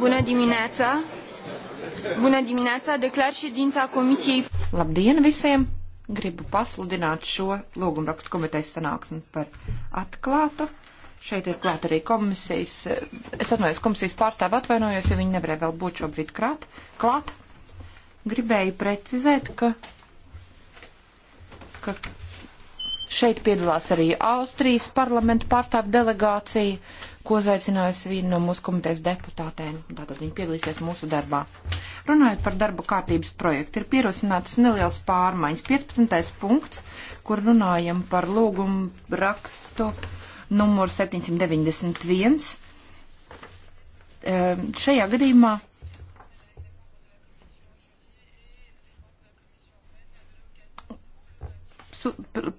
Bună dimineața! Bună dimineața! Declar ședința Comisiei. Labdien visiem! Gribu pasludināt šo lūgumrakstu komitejas sanāksmi par atklātu. Šeit ir klāt arī komisijas, es atvainojos, komisijas pārstāvi atvainojos, jo viņi nevarēja vēl būt šobrīd krāt, klāt. Gribēju precizēt, ka, ka Šeit piedalās arī Austrijas parlamentu pārstāvu delegācija, ko uzaicinājusi viena no mūsu komitejas deputātēm. Tātad viņa piedalīsies mūsu darbā. Runājot par darba kārtības projektu, ir pierosināts neliels pārmaiņas. 15. punkts, kur runājam par lūgumu rakstu numuru 791. Ehm, šajā gadījumā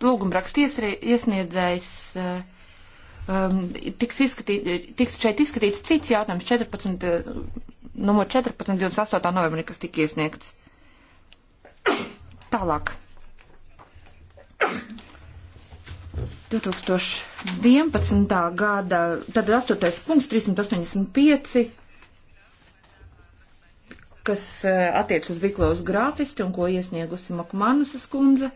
lūgumrakstu iesniedzējs eh, um, tiks, izskatīt, tiks šeit izskatīts cits jautājums 14, eh, numur 14, 28. novembrī, kas tika iesniegts. Tālāk. 2011. gada, tad 8. punkts 385, kas eh, attiec uz Viklaus grāfisti un ko iesniegusi Makmanusas kundze.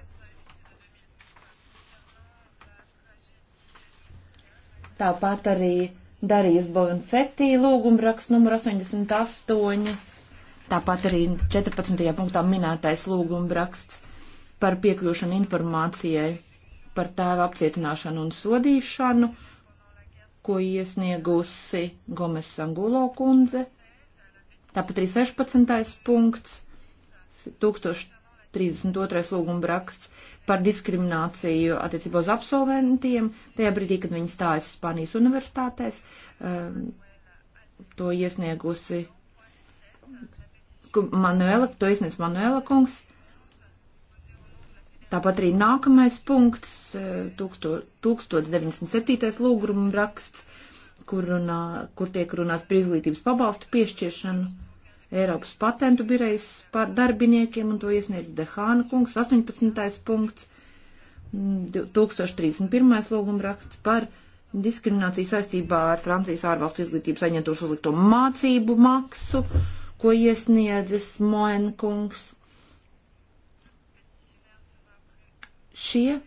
tāpat arī Darijas Bovenfektī lūguma raksts numur 88, tāpat arī 14. punktā minētais lūguma raksts par piekļūšanu informācijai par tēva apcietināšanu un sodīšanu, ko iesniegusi Gomes Sangulo kundze. Tāpat arī 16. punkts, 1032. lūguma raksts par diskrimināciju attiecībā uz absolventiem, tajā brīdī, kad viņi stājas Spānijas universitātēs, um, to iesniegusi Manuela, to iesniedz Manuela kungs. Tāpat arī nākamais punkts, 1097. lūguma raksts, kur, runā, kur tiek runāts par izglītības pabalstu piešķiršanu. Eiropas patentu birejas par darbiniekiem, un to iesniedz Dehāna kungs, 18. punkts, 1031. lūguma raksts par diskrimināciju saistībā ar Francijas ārvalstu izglītības aģentūras uzlikto mācību maksu, ko iesniedzis Moen kungs. Šie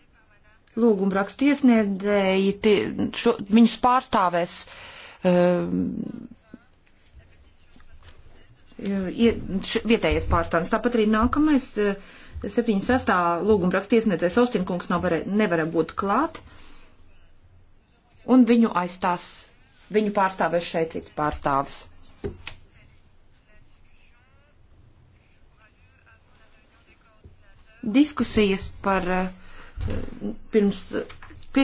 lūguma rakstu iesniedzēji, tie, šo, viņus pārstāvēs. Uh, um, vietējais pārstāvis. Tāpat arī nākamais 76. E, lūgumraksta iesniedzējs Austinkungs nevarēja būt klāt, un viņu aizstās, viņu pārstāvēs šeit cits pārstāvis. Diskusijas par e, pirms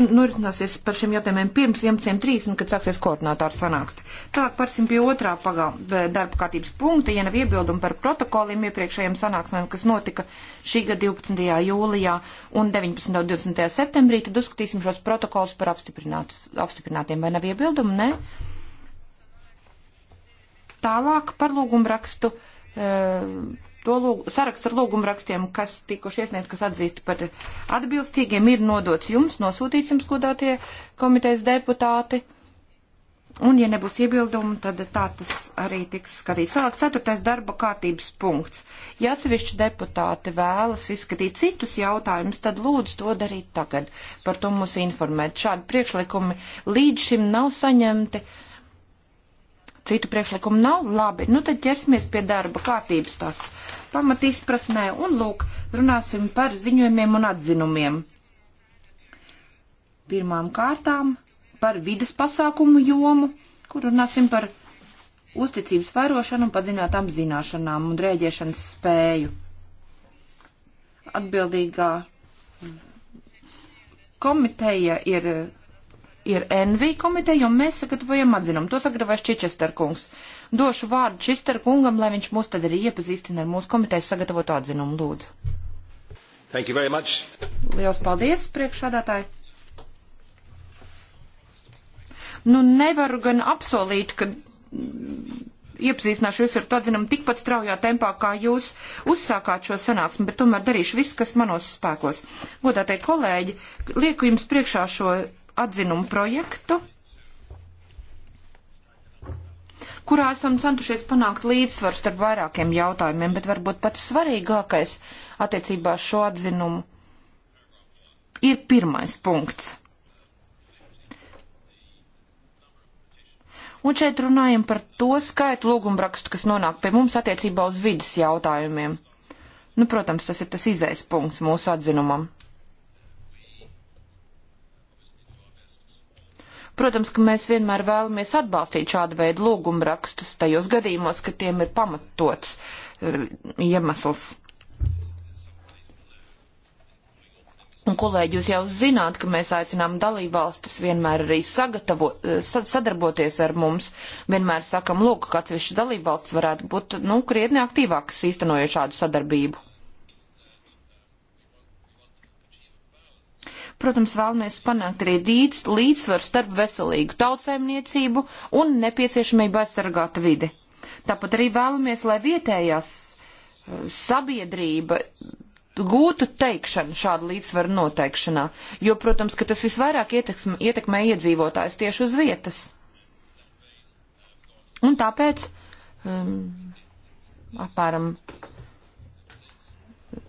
norisināsies nu, par šiem jautājumiem pirms 11.30, kad sāksies koordinātāra sanākste. Tālāk parsim pie otrā pagal, darba kārtības punkta, ja nav iebildumi par protokoliem iepriekšējiem sanāksmēm, kas notika šī gada 12. jūlijā un 19. un 20. septembrī, tad uzskatīsim šos protokolus par apstiprinātiem. Vai nav iebildumi? Nē. Tālāk par lūgumu rakstu. Uh, eh, To lūg, saraksts ar lūgumrakstiem, kas tikuši iesniegt, kas atzīst par atbilstīgiem, ir nodots jums, nosūtīts jums, godātie komitejas deputāti. Un, ja nebūs iebildumu, tad tā tas arī tiks skatīts. Tālāk, ceturtais darba kārtības punkts. Ja atsevišķi deputāti vēlas izskatīt citus jautājumus, tad lūdzu to darīt tagad. Par to mums informēt. Šādi priekšlikumi līdz šim nav saņemti. Uh, citu priekšlikumu nav, labi, nu tad ķersimies pie darba kārtības tās pamatīspratnē un lūk, runāsim par ziņojumiem un atzinumiem. Pirmām kārtām par vides pasākumu jomu, kur runāsim par uzticības vērošanu un padziļinātām zināšanām un rēģēšanas spēju. Atbildīgā komiteja ir ir NV komiteja, un mēs sagatavojam atzinumu. To sagatavoja Čičester kungs. Došu vārdu Čister kungam, lai viņš mūs tad arī iepazīstina ar mūsu komitejas sagatavotu atzinumu. Lūdzu. Thank you very much. Liels paldies, priekšādātāji. Nu, nevaru gan apsolīt, ka iepazīstināšu jūs ar to atzinumu tikpat straujā tempā, kā jūs uzsākāt šo sanāksmi, bet tomēr darīšu visu, kas manos spēkos. Godātie kolēģi, lieku jums priekšā šo atzinumu projektu, kurā esam centušies panākt līdzsvaru starp vairākiem jautājumiem, bet varbūt pats svarīgākais attiecībā uz šo atzinumu ir pirmais punkts. Un šeit runājam par to skaitu lūgumrakstu, kas nonāk pie mums attiecībā uz vidas jautājumiem. Nu, protams, tas ir tas izējas punkts mūsu atzinumam. Protams, ka mēs vienmēr vēlamies atbalstīt šādu veidu lūgumrakstus tajos gadījumos, ka tiem ir pamatots eh, iemesls. Un, kolēģi, jūs jau zināt, ka mēs aicinām dalībvalstis vienmēr arī sagatavo, eh, sadarboties ar mums. Vienmēr sakam, lūk, ka atsevišķas dalībvalstis varētu būt, nu, krietni aktīvākas īstenojot šādu sadarbību. Protams, vēlamies panākt arī līdz, līdzsvaru starp veselīgu tautsēmniecību un nepieciešamību aizsargāt vidi. Tāpat arī vēlamies, lai vietējās eh, sabiedrība gūtu teikšanu šādu līdzsvaru noteikšanā, jo, protams, ka tas visvairāk ietekmē, ietekmē iedzīvotājs tieši uz vietas. Un tāpēc um, apmēram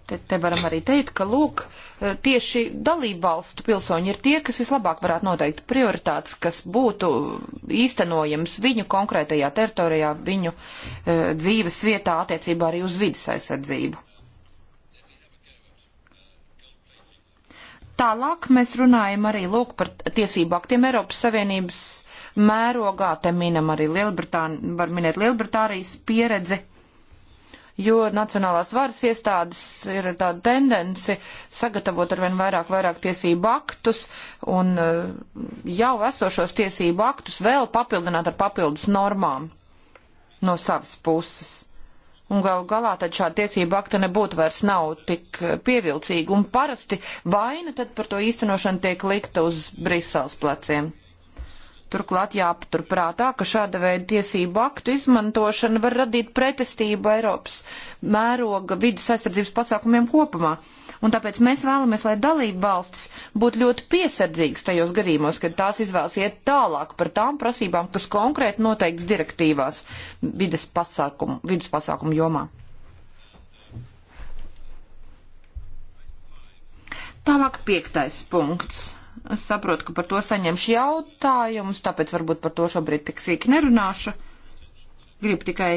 Te, te varam arī teikt, ka lūk, eh, tieši dalībvalstu pilsoņi ir tie, kas vislabāk varētu noteikt prioritātes, kas būtu īstenojams viņu konkrētajā teritorijā, viņu uh, dzīves vietā attiecībā arī uz vidas aizsardzību. Tālāk mēs runājam arī lūk par tiesību aktiem Eiropas Savienības mērogā, te minam arī Lielbritānijas, var minēt Lielbritānijas pieredzi jo nacionālās varas iestādes ir tāda tendenci sagatavot ar vien vairāk, vairāk tiesību aktus un eh, jau esošos tiesību aktus vēl papildināt ar papildus normām no savas puses. Un gal galā tad šāda tiesība akta nebūtu vairs nav tik pievilcīga, un parasti vaina tad par to īstenošanu tiek likta uz Briseles pleciem. Turklāt jāpaturprātā, ka šāda veida tiesību aktu izmantošana var radīt pretestību Eiropas mēroga vidas aizsardzības pasākumiem kopumā. Un tāpēc mēs vēlamies, lai dalība valstis būtu ļoti piesardzīgas tajos gadījumos, kad tās izvēlas iet tālāk par tām prasībām, kas konkrēti noteikts direktīvās vidas pasākumu, vidas pasākumu jomā. Tālāk piektais punkts Es saprotu, ka par to saņemšu jautājumus, tāpēc varbūt par to šobrīd tik sīk nerunāšu. Gribu tikai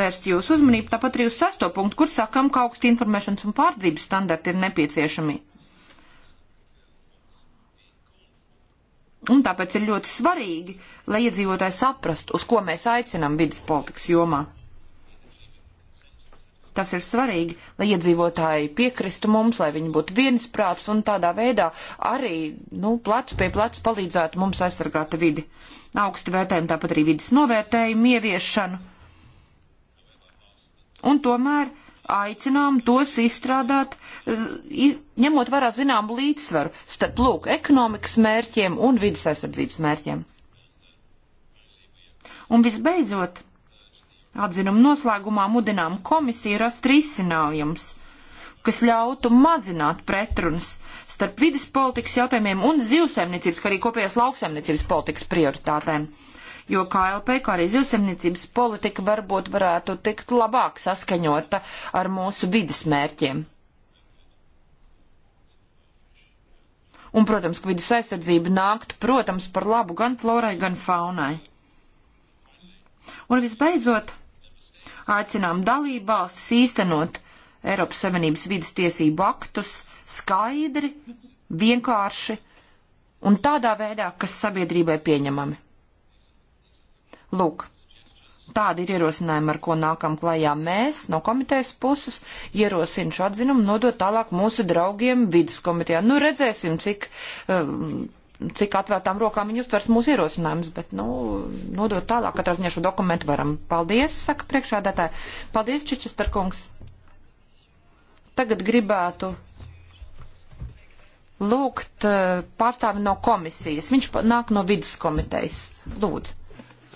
vērst jūsu uzmanību, tāpat arī uz sesto punktu, kur sakam, ka augsti informēšanas un pārdzības standarti ir nepieciešami. Un tāpēc ir ļoti svarīgi, lai iedzīvotāji saprastu, uz ko mēs aicinām vidas politikas jomā. Tas ir svarīgi, lai iedzīvotāji piekristu mums, lai viņi būtu viensprāts un tādā veidā arī, nu, plecu pie plecu palīdzētu mums aizsargāt vidi. Augstu vērtējumu tāpat arī vidas novērtējumu ieviešanu. Un tomēr aicinām tos izstrādāt, ņemot vērā zināmu līdzsvaru starp lūk ekonomikas mērķiem un vidas aizsardzības mērķiem. Un visbeidzot, Atzinuma noslēgumā mudinām komisiju rast risinājums, kas ļautu mazināt pretrunas starp vidas politikas jautājumiem un zivsēmniecības, kā arī kopējās lauksaimniecības politikas prioritātēm. Jo KLP, kā arī zivsēmniecības politika, varbūt varētu tikt labāk saskaņota ar mūsu vidas mērķiem. Un, protams, ka vidas aizsardzība nāktu, protams, par labu gan florai, gan faunai. Un visbeidzot, aicinām dalībvalstis īstenot Eiropas Savienības vidas tiesību aktus skaidri, vienkārši un tādā veidā, kas sabiedrībai pieņemami. Lūk, tādi ir ierosinājumi, ar ko nākam klajā mēs no komitejas puses, ierosinu šo atzinumu nodot tālāk mūsu draugiem vidas komitejā. Nu, redzēsim, cik um, cik atvērtām rokām viņi uztvers mūsu ierosinājumus, bet, nu, nodot tālāk, katrā ziņā šo dokumentu varam. Paldies, saka priekšādātāji. Paldies, Čičester kungs. Tagad gribētu lūgt eh, pārstāvi no komisijas. Viņš nāk no vidas komitejas. Lūdzu.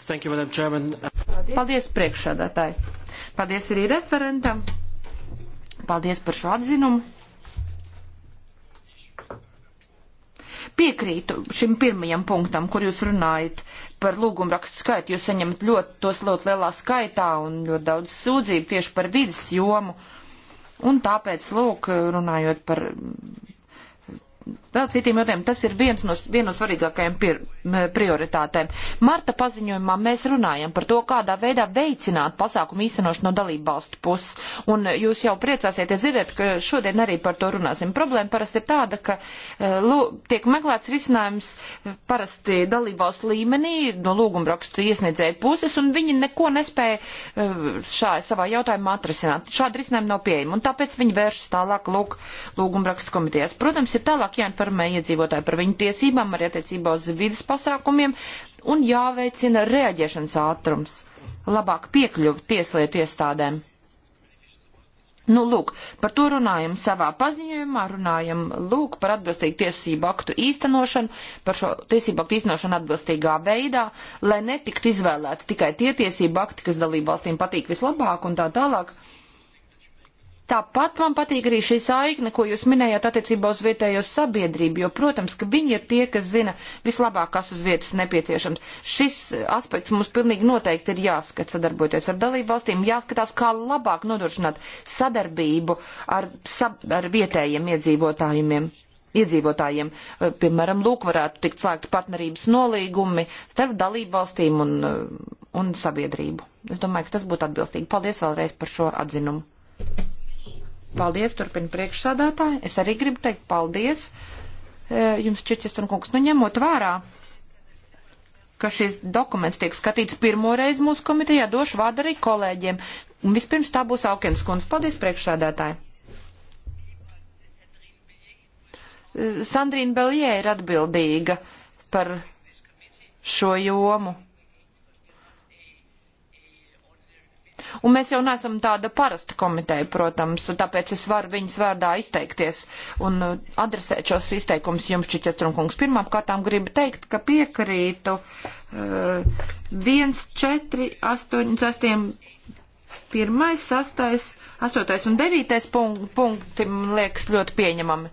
Thank you, Madam Chairman. Paldies, Paldies priekšādātāji. Paldies arī referentam. Paldies par šo atzinumu. Piekrītu šim pirmajam punktam, kur jūs runājat par lūgumrakstu skaitu. Jūs saņemat ļoti tos ļoti lielā skaitā un ļoti daudz sūdzību tieši par vidas jomu. Un tāpēc, lūk, runājot par vēl citiem jautājumiem. Tas ir viens no, viens no svarīgākajiem pir, prioritātēm. Marta paziņojumā mēs runājam par to, kādā veidā veicināt pasākumu īstenošanu no dalību valstu puses. Un eh, jūs jau priecāsieties dzirdēt, ka šodien arī par to runāsim. Problēma parasti ir tāda, ka eh, lū, tiek meklēts risinājums eh, parasti dalību valstu līmenī no lūgumrakstu iesniedzēju puses, un viņi neko nespēja šā, savā jautājumā atrasināt. Šādi risinājumi nav pieejami, un tāpēc viņi vēršas tālāk lūk, lūgumrakstu komitejās. Protams, ir tālāk labāk jāinformē iedzīvotāji par viņu tiesībām, arī attiecībā uz vidas pasākumiem un jāveicina reaģēšanas ātrums, labāk piekļuvi tieslietu iestādēm. Nu, lūk, par to runājam savā paziņojumā, runājam, lūk, par atbilstīgu tiesību aktu īstenošanu, par šo tiesību aktu īstenošanu atbilstīgā veidā, lai netiktu izvēlēti tikai tie tiesību akti, kas dalību valstīm patīk vislabāk un tā tālāk. Uh, Tāpat man patīk arī šī saikne, ko jūs minējāt attiecībā uz vietējo sabiedrību, jo, protams, ka viņi ir tie, kas zina vislabāk, kas uz vietas nepieciešams. Šis aspekts mums pilnīgi noteikti ir jāskat sadarbojoties ar dalību valstīm, jāskatās, kā labāk nodrošināt sadarbību ar, sab ar vietējiem iedzīvotājiem. Iedzīvotājiem, piemēram, lūk, varētu tikt slēgt partnerības nolīgumi starp dalību valstīm un, un sabiedrību. Es domāju, ka tas būtu atbilstīgi. Paldies vēlreiz par šo atzinumu. Paldies, turpina priekšsādātāji. Es arī gribu teikt paldies e, jums, Čiķis un kungs, nu ņemot vērā, ka šis dokuments tiek skatīts pirmoreiz mūsu komitejā, došu vārdu arī kolēģiem. Un vispirms tā būs Aukens kundze. Paldies, priekšsādātāji. E, Sandrīna Beljē ir atbildīga par šo jomu. Un mēs jau nesam tāda parasta komiteja, protams, tāpēc es varu viņas vārdā izteikties un uh, adresēt šos izteikumus jums, Čiķestrunkungs. Pirmām kārtām gribu teikt, ka piekrītu uh, 1, 4, 8, 8 pirmais, sastais, astotais un devītais punkt, punkti, man liekas, ļoti pieņemami.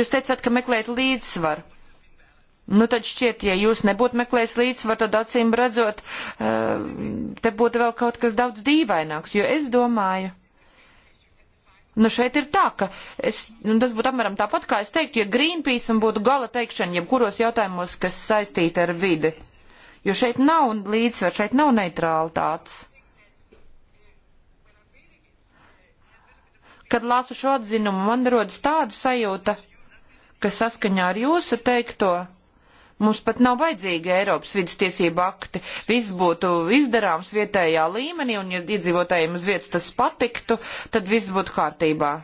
Jūs teicāt, ka meklējat līdzsvaru. Nu, tad šķiet, ja jūs nebūtu meklējis līdzsvaru, tad acīm redzot, eh, te būtu vēl kaut kas daudz dīvaināks, jo es domāju. Nu, šeit ir tā, ka es, nu, tas būtu apmēram tāpat, kā es teiktu, ja Greenpeace un būtu gala teikšana jebkuros jautājumos, kas saistīti ar vidi. Jo šeit nav līdzsver, šeit nav neutrālitātes. Kad lasu šo atzinumu, man rodas tāda sajūta, ka saskaņā ar jūsu teikto Mums pat nav vajadzīgi Eiropas vidas tiesība akti. Viss būtu izdarāms vietējā līmenī, un ja iedzīvotājiem uz vietas tas patiktu, tad viss būtu kārtībā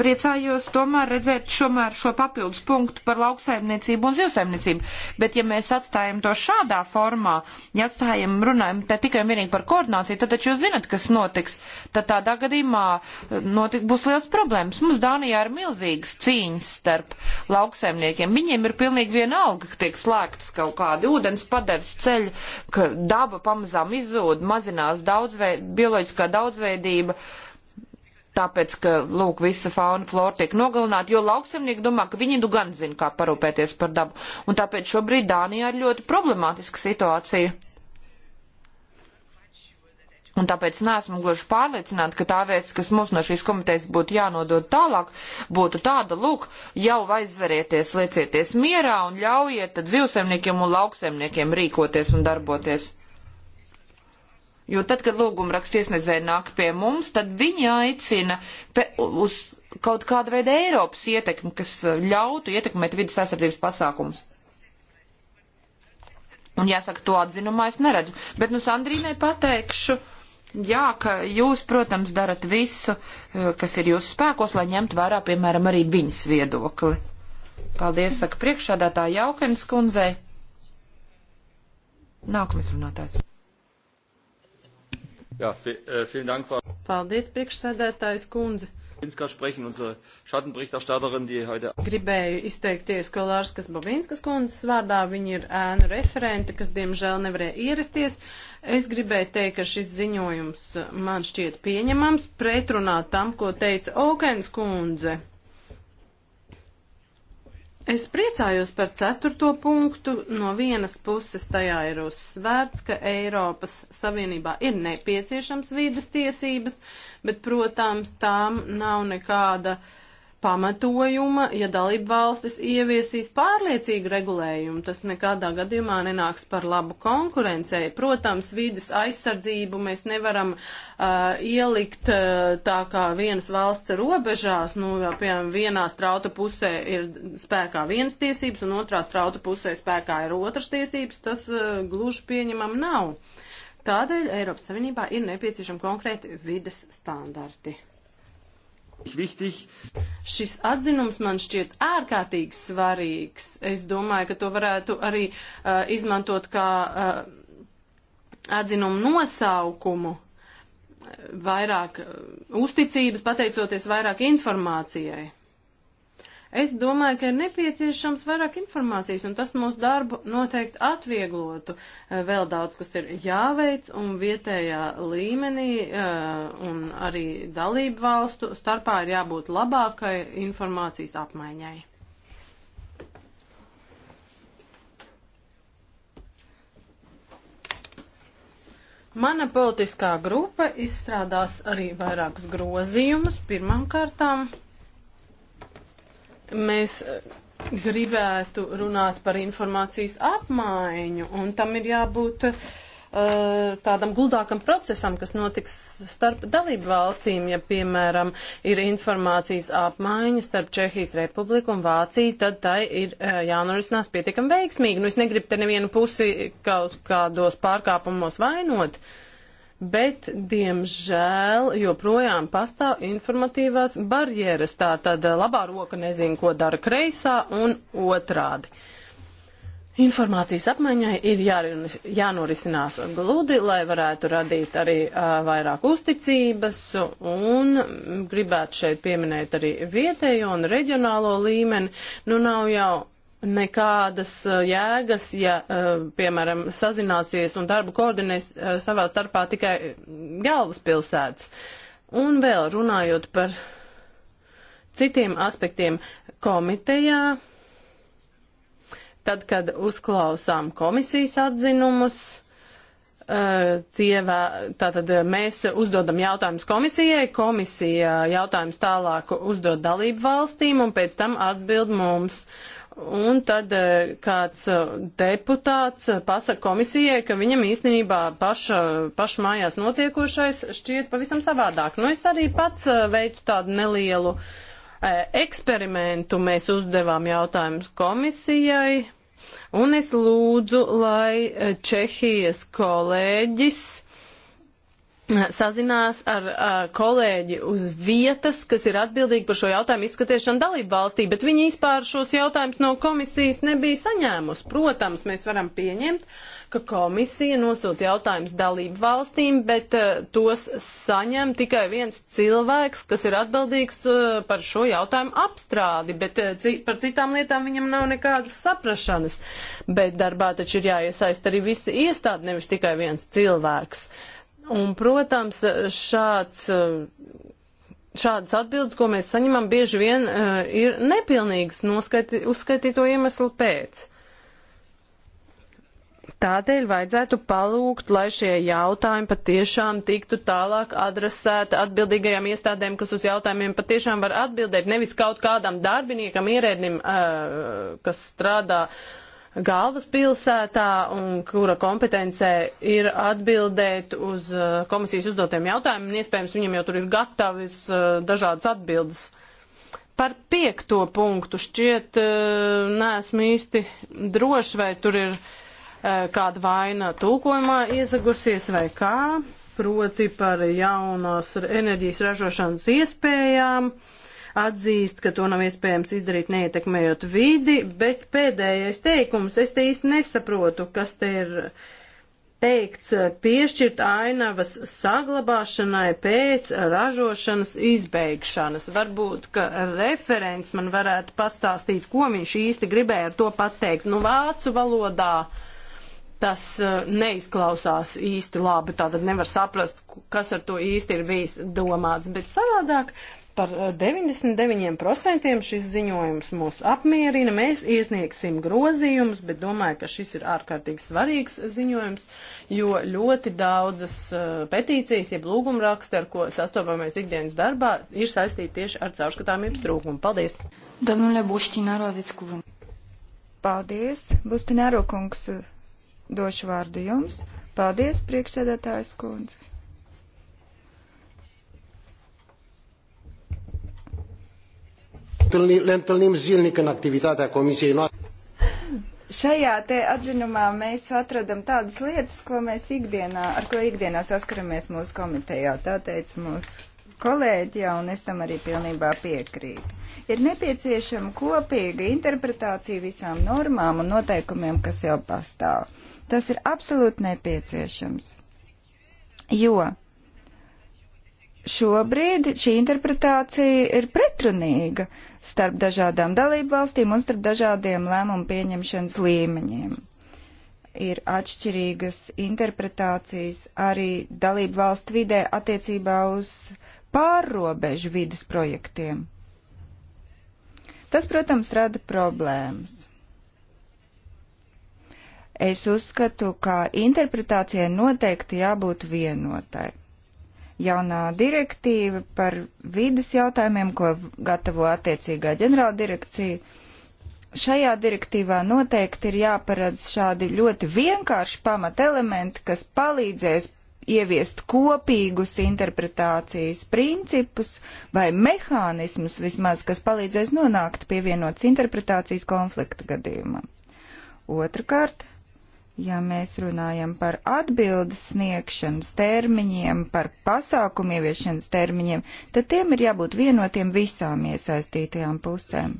priecājos tomēr redzēt šomēr šo papildus punktu par lauksaimniecību un zivsaimniecību. Bet ja mēs atstājam to šādā formā, ja atstājam runājam te tikai un vienīgi par koordināciju, tad taču jūs zinat, kas notiks. Tad tādā gadījumā eh, notik, būs liels problēmas. Mums Dānijā ir milzīgas cīņas starp lauksaimniekiem. Viņiem ir pilnīgi vienalga, ka tiek slēgts kaut kādi ūdens padevis ceļi, ka daba pamazām izzūd, mazinās daudzveid, bioloģiskā daudzveidība. Uh, tāpēc, ka, lūk, visa fauna flora tiek nogalināta, jo lauksemnieki domā, ka viņi nu gan zina, kā parūpēties par dabu. Un tāpēc šobrīd Dānijā ir ļoti problemātiska situācija. Un tāpēc neesmu gluži pārliecināta, ka tā vēsts, kas mums no šīs komitejas būtu jānodod tālāk, būtu tāda, lūk, jau aizverieties, liecieties mierā un ļaujiet zivsemniekiem un lauksemniekiem rīkoties un darboties. Jo tad, kad lūgumraksts iesniedzēji nāk pie mums, tad viņi aicina pe, uz kaut kādu veidu Eiropas ietekmi, kas uh, ļautu ietekmēt vidas aizsardzības pasākumus. Un jāsaka, to atzinumā es neredzu. Bet, nu, Sandrīnai pateikšu, jā, ka jūs, protams, darat visu, uh, kas ir jūsu spēkos, lai ņemtu vērā, piemēram, arī viņas viedokli. Paldies, saka priekšādātā Jaukens kundzei. Nākamais runātājs. Jā, äh, vielen dank. Paldies, priekšsēdētājs kundze. Gribēju izteikties Kolārskas Babinskas kundzes vārdā. Viņa ir ēnu referente, kas diemžēl nevarēja ierasties. Es gribēju teikt, ka šis ziņojums man šķiet pieņemams, pretrunā tam, ko teica Aukens kundze. Es priecājos par ceturto punktu. No vienas puses tajā ir uzsvērts, ka Eiropas Savienībā ir nepieciešams vīdas tiesības, bet, protams, tām nav nekāda uh, pamatojuma, ja dalība valstis ieviesīs pārliecīgu regulējumu. Tas nekādā gadījumā nenāks par labu konkurencei. Protams, vīdes aizsardzību mēs nevaram uh, ielikt uh, tā kā vienas valsts robežās. Nu, jau, piemēram, vienā strauta pusē ir spēkā vienas tiesības un otrā strauta pusē spēkā ir otras tiesības. Tas uh, gluži pieņemam nav. Tādēļ Eiropas Savienībā ir nepieciešami konkrēti vides standarti. Wichtig. Šis atzinums man šķiet ārkārtīgi svarīgs. Es domāju, ka to varētu arī uh, izmantot kā uh, atzinumu nosaukumu. Vairāk uh, uzticības, pateicoties vairāk informācijai. Es domāju, ka ir nepieciešams vairāk informācijas, un tas mūsu darbu noteikti atvieglotu. Eh, vēl daudz, kas ir jāveic, un vietējā līmenī eh, un arī dalību valstu starpā ir jābūt labākai informācijas apmaiņai. Mana politiskā grupa izstrādās arī vairākus grozījumus pirmām kārtām. Mēs eh, gribētu runāt par informācijas apmaiņu, un tam ir jābūt uh, tādam guldākam procesam, kas notiks starp dalību valstīm, ja, piemēram, ir informācijas apmaiņa starp Čehijas republiku un Vāciju, tad tai ir uh, jānorisinās pietiekam veiksmīgi. Nu, es negribu te nevienu pusi kaut kādos pārkāpumos vainot. Uh, bet, diemžēl, joprojām pastāv informatīvās barjeras. Tā tad eh, labā roka nezin, ko dara kreisā un otrādi. Informācijas apmaiņai ir jārinis, jānorisinās gludi, lai varētu radīt arī uh, vairāk uzticības un gribētu šeit pieminēt arī vietējo un reģionālo līmeni. Nu nav jau nekādas uh, jēgas, ja, uh, piemēram, sazināsies un darbu koordinēs uh, savā starpā tikai galvaspilsētas. Un vēl runājot par citiem aspektiem komitejā, tad, kad uzklausām komisijas atzinumus, tie, tātad mēs uzdodam jautājumus komisijai, komisija jautājums tālāk uzdod dalību valstīm un pēc tam atbild mums. Uh, un tad eh, kāds eh, deputāts eh, pasaka komisijai, ka viņam īstenībā paša, paša mājās notiekošais šķiet pavisam savādāk. Nu, es arī pats veicu tādu nelielu eksperimentu. Mēs uzdevām jautājumus komisijai, un es lūdzu, lai Čehijas kolēģis sazinās ar uh, kolēģi uz vietas, kas ir atbildīgi par šo jautājumu izskatīšanu dalību valstī, bet viņi vispār šos jautājumus no komisijas nebija saņēmusi. Protams, mēs varam pieņemt, ka komisija nosūta jautājumus dalību valstīm, bet uh, tos saņem tikai viens cilvēks, kas ir atbildīgs uh, par šo jautājumu apstrādi, bet uh, ci par citām lietām viņam nav nekādas saprašanas. Bet darbā taču ir jāiesaist arī visi iestādi, nevis tikai viens cilvēks. Uh, Un, protams, šāds šādas atbildes, ko mēs saņemam, bieži vien uh, ir nepilnīgas noskaiti, uzskaitīto iemeslu pēc. Tādēļ vajadzētu palūgt, lai šie jautājumi patiešām tiktu tālāk adresēti atbildīgajām iestādēm, kas uz jautājumiem patiešām var atbildēt, nevis kaut kādam darbiniekam, ierēdnim, uh, kas strādā uh, galvaspilsētā un kura kompetencē ir atbildēt uz uh, komisijas uzdotiem jautājumiem, un iespējams viņam jau tur ir gatavas uh, dažādas atbildes. Par piekto punktu šķiet uh, neesmu īsti droši, vai tur ir kāda vaina tulkojumā iezagusies vai kā, proti par jaunās enerģijas ražošanas iespējām. Uh, atzīst, ka to nav iespējams izdarīt neietekmējot vidi, bet pēdējais teikums, es te īsti nesaprotu, kas te ir teikts piešķirt ainavas saglabāšanai pēc ražošanas izbeigšanas. Varbūt, ka referents man varētu pastāstīt, ko viņš īsti gribēja ar to pateikt. Nu, vācu valodā tas eh, neizklausās īsti labi, tātad nevar saprast, kas ar to īsti ir bijis domāts, bet savādāk. Uh, par 99% eh, šis ziņojums mūs apmierina. Mēs iesniegsim grozījumus, bet domāju, ka šis ir ārkārtīgi svarīgs ziņojums, jo ļoti daudzas eh, petīcijas, jeb lūgumraksti, ar ko sastopamies ikdienas darbā, ir saistīti tieši ar caurskatāmības trūkumu. Paldies! Domnule Buštināro, Vitskuvin. Paldies, Bustināro kungs, došu vārdu jums. Paldies, priekšsēdētājs kundze. Le întâlnim zilnic în activitatea comisiei noastre. Šajā te atzinumā mēs atradam tādas lietas, ko mēs ikdienā, ar ko ikdienā saskaramies mūsu komitejā. Tā teica mūsu kolēģi, ja, un es tam arī pilnībā piekrītu. Ir nepieciešama kopīga interpretācija visām normām un noteikumiem, kas jau pastāv. Tas ir absolūti nepieciešams. Jo šobrīd šī interpretācija ir pretrunīga starp dažādām dalību valstīm un starp dažādiem lēmumu pieņemšanas līmeņiem. Ir atšķirīgas interpretācijas arī dalību valstu vidē attiecībā uz pārrobežu vidas projektiem. Tas, protams, rada problēmas. Es uzskatu, ka interpretācijai noteikti jābūt vienotai jaunā direktīva par vides jautājumiem, ko gatavo attiecīgā ģenerāla direkcija. Šajā direktīvā noteikti ir jāparedz šādi ļoti vienkārši pamatelementi, kas palīdzēs ieviest kopīgus interpretācijas principus vai mehānismus vismaz, kas palīdzēs nonākt pie vienotas interpretācijas konflikta gadījumā. Otrakārt, Ja mēs runājam par atbildes sniegšanas termiņiem, par pasākumu ieviešanas termiņiem, tad tiem ir jābūt vienotiem visām iesaistītajām pusēm.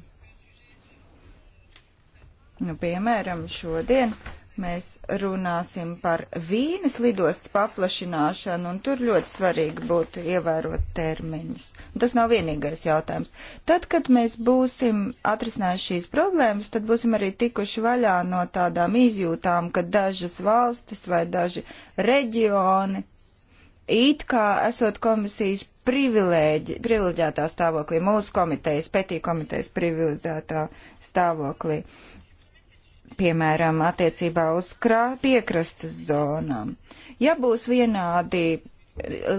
Nu, piemēram, šodien Mēs runāsim par vīnes lidostas paplašināšanu, un tur ļoti svarīgi būtu ievērot termiņus. Un tas nav vienīgais jautājums. Tad, kad mēs būsim atrisinājuši šīs problēmas, tad būsim arī tikuši vaļā no tādām izjūtām, ka dažas valstis vai daži reģioni it kā esot komisijas privileģētā stāvoklī, mūsu komitejas, petī komitejas privileģētā stāvoklī. Uh, piemēram, attiecībā uz krā, piekrastes zonām. Ja būs vienādi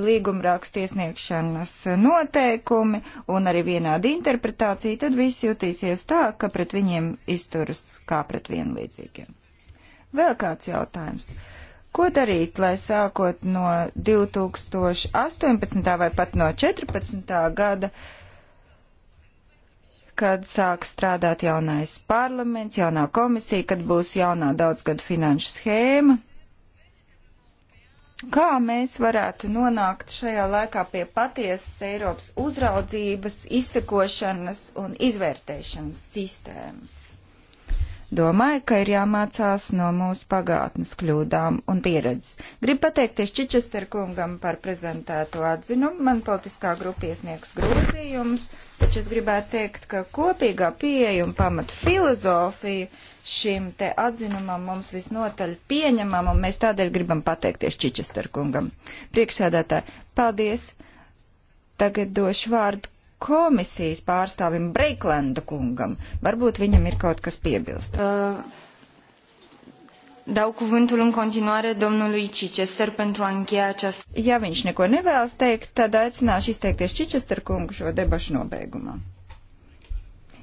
līgumrakstu iesniegšanas noteikumi un arī vienāda interpretācija, tad visi jutīsies tā, ka pret viņiem izturas kā pret vienlīdzīgiem. Vēl kāds jautājums. Ko darīt, lai sākot no 2018. vai pat no 2014. gada uh, kad sāk strādāt jaunais parlaments, jaunā komisija, kad būs jaunā daudzgada finanšu schēma. Kā mēs varētu nonākt šajā laikā pie patiesas Eiropas uzraudzības, izsekošanas un izvērtēšanas sistēmas? Domāju, ka ir jāmācās no mūsu pagātnes kļūdām un pieredzes. Gribu pateikties Čičester kungam par prezentēto atzinumu. Man politiskā grupa iesniegs grozījumus Taču es gribētu teikt, ka kopīgā pieeja un pamata filozofija šim te atzinumam mums visnotaļ pieņemam, un mēs tādēļ gribam pateikties Čičester kungam. Priekšsēdētāji, paldies! Tagad došu vārdu komisijas pārstāvim Breiklenda kungam. Varbūt viņam ir kaut kas piebilst. Uh. Dau cuvântul în continuare domnului Chichester pentru a încheia această... Ja viņš neko nevēlas teikt, tad aicināšu izteikties Chichester kungu šo debašu nobeigumā.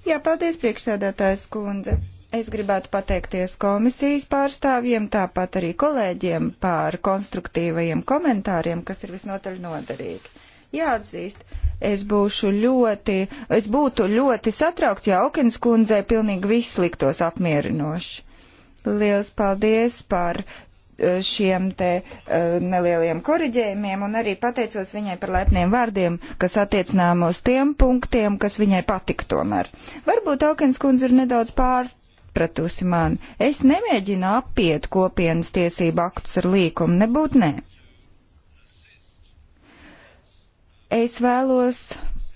Jā, paldies priekšsēdētājs kundze. Es gribētu pateikties komisijas pārstāvjiem, tāpat arī kolēģiem par konstruktīvajiem komentāriem, kas ir visnotaļ nu noderīgi. Jāatzīst, es būšu ļoti, es būtu ļoti satraukts, ja Okens kundzei pilnīgi viss liktos apmierinoši. Liels paldies par eh, šiem te eh, nelieliem koriģējumiem un arī pateicos viņai par laipniem vārdiem, kas attiecinām uz tiem punktiem, kas viņai patika tomēr. Varbūt Aukens kundze ir nedaudz pārpratusi man. Es nemēģinu apiet kopienas tiesību aktus ar līkumu, nebūt nē. Es vēlos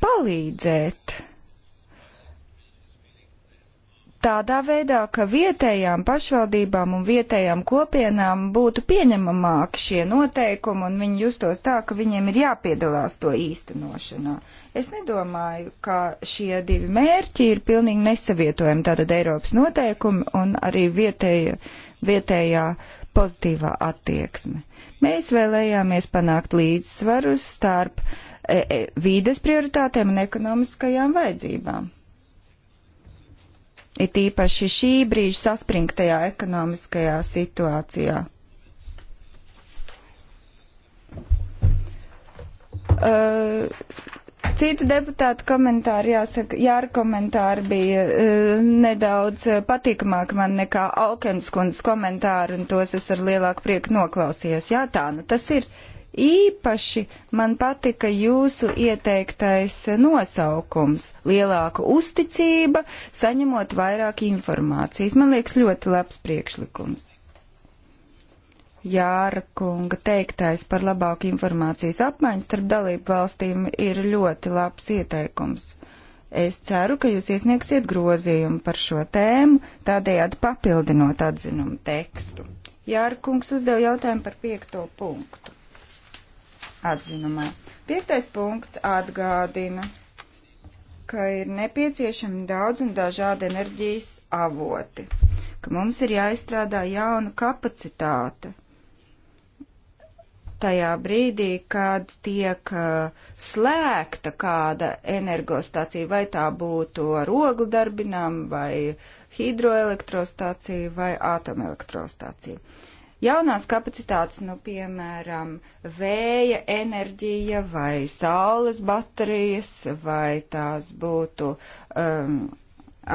palīdzēt tādā veidā, ka vietējām pašvaldībām un vietējām kopienām būtu pieņemamāki šie noteikumi un viņi justos tā, ka viņiem ir jāpiedalās to īstenošanā. Es nedomāju, ka šie divi mērķi ir pilnīgi nesavietojami, tātad Eiropas noteikumi un arī vietēja, vietējā pozitīvā attieksme. Mēs vēlējāmies panākt līdzsvaru starp e, e, vīdes prioritātēm un ekonomiskajām vajadzībām it īpaši šī brīža saspringtajā ekonomiskajā situācijā. Uh, Citu deputātu komentāri, jāsaka, Jāra komentāri bija uh, nedaudz uh, patīkamāk man nekā Aukenskundas komentāri, un tos es ar lielāku prieku noklausījos. Jā, tā, nu tas ir. Uh, Īpaši man patika jūsu ieteiktais nosaukums - lielāka uzticība, saņemot vairāk informācijas. Man liekas, ļoti labs priekšlikums. Jāra kunga teiktais par labāku informācijas apmaiņu starp dalību valstīm ir ļoti labs ieteikums. Es ceru, ka jūs iesniegsiet grozījumu par šo tēmu, tādējādi papildinot atzinumu tekstu. Jāra kungs uzdev jautājumu par piekto punktu atzinumā. Piektais punkts atgādina, ka ir nepieciešami daudz un dažādi enerģijas avoti, ka mums ir jāizstrādā jauna kapacitāte. Tajā brīdī, kad tiek uh, slēgta kāda energostācija, vai tā būtu ar ogli darbinām, vai hidroelektrostācija, vai atomelektrostācija. Uh, Jaunās kapacitātes, nu, piemēram, vēja enerģija vai saules baterijas, vai tās būtu um,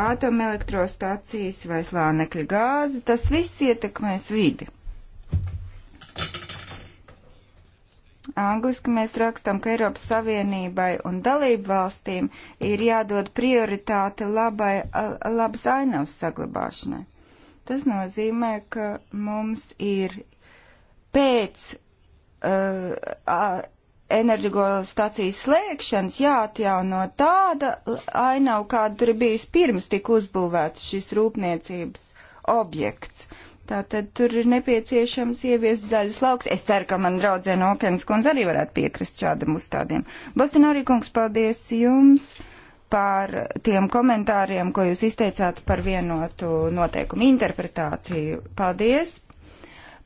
atomelektrostācijas vai slānekļa gāze, tas viss ietekmēs vidi. Angliski mēs rakstam, ka Eiropas Savienībai un dalību valstīm ir jādod prioritāte labai, labas ainavas saglabāšanai. Tas nozīmē, ka mums ir pēc uh, energostacijas slēgšanas jāatjauno tāda ainava, kāda tur bijis pirms tika uzbūvēts šis rūpniecības objekts. Tātad tur ir nepieciešams ieviest zaļus lauks. Es ceru, ka man draudzē no Okeanas kundze arī varētu piekrist šādam uzstādiem. Bostonārī kungs, paldies jums! par tiem komentāriem, ko jūs izteicāt par vienotu noteikumu interpretāciju. Paldies!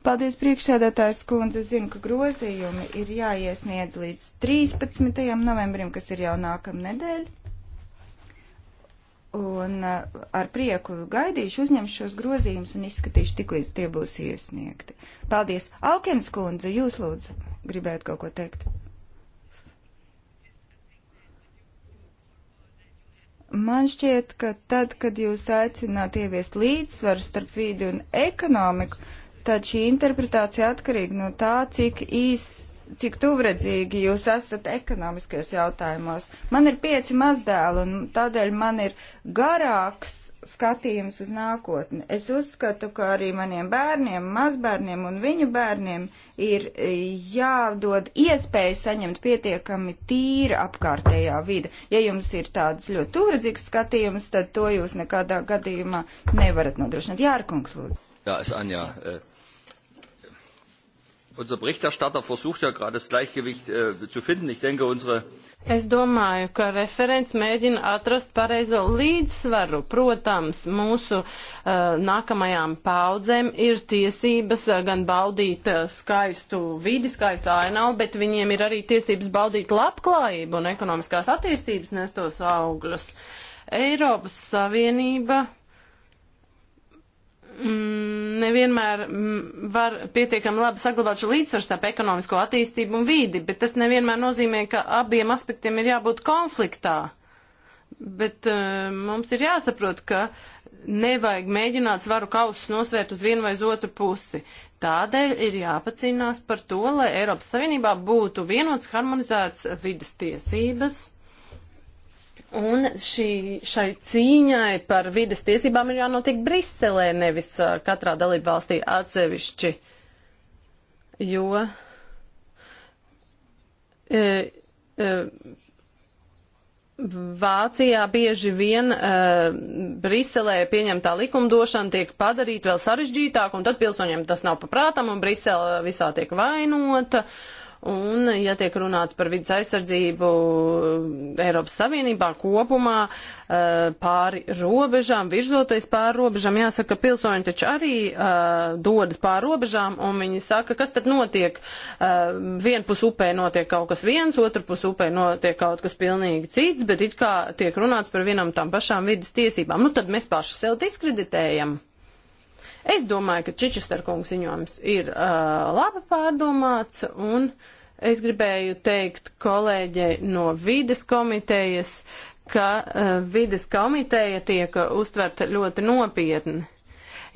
Paldies priekšsēdētājs kundze, zinu, ka grozījumi ir jāiesniedz līdz 13. novembrim, kas ir jau nākam nedēļ. Un eh, ar prieku gaidīšu, uzņemšu šos grozījumus un izskatīšu tik līdz tie būs iesniegti. Paldies! Aukens kundze, jūs lūdzu gribētu kaut ko teikt? Man šķiet, ka tad, kad jūs aicināt ieviest līdzsvaru starp vīdi un ekonomiku, tad šī interpretācija atkarīga no tā, cik īs, cik tuvredzīgi jūs esat ekonomiskajos jautājumos. Man ir pieci mazdēli, un tādēļ man ir garāks skatījums uz nākotni. Es uzskatu, ka arī maniem bērniem, mazbērniem un viņu bērniem ir e, jādod iespēja saņemt pietiekami tīra apkārtējā vide. Ja jums ir tāds ļoti tūredzīgs skatījums, tad to jūs nekādā gadījumā nevarat nodrošināt. Jārkungs, lūdzu. Jā, es Aņā. E Unser Berichterstatter versucht ja gerade das Gleichgewicht äh, zu finden. Ich denke, unsere Es domāju, ka referents mēģina atrast pareizo līdzsvaru. Protams, mūsu uh, nākamajām paudzēm ir tiesības uh, gan baudīt uh, skaistu vidi, skaistu ainavu, bet viņiem ir arī tiesības baudīt labklājību un ekonomiskās attīstības nestos augļus. Eiropas Savienība Mm, nevienmēr mm, var pietiekami labi saglabāt šo līdzsvaru starp ekonomisko attīstību un vīdi, bet tas nevienmēr nozīmē, ka abiem aspektiem ir jābūt konfliktā. Bet uh, mums ir jāsaprot, ka nevajag mēģināt svaru kausus nosvērt uz vienu vai uz otru pusi. Tādēļ ir jāpacīnās par to, lai Eiropas Savienībā būtu vienots harmonizēts vidas tiesības Un šī, šai cīņai par vides tiesībām ir jānotiek Briselē, nevis katrā dalību valstī atsevišķi. Jo e, e, Vācijā bieži vien e, Briselē pieņemtā likumdošana tiek padarīta vēl sarežģītāk, un tad pilsoņiem tas nav paprātam, un Brisele visā tiek vainota. E, Un, ja tiek runāts par vidas aizsardzību um, Eiropas Savienībā kopumā, uh, pāri robežām, virzoties pāri robežām, jāsaka, pilsoņi taču arī uh, dodas pāri robežām, un viņi saka, kas tad notiek? Uh, vienpus upē notiek kaut kas viens, otrpus upē notiek kaut kas pilnīgi cits, bet it kā tiek runāts par vienam tām pašām vidas tiesībām. Nu, tad mēs paši sev diskreditējam. Es domāju, ka Čičesterkungs ziņojums ir uh, labi pārdomāts un es gribēju teikt kolēģei no vides komitejas, ka uh, vides komiteja tiek uztverta ļoti nopietni.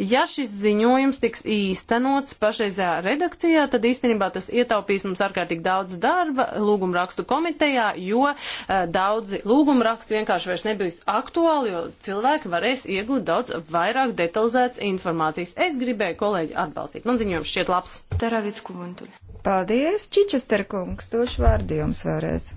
Ja šis ziņojums tiks īstenots pašreizējā redakcijā, tad īstenībā tas ietaupīs mums ārkārtīgi daudz darba lūgumrakstu komitejā, jo eh, daudzi lūgumraksti vienkārši vairs nebūs aktuāli, jo cilvēki varēs iegūt daudz vairāk detalizētas informācijas. Es gribēju kolēģi atbalstīt. Man ziņojums šķiet labs. Teravits kumuntuļi. Paldies, Čičester kungs, došu vārdu jums vēlreiz.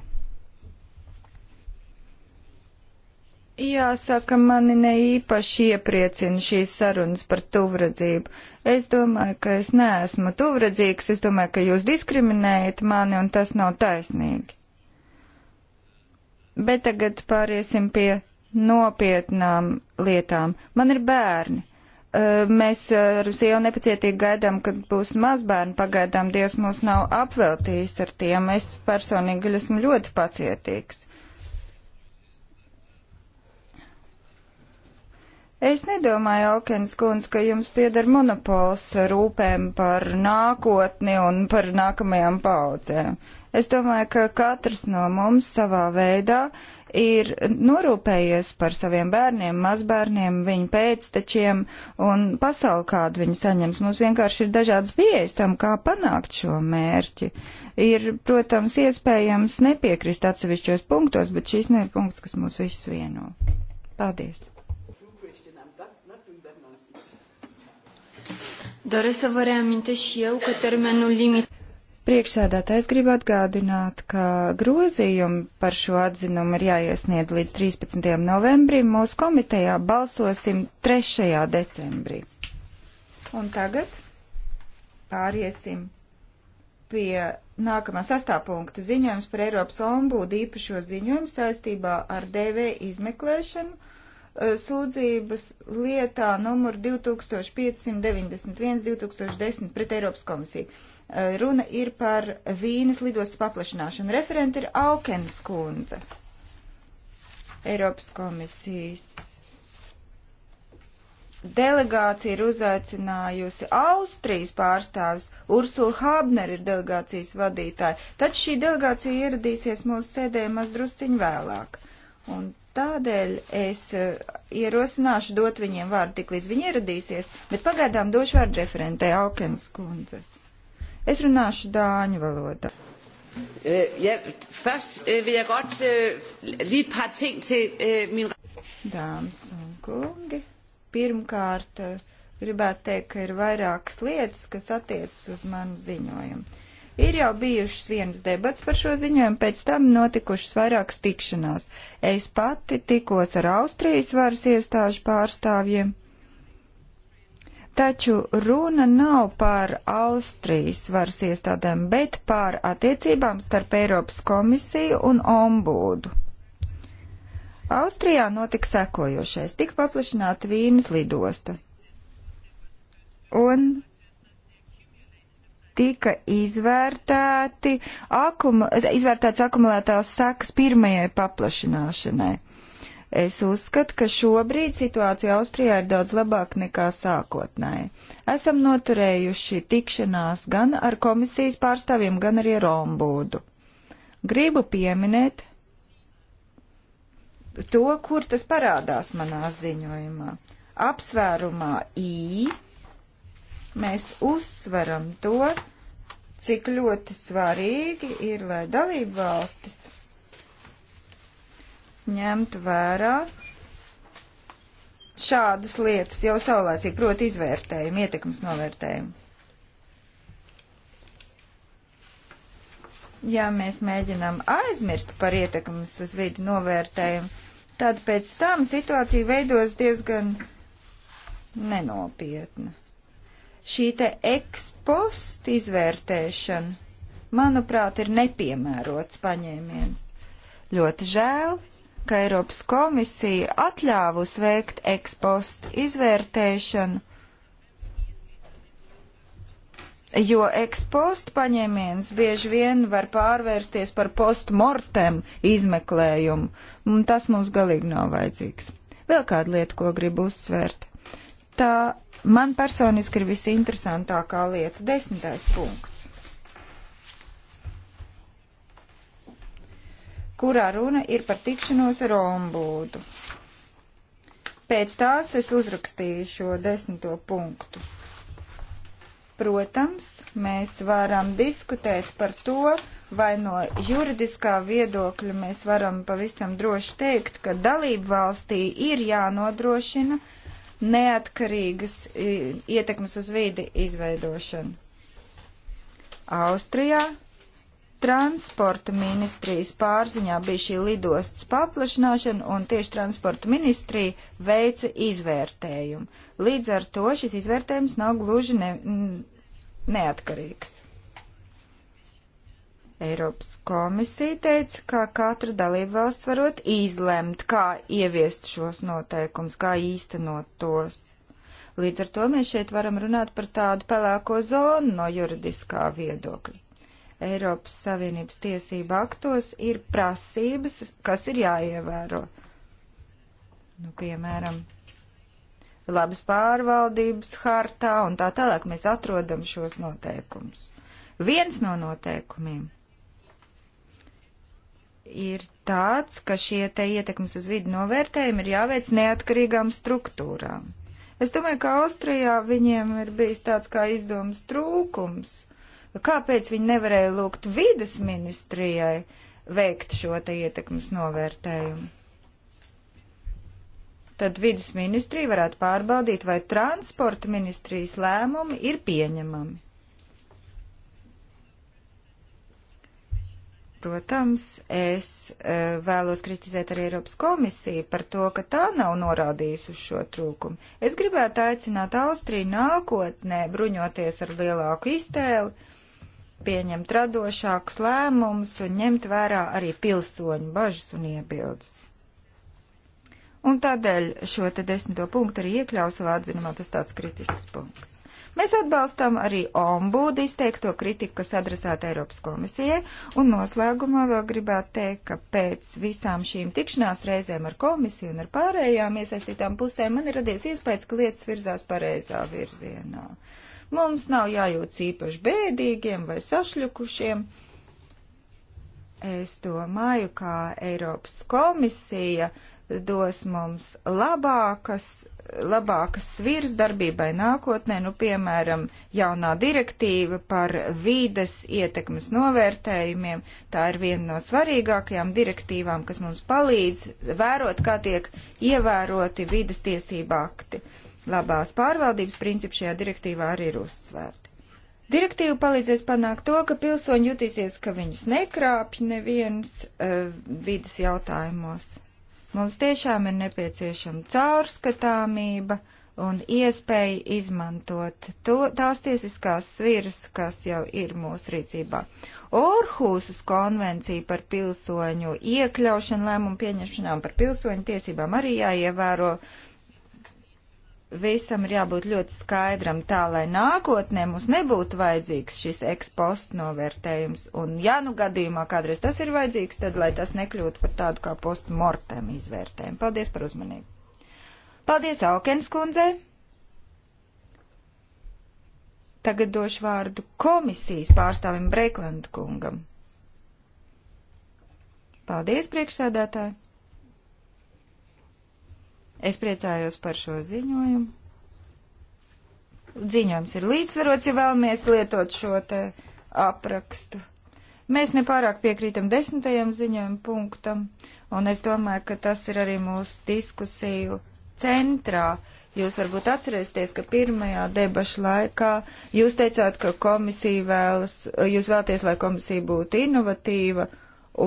Jāsaka, mani ne īpaši iepriecina šīs sarunas par tuvredzību. Es domāju, ka es neesmu tuvredzīgs, es domāju, ka jūs diskriminējat mani un tas nav taisnīgi. Bet tagad pāriesim pie nopietnām lietām. Man ir bērni. Mēs ar sievu nepacietīgi gaidām, kad būs mazbērni. Pagaidām Dievs mūs nav apveltījis ar tiem. Es personīgi esmu ļoti pacietīgs Es nedomāju, Aukens kundz, ka jums pieder monopols rūpēm par nākotni un par nākamajām paudzēm. Es domāju, ka katrs no mums savā veidā ir norūpējies par saviem bērniem, mazbērniem, viņu pēctečiem un pasauli, kādu viņi saņems. Mums vienkārši ir dažādas pieejas tam, kā panākt šo mērķi. Ir, protams, iespējams nepiekrist atsevišķos punktos, bet šis nu ir punkts, kas mūs visus vieno. Paldies! Doresc să vă reamintesc și eu că termenul limit. Priekšsēdētājs grib atgādināt, ka grozījumi par šo atzinumu ir jāiesniedz līdz 13. novembrim. Mūsu komitejā balsosim 3. decembrī. Un tagad pāriesim pie nākamā sastā punkta ziņojums par Eiropas ombudu īpašo ziņojumu saistībā ar DV izmeklēšanu Eh, sūdzības lietā numur 2591 2010 pret Eiropas komisiju. Eh, runa ir par Vīnes lidostas paplašināšanu. Referenti ir Aukens kundze. Eiropas komisijas delegācija ir uzaicinājusi Austrijas pārstāvis, Ursula Habner ir delegācijas vadītāja, tad šī delegācija ieradīsies mūsu sēdē maz drusciņ vēlāk. Un Tādēļ es e, ierosināšu dot viņiem vārdu tik līdz viņi ieradīsies, bet pagaidām došu vārdu referentē Alkenas kundze. Es runāšu dāņu valodā. Uh, ja, først uh, vil jeg godt uh, lige et par ting til uh, min... Dāmas un kungi, pirmkārt, uh, gribētu teikt, ka ir vairākas lietas, kas attiecas uz manu ziņojumu. Ir jau bijušas vienas debats par šo ziņojumu, pēc tam notikušas vairākas tikšanās. Es pati tikos ar Austrijas varas iestāžu pārstāvjiem. Taču runa nav par Austrijas varas iestādēm, bet par attiecībām starp Eiropas komisiju un ombūdu. Austrijā notika sekojošais. Tika paplašināta Vīnas lidosta. Un tika izvērtēti, akumul izvērtēts akumulētās sekas pirmajai paplašināšanai. Es uzskatu, ka šobrīd situācija Austrijā ir daudz labāka nekā sākotnēji. Esam noturējuši tikšanās gan ar komisijas pārstāvjiem, gan arī ar ombūdu. Gribu pieminēt to, kur tas parādās manā ziņojumā. Apsvērumā I mēs uzsveram to, cik ļoti svarīgi ir, lai dalību valstis ņemtu vērā šādas lietas jau saulēcīgi, proti izvērtējumu, ietekmes novērtējumu. Ja mēs mēģinām aizmirst par ietekmes uz vidu novērtējumu, tad pēc tam situācija veidos diezgan nenopietna. Šī te ekspost izvērtēšana, manuprāt, ir nepiemērots paņēmiens. Ļoti žēl, ka Eiropas komisija atļāvus veikt ekspostu izvērtēšanu, jo ekspostu paņēmiens bieži vien var pārvērsties par postmortem izmeklējumu, un tas mums galīgi nav vajadzīgs. Vēl kāda lieta, ko gribu uzsvērt tā man personiski ir visinteresantākā lieta. Desmitais punkts. kurā runa ir par tikšanos ar ombūdu. Pēc tās es uzrakstīju šo desmito punktu. Protams, mēs varam diskutēt par to, vai no juridiskā viedokļa mēs varam pavisam droši teikt, ka dalību valstī ir jānodrošina, uh, neatkarīgas ietekmes uz vidi izveidošanu. Austrijā transporta ministrijas pārziņā bija šī lidostas paplašināšana, un tieši transporta ministrija veica izvērtējumu. Līdz ar to šis izvērtējums nav gluži ne, neatkarīgs. Eiropas komisija teica, ka katra dalība valsts varot izlemt, kā ieviest šos noteikums, kā īstenot tos. Līdz ar to mēs šeit varam runāt par tādu pelēko zonu no juridiskā viedokļa. Eiropas Savienības tiesība aktos ir prasības, kas ir jāievēro. Nu, piemēram, labas pārvaldības hartā un tā tālāk mēs atrodam šos noteikumus. Viens no noteikumiem ir tāds, ka šie te ietekmes uz vidu novērtējumi ir jāveic neatkarīgām struktūrām. Es domāju, ka Austrijā viņiem ir bijis tāds kā izdomas trūkums. Kāpēc viņi nevarēja lūgt vides ministrijai veikt šo te ietekmes novērtējumu? Tad vidas ministrija varētu pārbaudīt, vai transporta ministrijas lēmumi ir pieņemami. Protams, es e, vēlos kritizēt arī Eiropas komisiju par to, ka tā nav norādījusi uz šo trūkumu. Es gribētu aicināt Austriju nākotnē bruņoties ar lielāku iztēli, pieņemt radošākus lēmumus un ņemt vērā arī pilsoņu bažas un iebildes. Un tādēļ šo te desmito punktu arī iekļaus savā atzinumā, tas tāds kritisks punkts. Mēs atbalstam arī ombudu izteikto kritiku, kas adresēta Eiropas komisijai, un noslēgumā vēl gribētu teikt, ka pēc visām šīm tikšanās reizēm ar komisiju un ar pārējām iesaistītām pusēm man ir radies iespējas, ka lietas virzās pareizā virzienā. Mums nav jājūtas īpaši bēdīgiem vai sašļukušiem. Es domāju, ka Eiropas komisija dos mums labākas labākas svirs darbībai nākotnē, nu, piemēram, jaunā direktīva par vīdes ietekmes novērtējumiem. Tā ir viena no svarīgākajām direktīvām, kas mums palīdz vērot, kā tiek ievēroti vīdes tiesība akti. Labās pārvaldības principi šajā direktīvā arī ir uzsvērti. Direktīva palīdzēs panākt to, ka pilsoņi jutīsies, ka viņus nekrāpj neviens uh, eh, vidas jautājumos Mums tiešām ir nepieciešama caurskatāmība un iespēja izmantot to, tās tiesiskās sviras, kas jau ir mūsu rīcībā. Orhūsas konvencija par pilsoņu iekļaušanu lēmumu pieņemšanām par pilsoņu tiesībām arī jāievēro visam ir jābūt ļoti skaidram tā, lai nākotnē mums nebūtu vajadzīgs šis ekspost novērtējums. Un ja nu gadījumā kādreiz tas ir vajadzīgs, tad lai tas nekļūtu par tādu kā postmortem izvērtējumu. Paldies par uzmanību. Paldies Aukens kundzei. Tagad došu vārdu komisijas pārstāvim Brekland kungam. Paldies, priekšsēdētāji! Es priecājos par šo ziņojumu. Ziņojums ir līdzsvarots, ja vēlamies lietot šo te aprakstu. Mēs nepārāk piekrītam desmitajam ziņojuma punktam, un es domāju, ka tas ir arī mūsu diskusiju centrā. Jūs varbūt atcerēsieties, ka pirmajā debašu laikā jūs teicāt, ka komisija vēlas, jūs vēlaties, lai komisija būtu inovatīva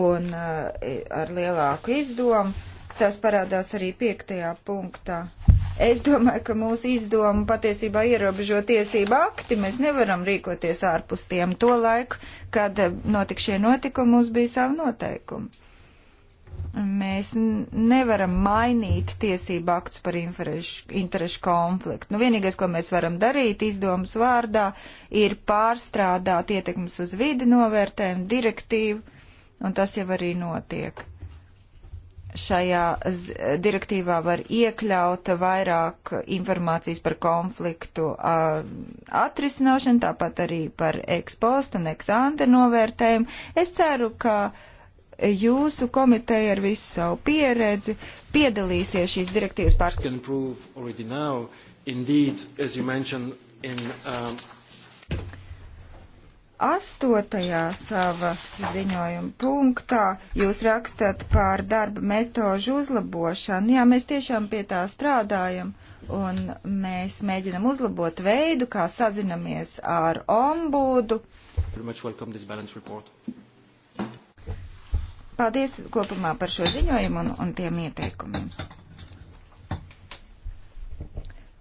un uh, ar lielāku izdomu. Tas parādās arī piektajā punktā. Es domāju, ka mūsu izdomu patiesībā ierobežo tiesību akti. Mēs nevaram rīkoties ārpus tiem to laiku, kad notika šie notikumi, mums bija savi noteikumi. Mēs nevaram mainīt tiesību aktus par interešu konfliktu. Nu, vienīgais, ko mēs varam darīt izdomas vārdā, ir pārstrādāt ietekmes uz vidi novērtējumu direktīvu, un tas jau arī notiek šajā direktīvā var iekļaut vairāk informācijas par konfliktu uh, atrisināšanu, tāpat arī par ekspostu un eksante novērtējumu. Es ceru, ka jūsu komiteja ar visu savu pieredzi piedalīsies šīs direktīvas pārskatīšanā. Astotajā sava ziņojuma punktā jūs rakstat par darba metožu uzlabošanu. Jā, mēs tiešām pie tā strādājam un mēs mēģinam uzlabot veidu, kā sazinamies ar ombudu. Paldies kopumā par šo ziņojumu un, un tiem ieteikumiem.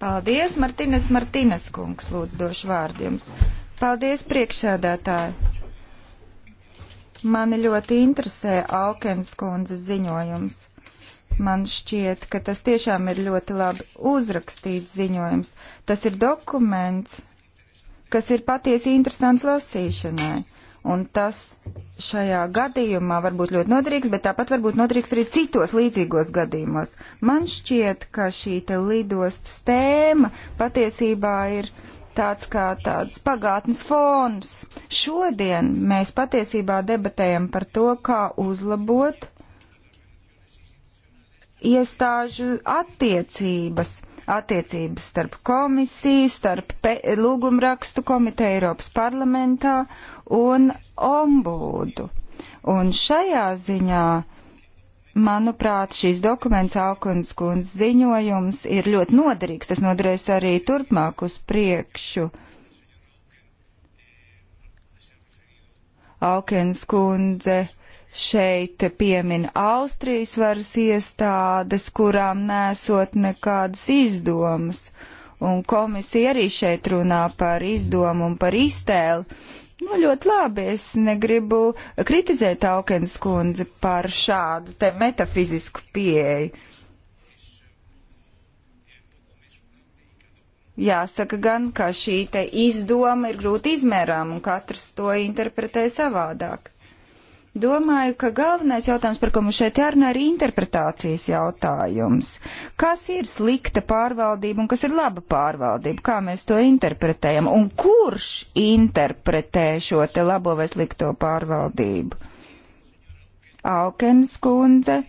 Paldies, Martīnes Martīnes kungs, lūdzu došu vārdu jums. Paldies, priekšsēdētāji! Mani ļoti interesē Alkens kundzes ziņojums. Man šķiet, ka tas tiešām ir ļoti labi uzrakstīts ziņojums. Tas ir dokuments, kas ir patiesi interesants lasīšanai. Un tas šajā gadījumā var būt ļoti noderīgs, bet tāpat var būt noderīgs arī citos līdzīgos gadījumos. Man šķiet, ka šī te lidostas tēma patiesībā ir tāds kā tāds pagātnes fons. Šodien mēs patiesībā debatējam par to, kā uzlabot iestāžu attiecības attiecības starp komisiju, starp lūgumrakstu komiteju Eiropas parlamentā un ombudu. Un šajā ziņā uh, Manuprāt, šīs dokuments Alkunas kundzes ziņojums ir ļoti noderīgs. Tas noderēs arī turpmāk uz priekšu. Alkunas kundze šeit piemin Austrijas varas iestādes, kurām nesot nekādas izdomas. Un komisija arī šeit runā par izdomu un par iztēli Nu, ļoti labi, es negribu kritizēt Aukens kundzi par šādu te metafizisku pieeju. Jāsaka gan, ka šī te izdoma ir grūti izmērām un katrs to interpretē savādāk. Domāju, ka galvenais jautājums, par ko mums šeit jārunā, ir interpretācijas jautājums. Kas ir slikta pārvaldība un kas ir laba pārvaldība? Kā mēs to interpretējam? Un kurš interpretē šo te labo vai slikto pārvaldību? Aukens kundze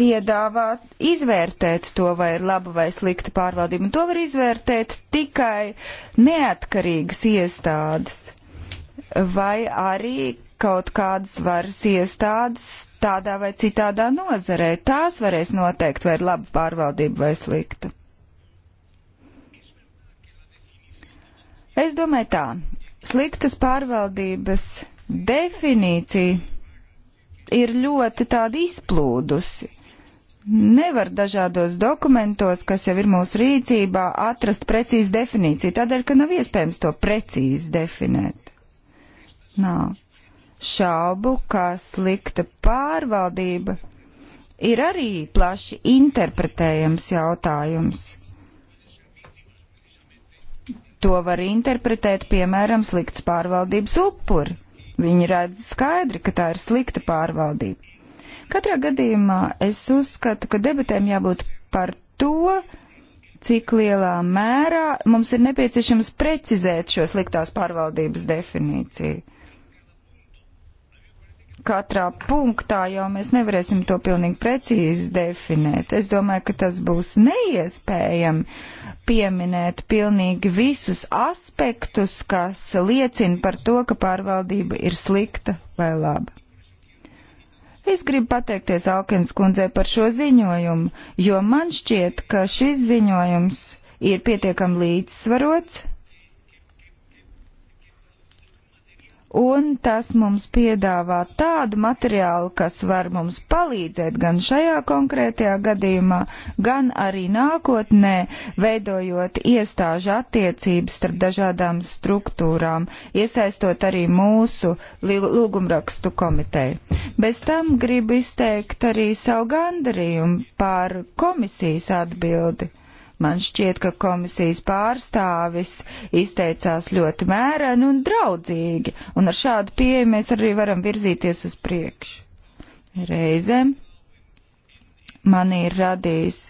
piedāvāt izvērtēt to, vai ir laba vai slikta pārvaldība. Un to var izvērtēt tikai neatkarīgas iestādes vai arī kaut kādas varas iestādes tādā vai citādā nozarē. Tās varēs noteikt, vai ir laba pārvaldība vai slikta. Es domāju tā, sliktas pārvaldības definīcija ir ļoti tāda izplūdusi. Nevar dažādos dokumentos, kas jau ir mūsu rīcībā, atrast precīzu definīciju, tādēļ, ka nav iespējams to precīzi definēt. Nav šaubu, ka slikta pārvaldība ir arī plaši interpretējams jautājums. To var interpretēt, piemēram, slikts pārvaldības upuri. Viņi redz skaidri, ka tā ir slikta pārvaldība. Katrā gadījumā es uzskatu, ka debatēm jābūt par to, cik lielā mērā mums ir nepieciešams precizēt šo sliktās pārvaldības definīciju katrā punktā jau mēs nevarēsim to pilnīgi precīzi definēt. Es domāju, ka tas būs neiespējami pieminēt pilnīgi visus aspektus, kas liecina par to, ka pārvaldība ir slikta vai laba. Es gribu pateikties Alkins kundzē par šo ziņojumu, jo man šķiet, ka šis ziņojums ir pietiekami līdzsvarots un tas mums piedāvā tādu materiālu, kas var mums palīdzēt gan šajā konkrētajā gadījumā, gan arī nākotnē, veidojot iestāžu attiecības starp dažādām struktūrām, iesaistot arī mūsu lūgumrakstu komiteju. Bez tam gribu izteikt arī savu gandarījumu par komisijas atbildi Man šķiet, ka komisijas pārstāvis izteicās ļoti mēreni un draudzīgi, un ar šādu pieeju mēs arī varam virzīties uz priekšu. Reizēm man ir radījis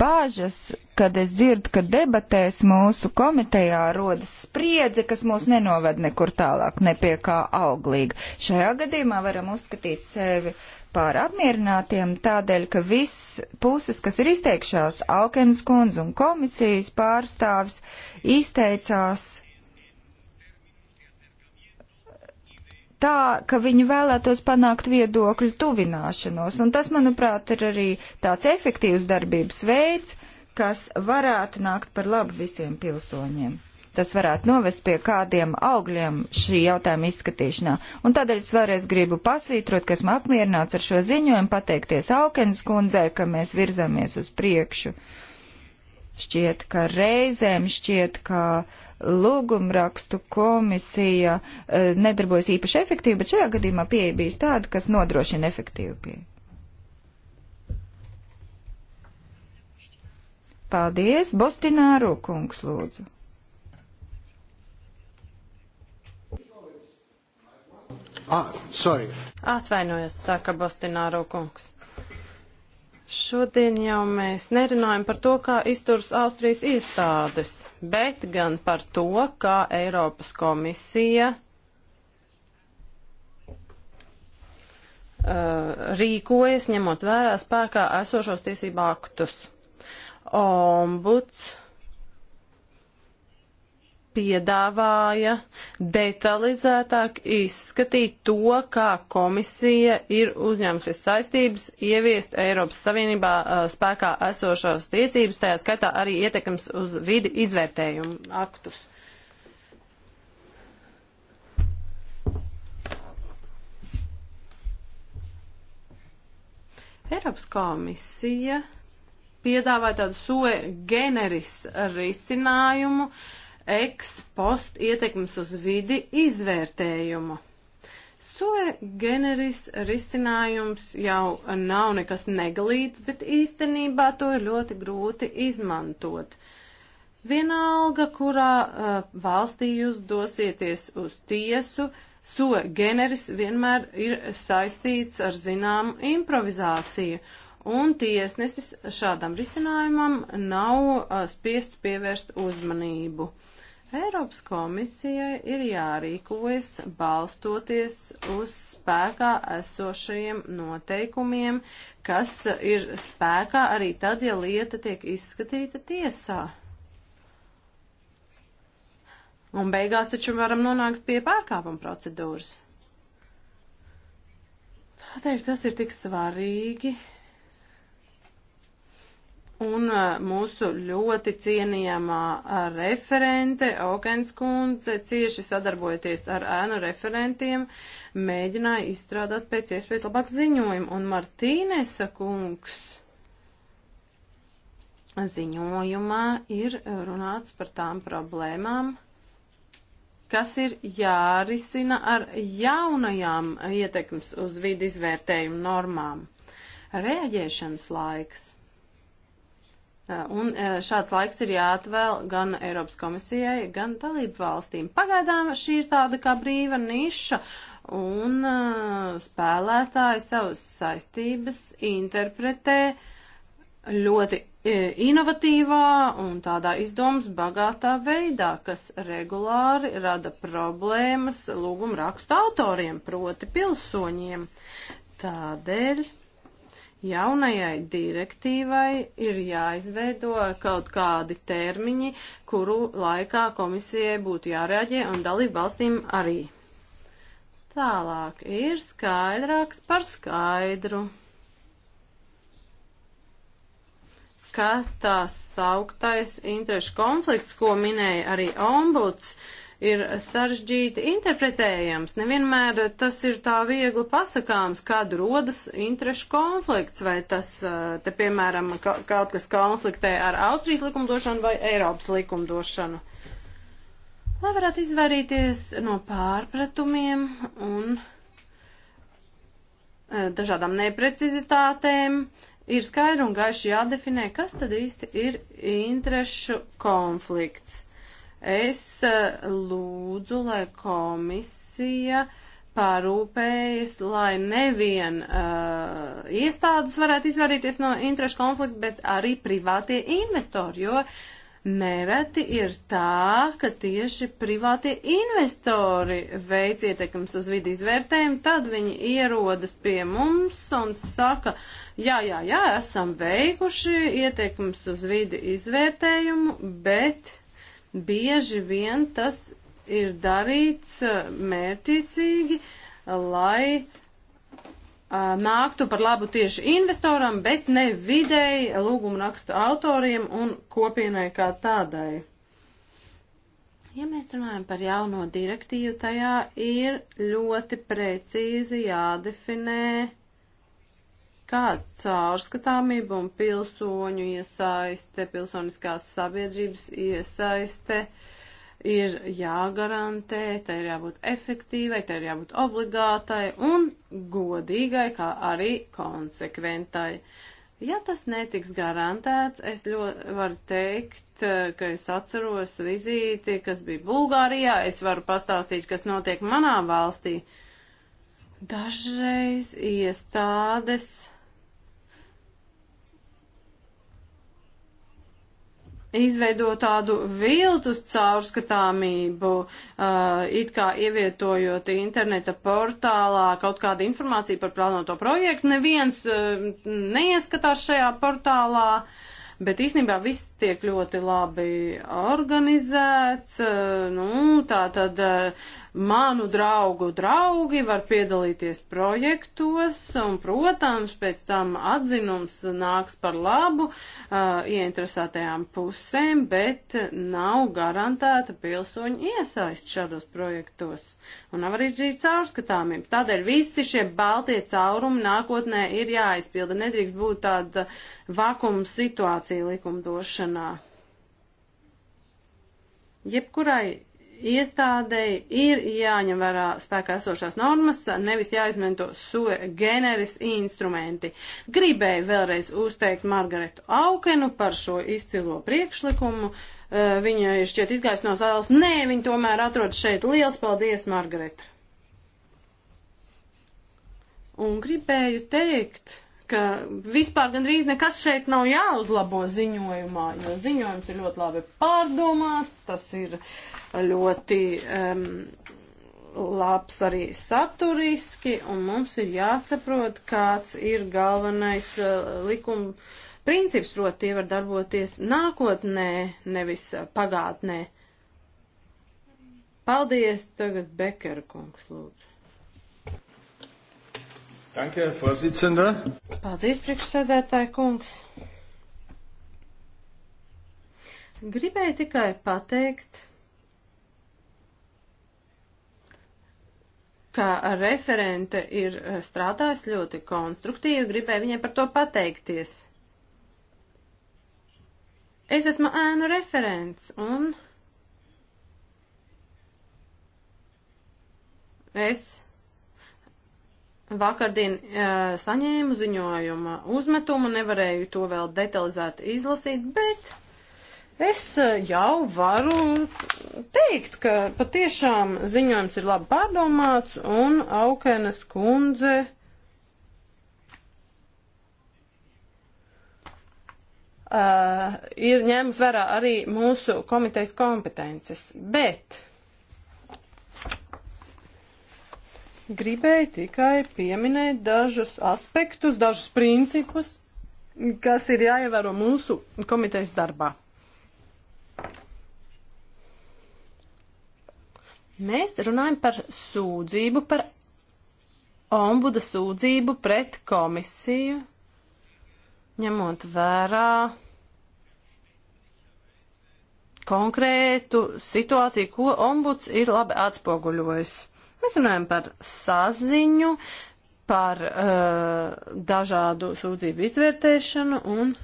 bāžas, kad es dzirdu, ka debatēs mūsu komitejā rodas spriedze, kas mūs nenoved nekur tālāk, ne pie kā auglīga. Šajā gadījumā varam uzskatīt sevi vispār apmierinātiem tādēļ, ka viss puses, kas ir izteikšās, Aukens kundze un komisijas pārstāvis, izteicās tā, ka viņi vēlētos panākt viedokļu tuvināšanos, un tas, manuprāt, ir arī tāds efektīvs darbības veids, kas varētu nākt par labu visiem pilsoņiem tas varētu novest pie kādiem augļiem šī jautājuma izskatīšanā. Un tādēļ es vēlreiz gribu pasvītrot, ka esmu apmierināts ar šo ziņojumu, pateikties Aukens kundzei, ka mēs virzamies uz priekšu. Šķiet, ka reizēm šķiet, ka lūgumrakstu komisija e, nedarbojas īpaši efektīvi, bet šajā gadījumā pieeja bijis tāda, kas nodrošina efektīvu pieeju. Paldies, Bostināru kungs, lūdzu. Ah, sorry. Atvainojos, saka Bostināro kungs. Šodien jau mēs nerunājam par to, kā izturs Austrijas iestādes, bet gan par to, kā Eiropas komisija uh, rīkojas, ņemot vērā spēkā esošos tiesību aktus. Ombuds piedāvāja detalizētāk izskatīt to, kā komisija ir uzņēmusies saistības ieviest Eiropas Savienībā spēkā esošās tiesības, tajā skaitā arī ietekams uz vidi izvērtējumu aktus. Eiropas komisija piedāvāja tādu soe generis risinājumu, uh, ekspost ietekmes uz vidi izvērtējumu. Sue generis risinājums jau nav nekas negalīts, bet īstenībā to ir ļoti grūti izmantot. Vienalga, kurā uh, valstī jūs dosieties uz tiesu, sue generis vienmēr ir saistīts ar zināmu improvizāciju un tiesnesis šādam risinājumam nav uh, spiests pievērst uzmanību. Eiropas komisijai ir jārīkojas balstoties uz spēkā esošajiem noteikumiem, kas ir spēkā arī tad, ja lieta tiek izskatīta tiesā. Un beigās taču varam nonākt pie pārkāpuma procedūras. Tādēļ tas ir tik svarīgi, Un uh, mūsu ļoti cienījamā uh, referente, Okens kundze, cieši sadarbojoties ar ēnu referentiem, mēģināja izstrādāt pēc iespējas labāk ziņojumu. Un Martīnesa kungs ziņojumā ir runāts par tām problēmām, kas ir jārisina ar jaunajām ietekmes uz vidi izvērtējumu normām. Rēģēšanas laiks Un šāds laiks ir jāatvēl gan Eiropas komisijai, gan dalību valstīm. Pagaidām šī ir tāda kā brīva niša, un spēlētāji savas saistības interpretē ļoti inovatīvā un tādā izdomas bagātā veidā, kas regulāri rada problēmas lūguma rakstu autoriem, proti pilsoņiem. Tādēļ Jaunajai direktīvai ir jāizveido kaut kādi termiņi, kuru laikā komisijai būtu jārēģē un dalību valstīm arī. Tālāk ir skaidrāks par skaidru, ka tās sauktais interešu konflikts, ko minēja arī ombuds, uh, ir sarežģīti interpretējams. Nevienmēr tas ir tā viegli pasakāms, kad rodas interešu konflikts, vai tas, te, piemēram, kaut kas konfliktē ar Austrijas likumdošanu vai Eiropas likumdošanu. Lai varētu izvairīties no pārpratumiem un dažādām neprecizitātēm, ir skaidri un gaiši jādefinē, kas tad īsti ir interešu konflikts. Es eh, lūdzu, lai komisija parūpējas, lai nevien uh, iestādes varētu izvairīties no interešu konflikta, bet arī privātie investori, jo uh, Nereti ir tā, ka tieši privātie investori veic ietekmes uz vidi izvērtējumu, tad viņi ierodas pie mums un saka, jā, jā, jā, esam veikuši ietekmes uz vidi izvērtējumu, bet Bieži vien tas ir darīts uh, mērķicīgi, lai uh, nāktu par labu tieši investoram, bet ne vidēji lūgumu rakstu autoriem un kopienai kā tādai. Ja mēs runājam par jauno direktīvu, tajā ir ļoti precīzi jādefinē uh, kā caurskatāmība un pilsoņu iesaiste, pilsoniskās sabiedrības iesaiste ir jāgarantē, tai ir jābūt efektīvai, tai ir jābūt obligātai un godīgai, kā arī konsekventai. Ja tas netiks garantēts, es ļoti varu teikt, ka es atceros vizīti, kas bija Bulgārijā, es varu pastāstīt, kas notiek manā valstī. Dažreiz iestādes izveido tādu viltus caurskatāmību, uh, it kā ievietojot interneta portālā kaut kādu informāciju par plānoto projektu. Neviens uh, neieskatās šajā portālā. Bet īstenībā viss tiek ļoti labi organizēts, uh, nu, tā tad uh, manu draugu draugi var piedalīties projektos, un, protams, pēc tam atzinums nāks par labu uh, ieinteresētajām pusēm, bet nav garantēta pilsoņu iesaist šādos projektos, un nav arī šī caurskatāmība. Tādēļ visi šie baltie caurumi nākotnē ir jāizpilda, nedrīkst būt tāda vakuma situācija likumdošanā. Jebkurai iestādei ir jāņem vērā spēkā esošās normas, nevis jāizmanto sue generis instrumenti. Gribēju vēlreiz uzteikt Margaretu Aukenu par šo izcilo priekšlikumu. Eh, viņa ir šķiet izgājis no zāles. Nē, viņa tomēr atrodas šeit. Liels paldies, Margareta! Un gribēju teikt, ka vispār gandrīz nekas šeit nav jāuzlabo ziņojumā, jo ziņojums ir ļoti labi pārdomāts, tas ir uh, ļoti um, labs arī saturiski, un mums ir jāsaprot, kāds ir galvenais uh, likuma princips, proti tie var darboties nākotnē, nevis pagātnē. Paldies, tagad Bekera kungs lūdzu. Danke, Vorsitzender. Paldies, priekšsēdētāji kungs. Gribēju tikai pateikt, ka referente ir eh, strādājusi ļoti konstruktīvi, gribēju viņai par to pateikties. Es esmu ēnu referents un es Vakardien uh, saņēmu ziņojuma uzmetumu, nevarēju to vēl detalizēti izlasīt, bet Es eh, jau varu teikt, ka patiešām ziņojums ir labi pārdomāts un Aukenes kundze uh, ir ņēmusi vērā arī mūsu komitejas kompetences. Bet gribēju tikai pieminēt dažus aspektus, dažus principus, kas ir jāievēro mūsu komitejas darbā. Mēs runājam par sūdzību, par ombuda sūdzību pret komisiju, ņemot vērā konkrētu situāciju, ko ombuds ir labi atspoguļojis. Mēs runājam par saziņu, par uh, dažādu sūdzību izvērtēšanu un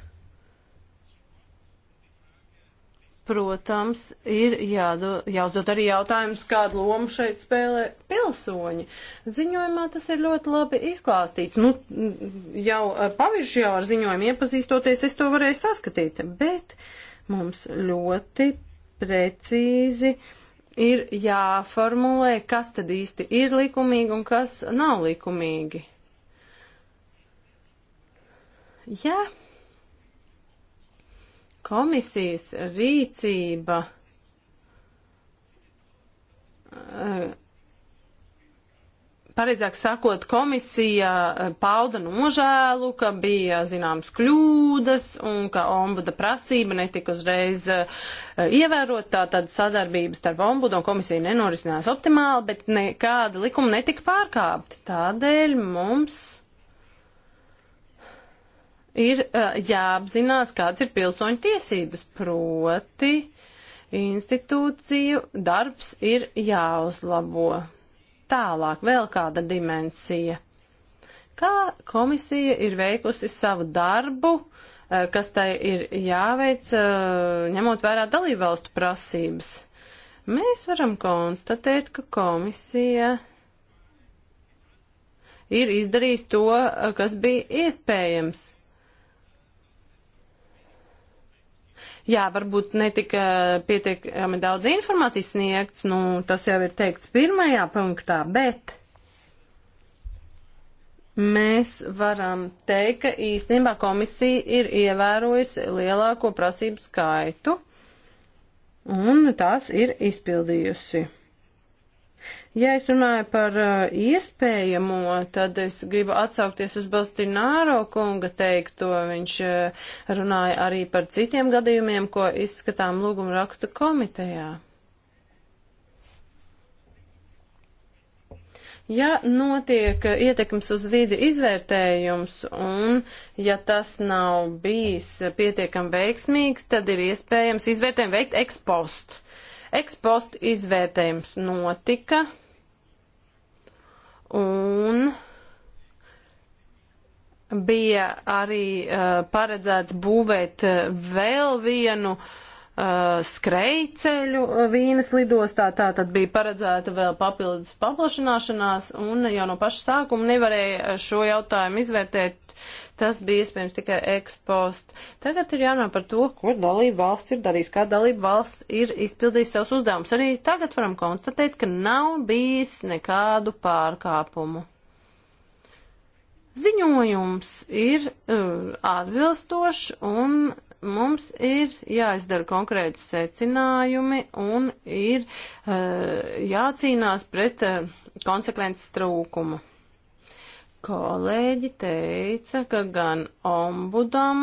protams, ir jādo, jāuzdod arī jautājums, kādu lomu šeit spēlē pilsoņi. Ziņojumā tas ir ļoti labi izklāstīts. Nu, jau eh, pavišķi jau ar ziņojumu iepazīstoties, es to varēju saskatīt, bet mums ļoti precīzi ir jāformulē, kas tad īsti ir likumīgi un kas nav likumīgi. Jā. Yeah komisijas rīcība eh, pareizāk sakot, komisija eh, pauda nožēlu, ka bija zināmas kļūdas un ka ombuda prasība netika uzreiz eh, ievērot, tā tad sadarbības starp ombudu un komisiju nenorisinājās optimāli, bet nekāda likuma netika pārkāpta. Tādēļ mums ir uh, jāapzinās, kāds ir pilsoņu tiesības, proti institūciju darbs ir jāuzlabo. Tālāk vēl kāda dimensija. Kā komisija ir veikusi savu darbu, uh, kas tai ir jāveic, uh, ņemot vērā dalībvalstu prasības? Mēs varam konstatēt, ka komisija ir izdarījusi to, kas bija iespējams jā, varbūt netika pietiekami daudz informācijas sniegts, nu, tas jau ir teikts pirmajā punktā, bet mēs varam teikt, ka īstenībā komisija ir ievērojusi lielāko prasību skaitu, un tās ir izpildījusi. Ja es runāju par uh, iespējamo, tad es gribu atsaukties uz Bostināro kunga teikto. Viņš uh, runāja arī par citiem gadījumiem, ko izskatām lūguma rakstu komitejā. Ja notiek uh, ietekmes uz vidi izvērtējums un ja tas nav bijis pietiekami veiksmīgs, tad ir iespējams izvērtējumu veikt ekspostu. Ekspostu izvērtējums notika, un bija arī uh, paredzēts būvēt uh, vēl vienu uh, skrejceļu uh, Vīnes lidostā, tā tad bija paredzēta vēl papildus paplašanāšanās, un jau no paša sākuma nevarēja uh, šo jautājumu izvērtēt Tas bija iespējams tikai ekspost. Tagad ir jānāk par to, ko dalība valsts ir darījusi, kā dalība valsts ir izpildījusi savus uzdevumus. Arī tagad varam konstatēt, ka nav bijis nekādu pārkāpumu. Ziņojums ir uh, atbilstošs un mums ir jāizdara konkrēti secinājumi un ir uh, jācīnās pret uh, konsekvences trūkumu kolēģi teica, ka gan ombudam,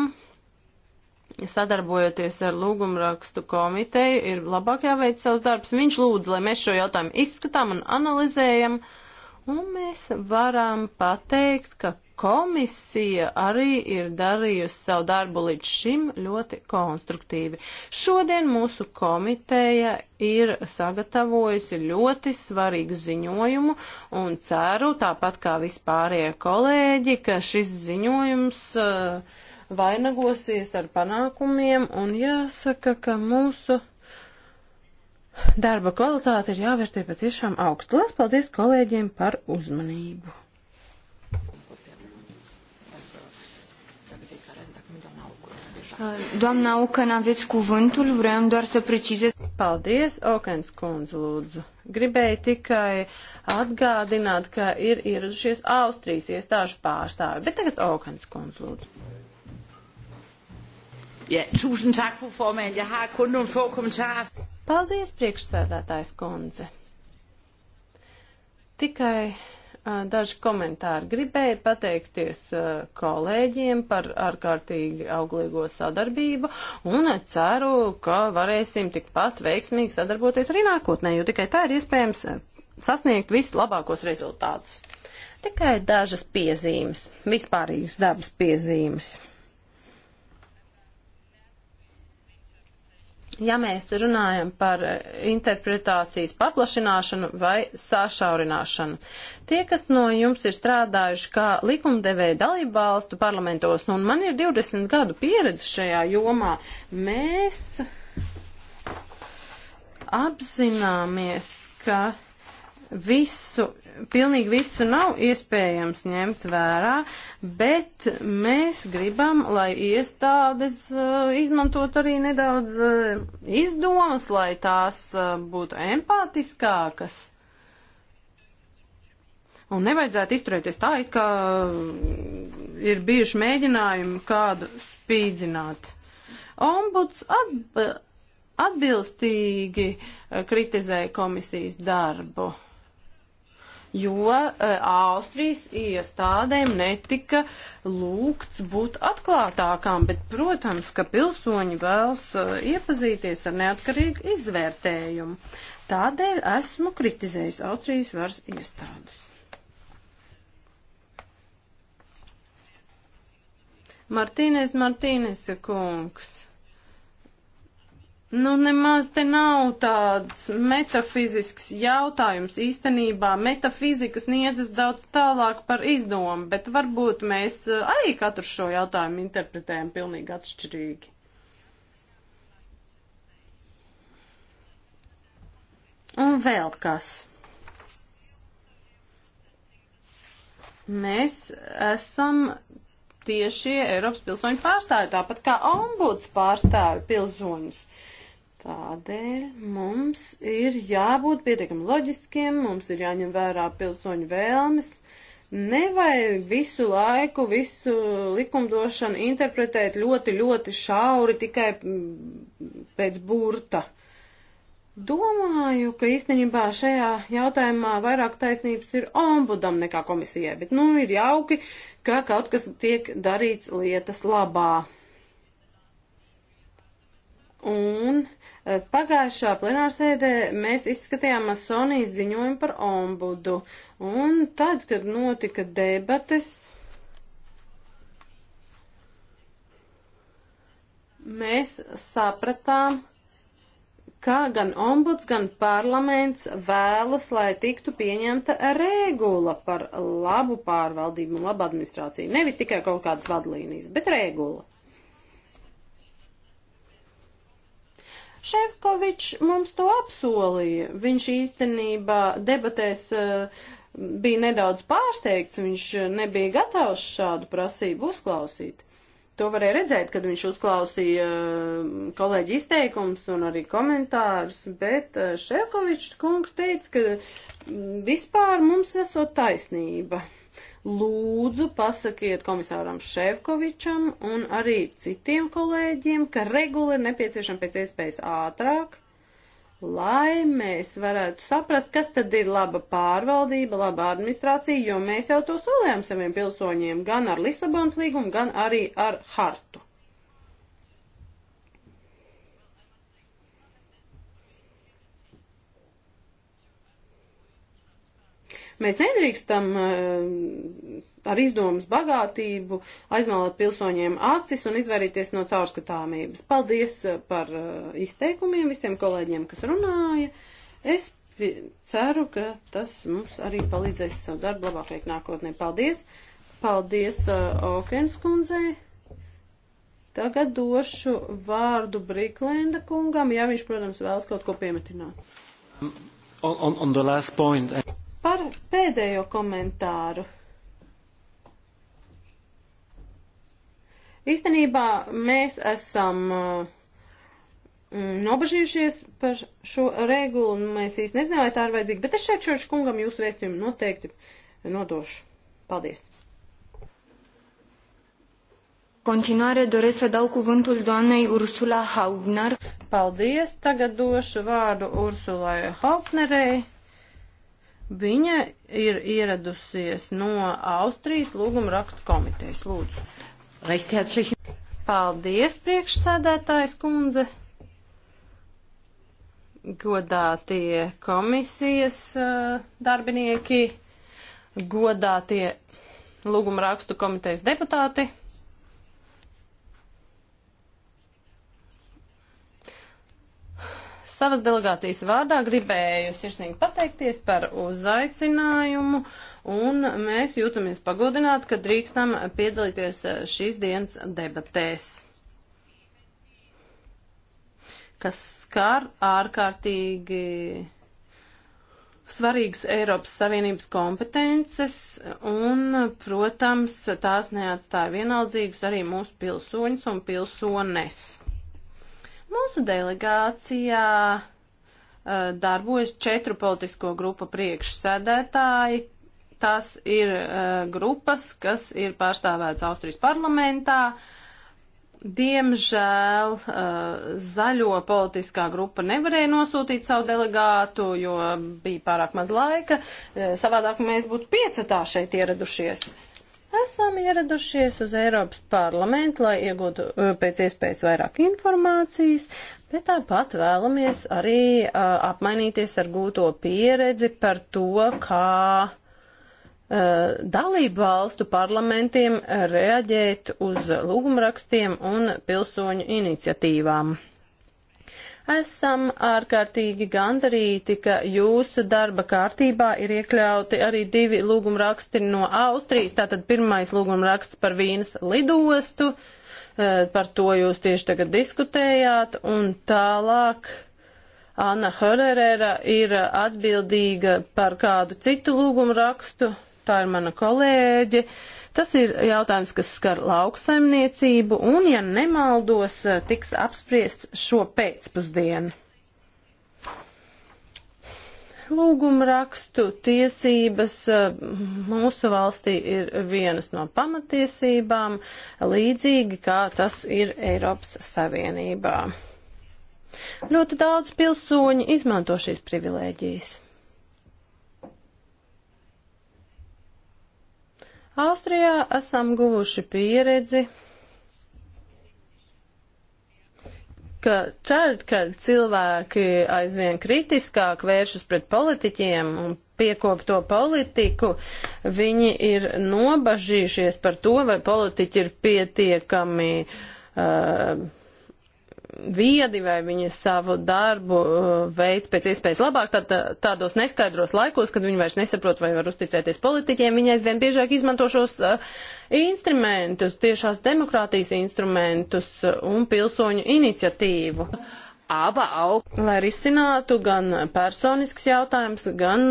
sadarbojoties ar lūgumrakstu komiteju, ir labāk jāveic savs darbs. Viņš lūdz, lai mēs šo jautājumu izskatām un analizējam, un mēs varam pateikt, ka komisija arī ir darījusi savu darbu līdz šim ļoti konstruktīvi. Šodien mūsu komiteja ir sagatavojusi ļoti svarīgu ziņojumu un ceru, tāpat kā vispārējie kolēģi, ka šis ziņojums uh, vainagosies ar panākumiem un jāsaka, ka mūsu darba kvalitāte ir jāvērtē patiešām augstu. Lielas paldies kolēģiem par uzmanību! Doamna Okan, aveți cuvântul, vreau doar să precizez. Paldies, Okens kundze, lūdzu. Gribēju tikai atgādināt, ka ir ieradušies Austrijas iestāžu pārstāvi, bet tagad Okens kundze, lūdzu. Ja, tusind tak, fru formand. Jeg har kun nogle få kommentarer. Paldies, priekšsēdētājs kundze. Tikai Daži komentāri gribēju pateikties kolēģiem par ārkārtīgi auglīgo sadarbību un ceru, ka varēsim tikpat veiksmīgi sadarboties arī nākotnē, jo tikai tā ir iespējams sasniegt vislabākos rezultātus. Tikai dažas piezīmes, vispārīgas dabas piezīmes. ja mēs runājam par interpretācijas paplašināšanu vai sašaurināšanu. Tie, kas no jums ir strādājuši kā likumdevēja dalību valstu parlamentos, un man ir 20 gadu pieredze šajā jomā, mēs apzināmies, ka visu pilnīgi visu nav iespējams ņemt vērā, bet mēs gribam, lai iestādes eh, izmantot arī nedaudz eh, izdomas, lai tās eh, būtu empātiskākas. Un nevajadzētu izturēties tā, it kā ir bijuši mēģinājumi kādu spīdzināt. Ombuds atb atbilstīgi kritizēja komisijas darbu jo eh, Austrijas iestādēm netika lūgts būt atklātākām, bet, protams, ka pilsoņi vēlas eh, iepazīties ar neatkarīgu izvērtējumu. Tādēļ esmu kritizējis Austrijas varas iestādes. Martīnēs, Martīnēs kungs. Nu, nemaz te nav tāds metafizisks jautājums. Īstenībā metafizika sniedzas daudz tālāk par izdomu, bet varbūt mēs eh, arī katru šo jautājumu interpretējam pilnīgi atšķirīgi. Un vēl kas. Mēs esam tiešie Eiropas pilsoņu pārstāvi, tāpat kā ombuds pārstāvi pilsoņus. Uh, Tādēļ mums ir jābūt pietiekami loģiskiem, mums ir jāņem vērā pilsoņu vēlmes. Nevajag visu laiku, visu likumdošanu interpretēt ļoti, ļoti šauri tikai mm, pēc burta. Domāju, ka īstenībā šajā jautājumā vairāk taisnības ir ombudam nekā komisijai, bet nu ir jauki, ka kaut kas tiek darīts lietas labā. Un eh, pagājušā plenārsēdē mēs izskatījām Masonijas ziņojumu par ombudu. Un tad, kad notika debates, mēs sapratām, ka gan ombuds, gan parlaments vēlas, lai tiktu pieņemta regula par labu pārvaldību un labu administrāciju. Nevis tikai kaut kādas vadlīnijas, bet regula. Šefkovičs mums to apsolīja. Viņš īstenībā debatēs uh, bija nedaudz pārsteigts, viņš eh, nebija gatavs šādu prasību uzklausīt. To varēja redzēt, kad viņš uzklausīja eh, kolēģi izteikums un arī komentārus, bet Šefkovičs kungs teica, ka mm, vispār mums esot taisnība. Lūdzu, pasakiet komisāram Ševkovičam un arī citiem kolēģiem, ka regula ir nepieciešama pēc iespējas ātrāk, lai mēs varētu saprast, kas tad ir laba pārvaldība, laba administrācija, jo mēs jau to solījām saviem pilsoņiem gan ar Lisabonas līgumu, gan arī ar hartu. Mēs nedrīkstam eh, ar izdomas bagātību aizmalot pilsoņiem acis un izvairīties no caurskatāmības. Paldies eh, par eh, izteikumiem visiem kolēģiem, kas runāja. Es ceru, ka tas mums arī palīdzēs savu darbu labāk veikt nākotnē. Paldies! Paldies, Okens kundzei! Tagad došu vārdu Briklenda kungam, ja viņš, protams, vēlas kaut ko piemetināt. On, on, on the last point. Par pēdējo komentāru. Īstenībā mēs esam uh, mm, nobažījušies par šo regulu, un mēs īsti nezinām, vai tā ir vajadzīga, bet es šeit šoši kungam jūsu vēstījumu noteikti nodošu. Paldies! continuare doresc să dau cuvântul doamnei Ursula Haugner. Paldies, tagad došu vārdu Ursulai Haugnerei. Viņa ir ieradusies no Austrijas lūguma rakstu komitejas. Lūdzu. Reiztiecīgi. Paldies, priekšsēdētājs kundze. Godātie komisijas uh, darbinieki, godātie lūguma rakstu komitejas deputāti. savas delegācijas vārdā gribēju sirsnīgi pateikties par uzaicinājumu, un mēs jūtamies pagodināti, ka drīkstam piedalīties šīs dienas debatēs kas skar ārkārtīgi svarīgas Eiropas Savienības kompetences, un, protams, tās neatstāja vienaldzīgus arī mūsu pilsoņus un pilsones. Mūsu delegācijā eh, darbojas četru politisko grupu priekšsēdētāji. Tas ir eh, grupas, kas ir pārstāvēts Austrijas parlamentā. Diemžēl eh, zaļo politiskā grupa nevarēja nosūtīt savu delegātu, jo bija pārāk maz laika. Savādāk mēs būtu piecetā šeit ieradušies. Esam ieradušies uz Eiropas parlamentu, lai iegūtu uh, pēc iespējas vairāk informācijas, bet tāpat vēlamies arī uh, apmainīties ar gūto pieredzi par to, kā uh, dalību valstu parlamentiem reaģēt uz lūgumrakstiem un pilsoņu iniciatīvām. Esam ārkārtīgi gandarīti, ka jūsu darba kārtībā ir iekļauti arī divi lūguma raksti no Austrijas. Tātad pirmais lūguma raksts par vīnas lidostu, eh, par to jūs tieši tagad diskutējāt, un tālāk. Anna Horerera ir atbildīga par kādu citu lūgumu rakstu, tā ir mana kolēģe. Uh, Tas ir jautājums, kas skar lauksaimniecību un, ja nemaldos, tiks apspriest šo pēcpusdienu. Lūguma rakstu tiesības eh, mūsu valstī ir vienas no pamatiesībām, līdzīgi kā tas ir Eiropas Savienībā. Ļoti daudz pilsoņi izmanto šīs privilēģijas. Austrijā esam guvuši pieredzi, ka tad, kad cilvēki aizvien kritiskāk vēršas pret politiķiem un piekopto politiku, viņi ir nobažījušies par to, vai politiķi ir pietiekami uh, viedi vai viņi savu darbu uh, veids pēc iespējas labāk, tad uh, tādos neskaidros laikos, kad viņi vairs nesaprot vai var uzticēties politiķiem, viņi aizvien biežāk izmanto šos uh, instrumentus, tiešās demokrātijas instrumentus un pilsoņu iniciatīvu. Lai risinātu gan personisks jautājums, gan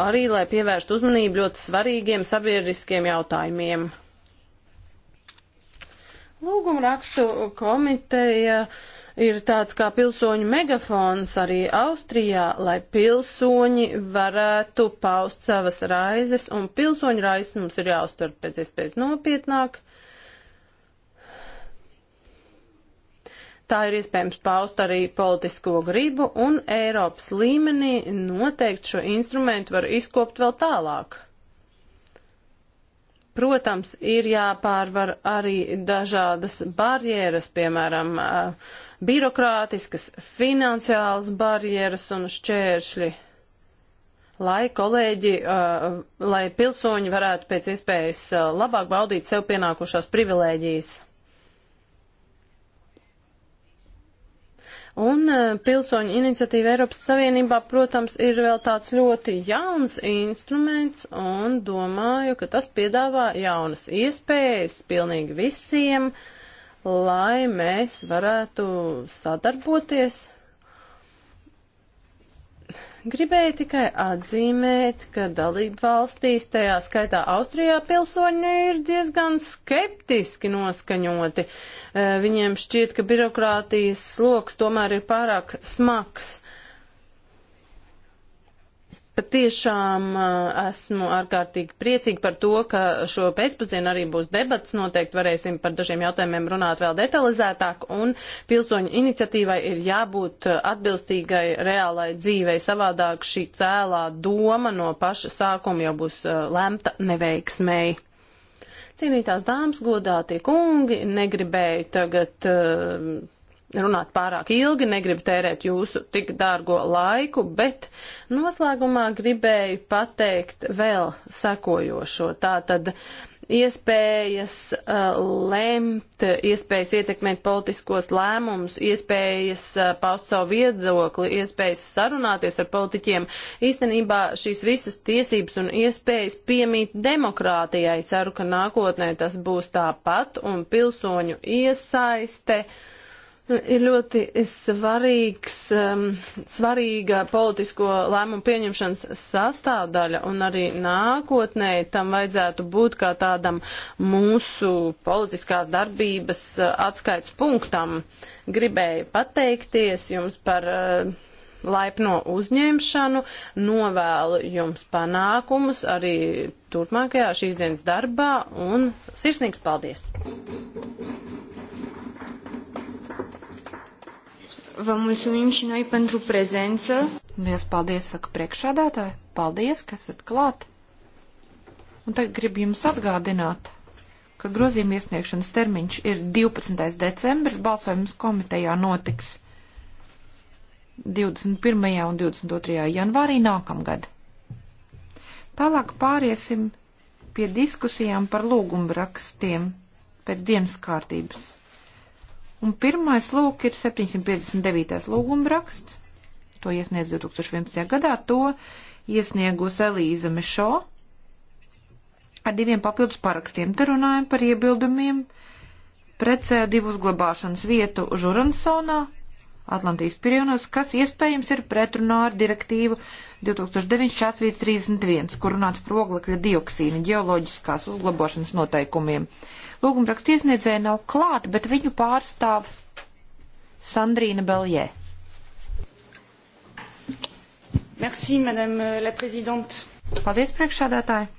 arī lai pievērstu uzmanību ļoti svarīgiem sabiedriskiem jautājumiem. Lūguma rakstu komiteja ir tāds kā pilsoņu megafons arī Austrijā, lai pilsoņi varētu paust savas raizes, un pilsoņu raizes mums ir jāuztver pēc iespējas nopietnāk. Tā ir iespējams paust arī politisko gribu, un Eiropas līmenī noteikti šo instrumentu var izkopt vēl tālāk. Protams, ir jāpārvar arī dažādas barjeras, piemēram, birokrātiskas, finansiālas barjeras un šķēršļi, lai kolēģi, lai pilsoņi varētu pēc iespējas labāk baudīt sev pienākušās privilēģijas. Un e, pilsoņu iniciatīva Eiropas Savienībā, protams, ir vēl tāds ļoti jauns instruments, un domāju, ka tas piedāvā jaunas iespējas pilnīgi visiem, lai mēs varētu sadarboties Gribēju tikai atzīmēt, ka dalību valstīs, tajā skaitā Austrijā, pilsoņi ir diezgan skeptiski noskaņoti. Eh, viņiem šķiet, ka birokrātijas sloks tomēr ir pārāk smags. Patiešām esmu ārkārtīgi priecīgi par to, ka šo pēcpusdienu arī būs debats. Noteikti varēsim par dažiem jautājumiem runāt vēl detalizētāk. Un pilsoņu iniciatīvai ir jābūt atbilstīgai reālai dzīvei. Savādāk šī cēlā doma no paša sākuma jau būs lemta neveiksmēji. Cienītās dāmas, godātie kungi, negribēju tagad. Uh, runāt pārāk ilgi, negribu tērēt jūsu tik dārgo laiku, bet noslēgumā gribēju pateikt vēl sekojošo. Tātad iespējas uh, lemt, iespējas ietekmēt politiskos lēmumus, iespējas uh, paust savu viedokli, iespējas sarunāties ar politiķiem. Īstenībā šīs visas tiesības un iespējas piemīt demokrātijai. Ceru, ka nākotnē tas būs tāpat un pilsoņu iesaiste. Uh, Nu, ir ļoti svarīgs, um, svarīga politisko lēmumu pieņemšanas sastāvdaļa, un arī nākotnē tam vajadzētu būt kā tādam mūsu politiskās darbības uh, atskaits punktam. Gribēju pateikties jums par uh, laipno uzņemšanu, novēlu jums panākumus arī turpmākajā šīs dienas darbā, un sirsnīgs paldies! Vă mulțumim și noi pentru prezență. Liels paldies, saka priekšādātāji. Paldies, ka esat klāt. Un tagad gribu jums atgādināt, ka grozījuma iesniegšanas termiņš ir 12. decembris, balsojums komitejā notiks 21. un 22. janvārī nākamgad. Tālāk pāriesim pie diskusijām par lūgumrakstiem pēc dienas kārtības Un pirmais lūk ir 759. lūgumraksts. To iesniedz 2011. gadā. To iesniegus Elīza Mešo ar diviem papildus parakstiem. Te runājam par iebildumiem pret C2 uzglabāšanas vietu Žuransonā, Atlantijas pirionos, kas iespējams ir pretrunā ar direktīvu 2009.31, kur runāts par oglekļa dioksīna ģeoloģiskās uzglabošanas noteikumiem. Uh, Lūgumraksta iesniedzēja nav klāta, bet viņu pārstāv Sandrīna Beljē. Merci, madame la présidente. Paldies, priekšādātāji.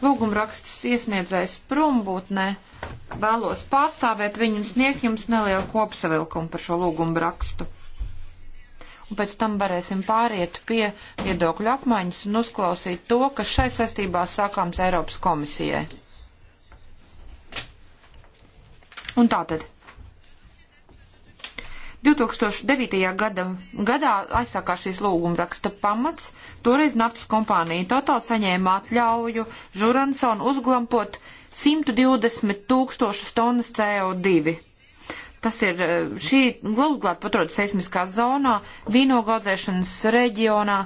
Lūgumraksts iesniedzējs prombūtnē vēlos pārstāvēt viņu un sniegt jums nelielu kopsavilkumu par šo lūgumrakstu un pēc tam varēsim pāriet pie viedokļu apmaiņas un uzklausīt to, kas šai saistībā sākāms Eiropas komisijai. Un tātad. 2009. Gada, gadā aizsākās šīs lūgumraksta pamats, toreiz naftas kompānija Total saņēma atļauju Žuransonu uzglampot 120 tūkstošus tonnas CO2 Tas ir eh, šī gluglāt patrot seismiskā zonā, vīnogaudzēšanas reģionā.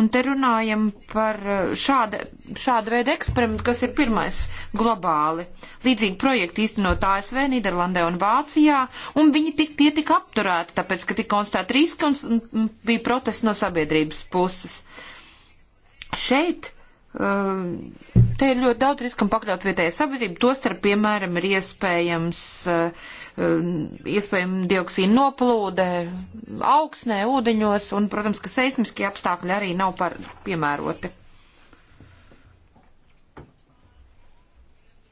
Un te runājam par eh, šāda, šāda veida eksperimentu, kas ir pirmais globāli. Līdzīgi projekti īstenot ASV, Nīderlandē un Vācijā, un viņi tik, tie tika apturēti, tāpēc, ka tika konstatēta riska un bija protesti no sabiedrības puses. Šeit uh, Te ir ļoti daudz riskam pakļaut vietējai sabiedrību, tostarp, piemēram, ir iespējams, eh, um, iespējams dioksīna noplūde augsnē, ūdeņos, un, protams, ka seismiskie apstākļi arī nav par piemēroti.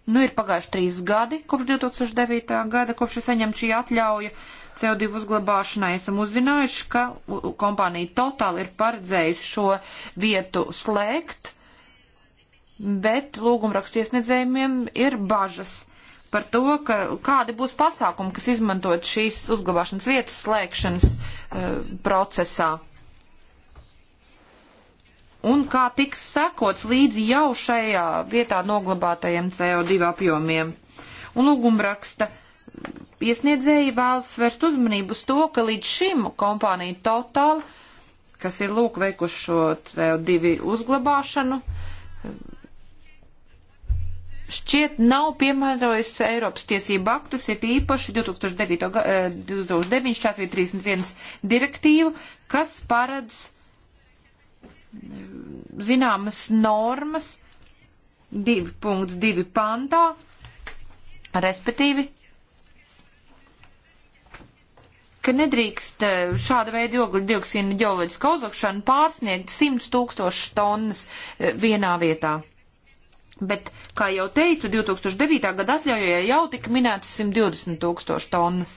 Nu, ir pagājuši trīs gadi kopš 2009. gada, kopš ir saņemta šī atļauja CO2 uzglabāšanai. Esam uzzinājuši, ka kompānija Total ir paredzējusi šo vietu slēgt bet lūgumrakstu iesniedzējumiem ir bažas par to, ka kādi būs pasākumi, kas izmantot šīs uzglabāšanas vietas slēgšanas uh, procesā. Un kā tiks sekots līdzi jau šajā vietā noglabātajiem CO2 apjomiem. Un lūgumraksta iesniedzēji vēlas vērst uzmanību uz to, ka līdz šim kompānija Total, kas ir lūk veikuši šo CO2 uzglabāšanu, uh, šķiet nav piemērojis Eiropas tiesību aktus, ir īpaši 2009. 2009 431 direktīvu, kas paredz eh, zināmas normas 2.2 pantā, respektīvi, ka nedrīkst eh, šāda veida ogļu dioksīna ģeoloģiska uzlikšana pārsniegt 100 tūkstošu tonnas eh, vienā vietā. Bet, kā jau teicu, 2009. gada atļaujā jau tika minētas 120 tūkstoši tonnas.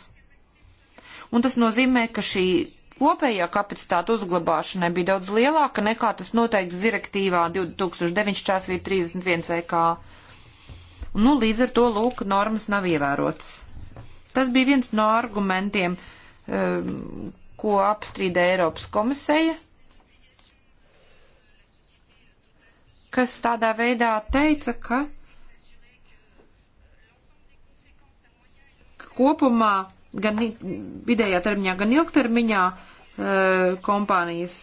Un tas nozīmē, ka šī kopējā kapacitāte uzglabāšanai bija daudz lielāka nekā tas noteikts direktīvā 2009.31 EK. Nu, līdz ar to, lūk, normas nav ievērotas. Tas bija viens no argumentiem, um, ko apstrīda Eiropas komiseja kas tādā veidā teica, ka kopumā gan vidējā termiņā, gan ilgtermiņā eh, kompānijas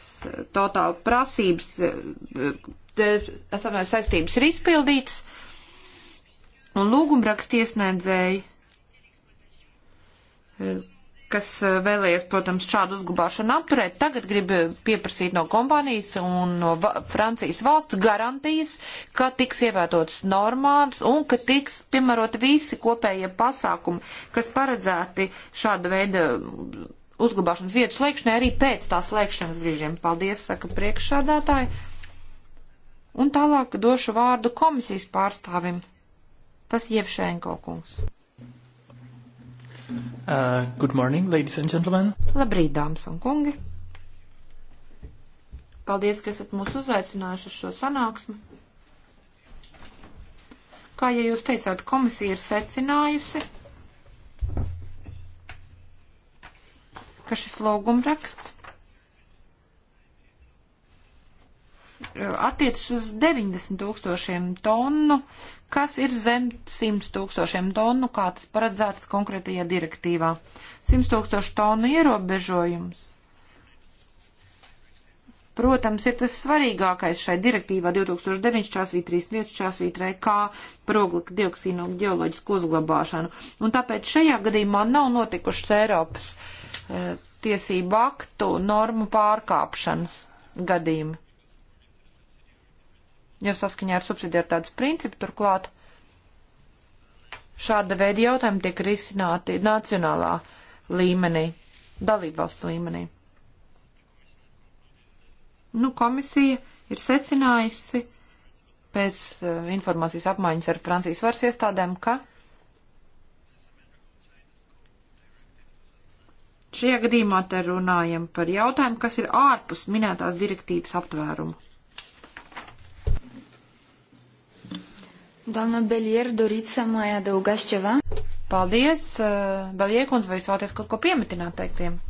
totāla prasības eh, eh, esam saistības ir izpildītas, un lūgumraksts iesniedzēji kas eh, vēlējies, protams, šādu uzglabāšanu apturēt, tagad grib eh, pieprasīt no kompānijas un no va Francijas valsts garantijas, ka tiks ievētotas normādas un ka tiks piemēroti visi kopējie pasākumi, kas paredzēti šāda veida mm, uzglabāšanas vietu slēgšanai arī pēc tās slēgšanas brīžiem. Paldies, saka priekšsādātāji. Un tālāk došu vārdu komisijas pārstāvim. Tas Jevšēnko kungs. Uh, good morning, ladies and gentlemen. Labrīt, dāmas un kungi. Paldies, ka esat mūs uzaicinājuši uz šo sanāksmi. Kā ja jūs teicāt, komisija ir secinājusi, ka šis logumraksts uh, attiecas uz 90 tūkstošiem tonu uh, kas ir zem 100 tūkstošiem tonu, kā tas paredzēts konkrētajā direktīvā. 100 tūkstošu tonu ierobežojums. Protams, ir tas svarīgākais šai direktīvā 2009 čāsvītrīs vietas čāsvītrē, kā proglika dioksīnu ģeoloģisku uzglabāšanu. Un tāpēc šajā gadījumā nav notikušas Eiropas e, tiesību aktu normu pārkāpšanas gadījumi jo saskaņā ar subsidiaritātes principu turklāt šāda veida jautājumi tiek risināti nacionālā līmenī, dalībvalsts līmenī. Nu, komisija ir secinājusi pēc uh, informācijas apmaiņas ar Francijas varas iestādēm, ka šajā gadījumā te runājam par jautājumu, kas ir ārpus minētās direktīvas aptvērumu. Doamna Belier, doriți să mai adăugați ceva? Paldies, uh, Belier, kundze, vai jūs vēlaties kaut ko piemetināt teiktiem?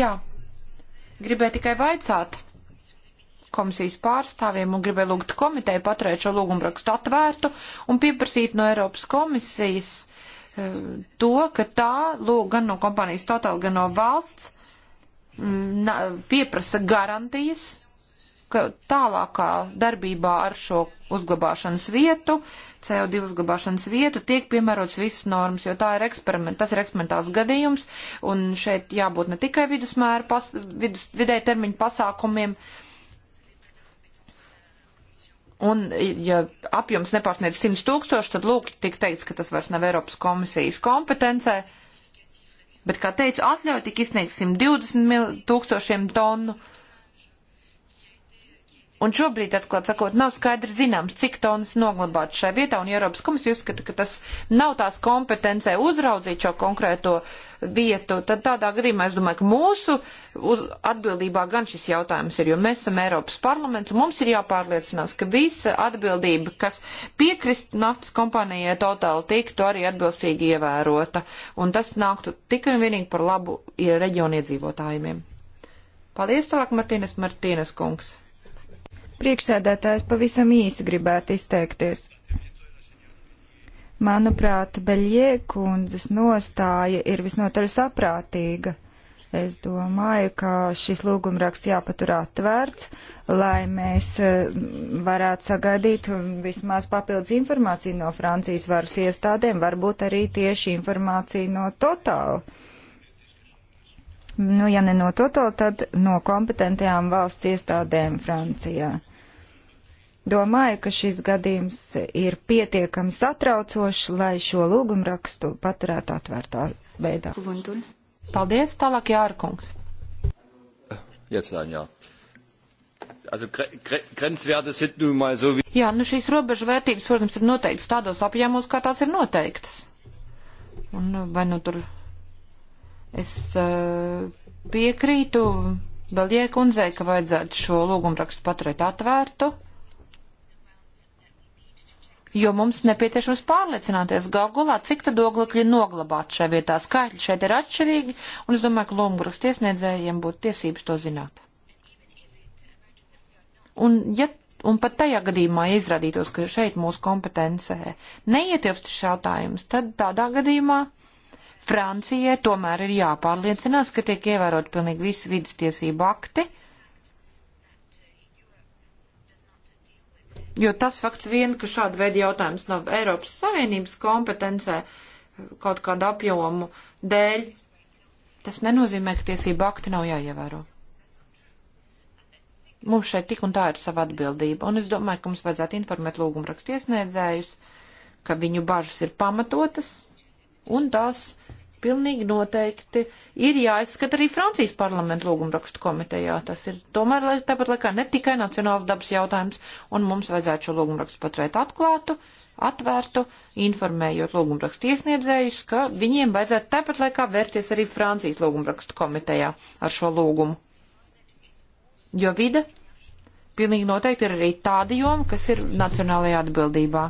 Jā, gribēju tikai vaicāt komisijas pārstāvjiem un gribēju lūgt komiteju paturēt šo lūgumrakstu atvērtu un pieprasīt no Eiropas komisijas uh, to, ka tā lūg gan no kompānijas Total, gan no valsts mm, pieprasa garantijas tālākā darbībā ar šo uzglabāšanas vietu, CO2 uzglabāšanas vietu, tiek piemērots visas normas, jo tā ir eksperiment, tas ir eksperimentāls gadījums, un šeit jābūt ne tikai vidusmēra, pas, vidus, vidēja termiņa pasākumiem, un ja apjoms nepārsniec 100 tūkstoši, tad lūk, tik teikts, ka tas vairs nav Eiropas komisijas kompetencē, bet, kā teicu, atļauj tik izsniegt 120 tūkstošiem tonu, uh, Un šobrīd, atklāt sakot, nav skaidri zināms, cik tonas noglabāt šai vietā, un Eiropas komisija uzskata, ka tas nav tās kompetencē uzraudzīt šo konkrēto vietu. Tad tādā gadījumā es domāju, ka mūsu atbildībā gan šis jautājums ir, jo mēs esam Eiropas parlaments, un mums ir jāpārliecinās, ka visa atbildība, kas piekrist naftas kompānijai totāli tiktu arī atbilstīgi ievērota, un tas nāktu tikai un vienīgi par labu reģionu iedzīvotājiem. Paldies tālāk, Martīnes Martīnes kungs! Priekšsēdētājs pavisam īsi gribētu izteikties. Manuprāt, Beļie kundzes nostāja ir visnotaļ saprātīga. Es domāju, ka šis lūgumraksts jāpatur atvērts, lai mēs eh, varētu sagaidīt vismaz papildus informāciju no Francijas varas iestādēm, varbūt arī tieši informāciju no Totāla. Nu, ja ne no Totāla, tad no kompetentajām valsts iestādēm Francijā. Domāju, ka šis gadījums ir pietiekami satraucošs, lai šo lūgumrakstu paturētu atvērtā veidā. Paldies, tālāk Jārkungs. Jā, nu šīs robežu vērtības, protams, ir noteiktas tādos apjēmos, kā tās ir noteiktas. Un nu, vai nu tur es uh, piekrītu Beļie kundzei, ka vajadzētu šo lūgumrakstu paturēt atvērtu jo mums nepieciešams pārliecināties galgulā, cik tad oglekļi noglabāt šajā vietā. Skaitļi šeit ir atšķirīgi, un es domāju, ka Lomburgas tiesniedzējiem būtu tiesības to zināt. Un, ja, un pat tajā gadījumā izrādītos, ka šeit mūsu kompetencē neietilpst šis jautājums, tad tādā gadījumā Francijai tomēr ir jāpārliecinās, ka tiek ievērot pilnīgi visi vidas tiesību akti Jo tas fakts vien, ka šāda veida jautājums nav Eiropas Savienības kompetencē kaut kādu apjomu dēļ, tas nenozīmē, ka tiesība akti nav jāievēro. Mums šeit tik un tā ir sava atbildība, un es domāju, ka mums vajadzētu informēt lūgumu rakstiesniedzējus, ka viņu bažas ir pamatotas, un tās pilnīgi noteikti ir jāizskata arī Francijas parlamenta lūgumrakstu komitejā. Tas ir tomēr tāpat laikā ne tikai nacionāls dabas jautājums, un mums vajadzētu šo lūgumrakstu paturēt atklātu, atvērtu, informējot lūgumrakstu iesniedzējus, ka viņiem vajadzētu tāpat laikā vērsties arī Francijas lūgumrakstu komitejā ar šo lūgumu. Jo vide pilnīgi noteikti ir arī tāda joma, kas ir nacionālajā atbildībā.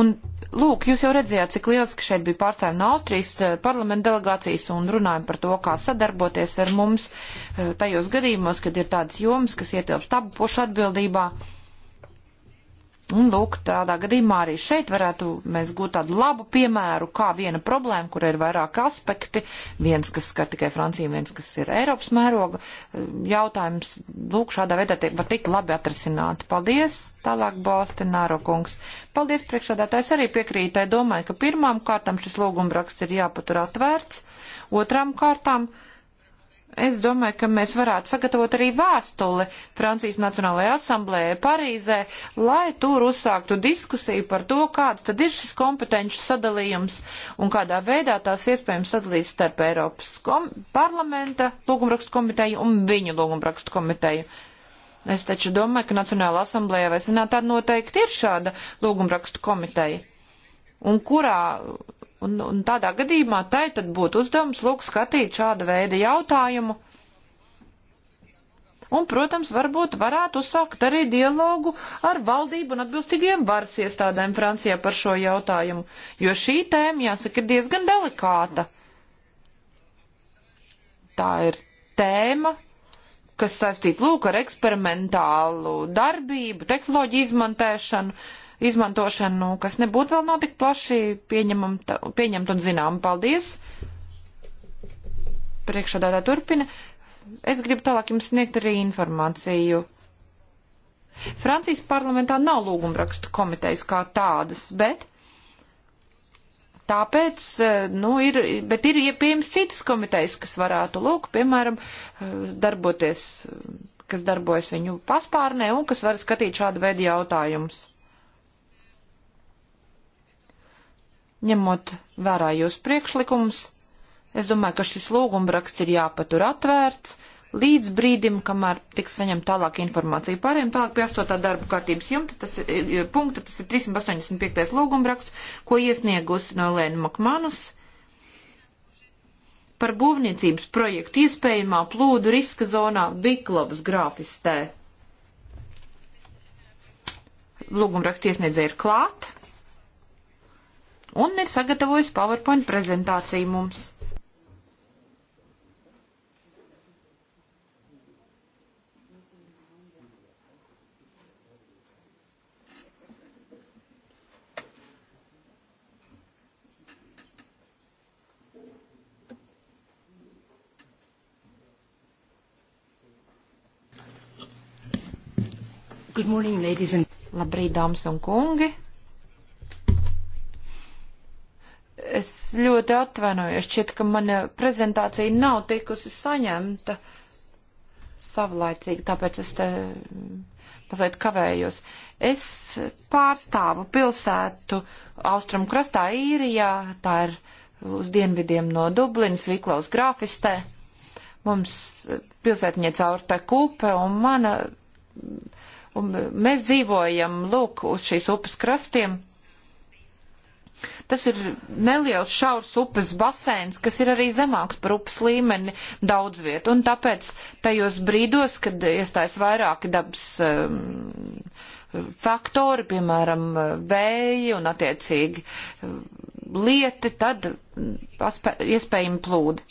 Un, lūk, jūs jau redzējāt, cik liels, ka šeit bija pārstāvji no Austrijas eh, parlamenta delegācijas un runājam par to, kā sadarboties ar mums eh, tajos gadījumos, kad ir tādas jomas, kas ietilpst abu pušu atbildībā. Uh, Un, lūk, tādā gadījumā arī šeit varētu mēs gūt tādu labu piemēru, kā viena problēma, kur ir vairāk aspekti, viens, kas skar tikai Franciju, viens, kas ir Eiropas mēroga eh, jautājums. Lūk, šādā veidā tiek, var tik labi atrasināt. Paldies, tālāk Bostināro kungs. Paldies, priekšādātājs arī piekrītai. Domāju, ka pirmām kārtām šis lūgumraksts ir jāpatur atvērts, otrām kārtām. Uh, Es domāju, ka mēs varētu sagatavot arī vēstuli Francijas Nacionālajai asamblējai Parīzē, lai tur uzsāktu diskusiju par to, kāds tad ir šis kompetenču sadalījums un kādā veidā tās iespējams sadalīt starp Eiropas parlamenta lūgumrakstu komiteju un viņu lūgumrakstu komiteju. Es taču domāju, ka Nacionāla asamblējā vai senātā noteikti ir šāda lūgumrakstu komiteja. Un kurā Un, un tādā gadījumā tai tad būtu uzdevums lūk skatīt šāda veida jautājumu. Un, protams, varbūt varētu uzsākt arī dialogu ar valdību un atbilstīgiem varas iestādēm Francijā par šo jautājumu, jo šī tēma, jāsaka, ir diezgan delikāta. Tā ir tēma, kas saistīta lūk ar eksperimentālu darbību, tehnoloģiju izmantēšanu, izmantošanu, nu, kas nebūtu vēl nav tik plaši pieņemt un zinām. Paldies! Priekšādātā turpina. Es gribu tālāk jums sniegt arī informāciju. Francijas parlamentā nav lūgumrakstu komitejas kā tādas, bet Tāpēc, eh, nu, ir, bet ir iepējams citas komitejas, kas varētu, lūk, piemēram, eh, darboties, kas darbojas viņu paspārnē un kas var skatīt šādu veidu jautājumus. Ņemot vērā jūs priekšlikums, es domāju, ka šis lūgumraksts ir jāpatur atvērts līdz brīdim, kamēr tiks saņemta tālāk informācija. Pārējiem tālāk pie 8. darba kārtības jumta, tas ir, punkta, tas ir 385. lūgumraksts, ko iesniegusi no Lēna Makmanus par būvniecības projektu iespējamā plūdu riska zonā Viklavas grāfistē. Lūgumraksts iesniedzēja ir klāt un ir sagatavojis PowerPoint prezentāciju mums. Good morning, ladies and Labrīt, dāmas un kungi! Es ļoti atvainojos, šķiet, ka mana prezentācija nav tikusi saņemta savlaicīgi, tāpēc es te mm, mazliet kavējos. Es pārstāvu pilsētu austrumu krastā īrijā, tā ir uz dienvidiem no Dublinas, Viklaus grāfistē. Mums eh, pilsētiņa caur te kupe un mana, mm, un mēs dzīvojam, lūk, uz šīs upes krastiem. Tas ir neliels šaurs upes basēns, kas ir arī zemāks par upes līmeni daudz viet. Un tāpēc tajos brīdos, kad iestājas vairāki dabas um, faktori, piemēram, vēji un attiecīgi um, lieti, tad iespējami plūdi.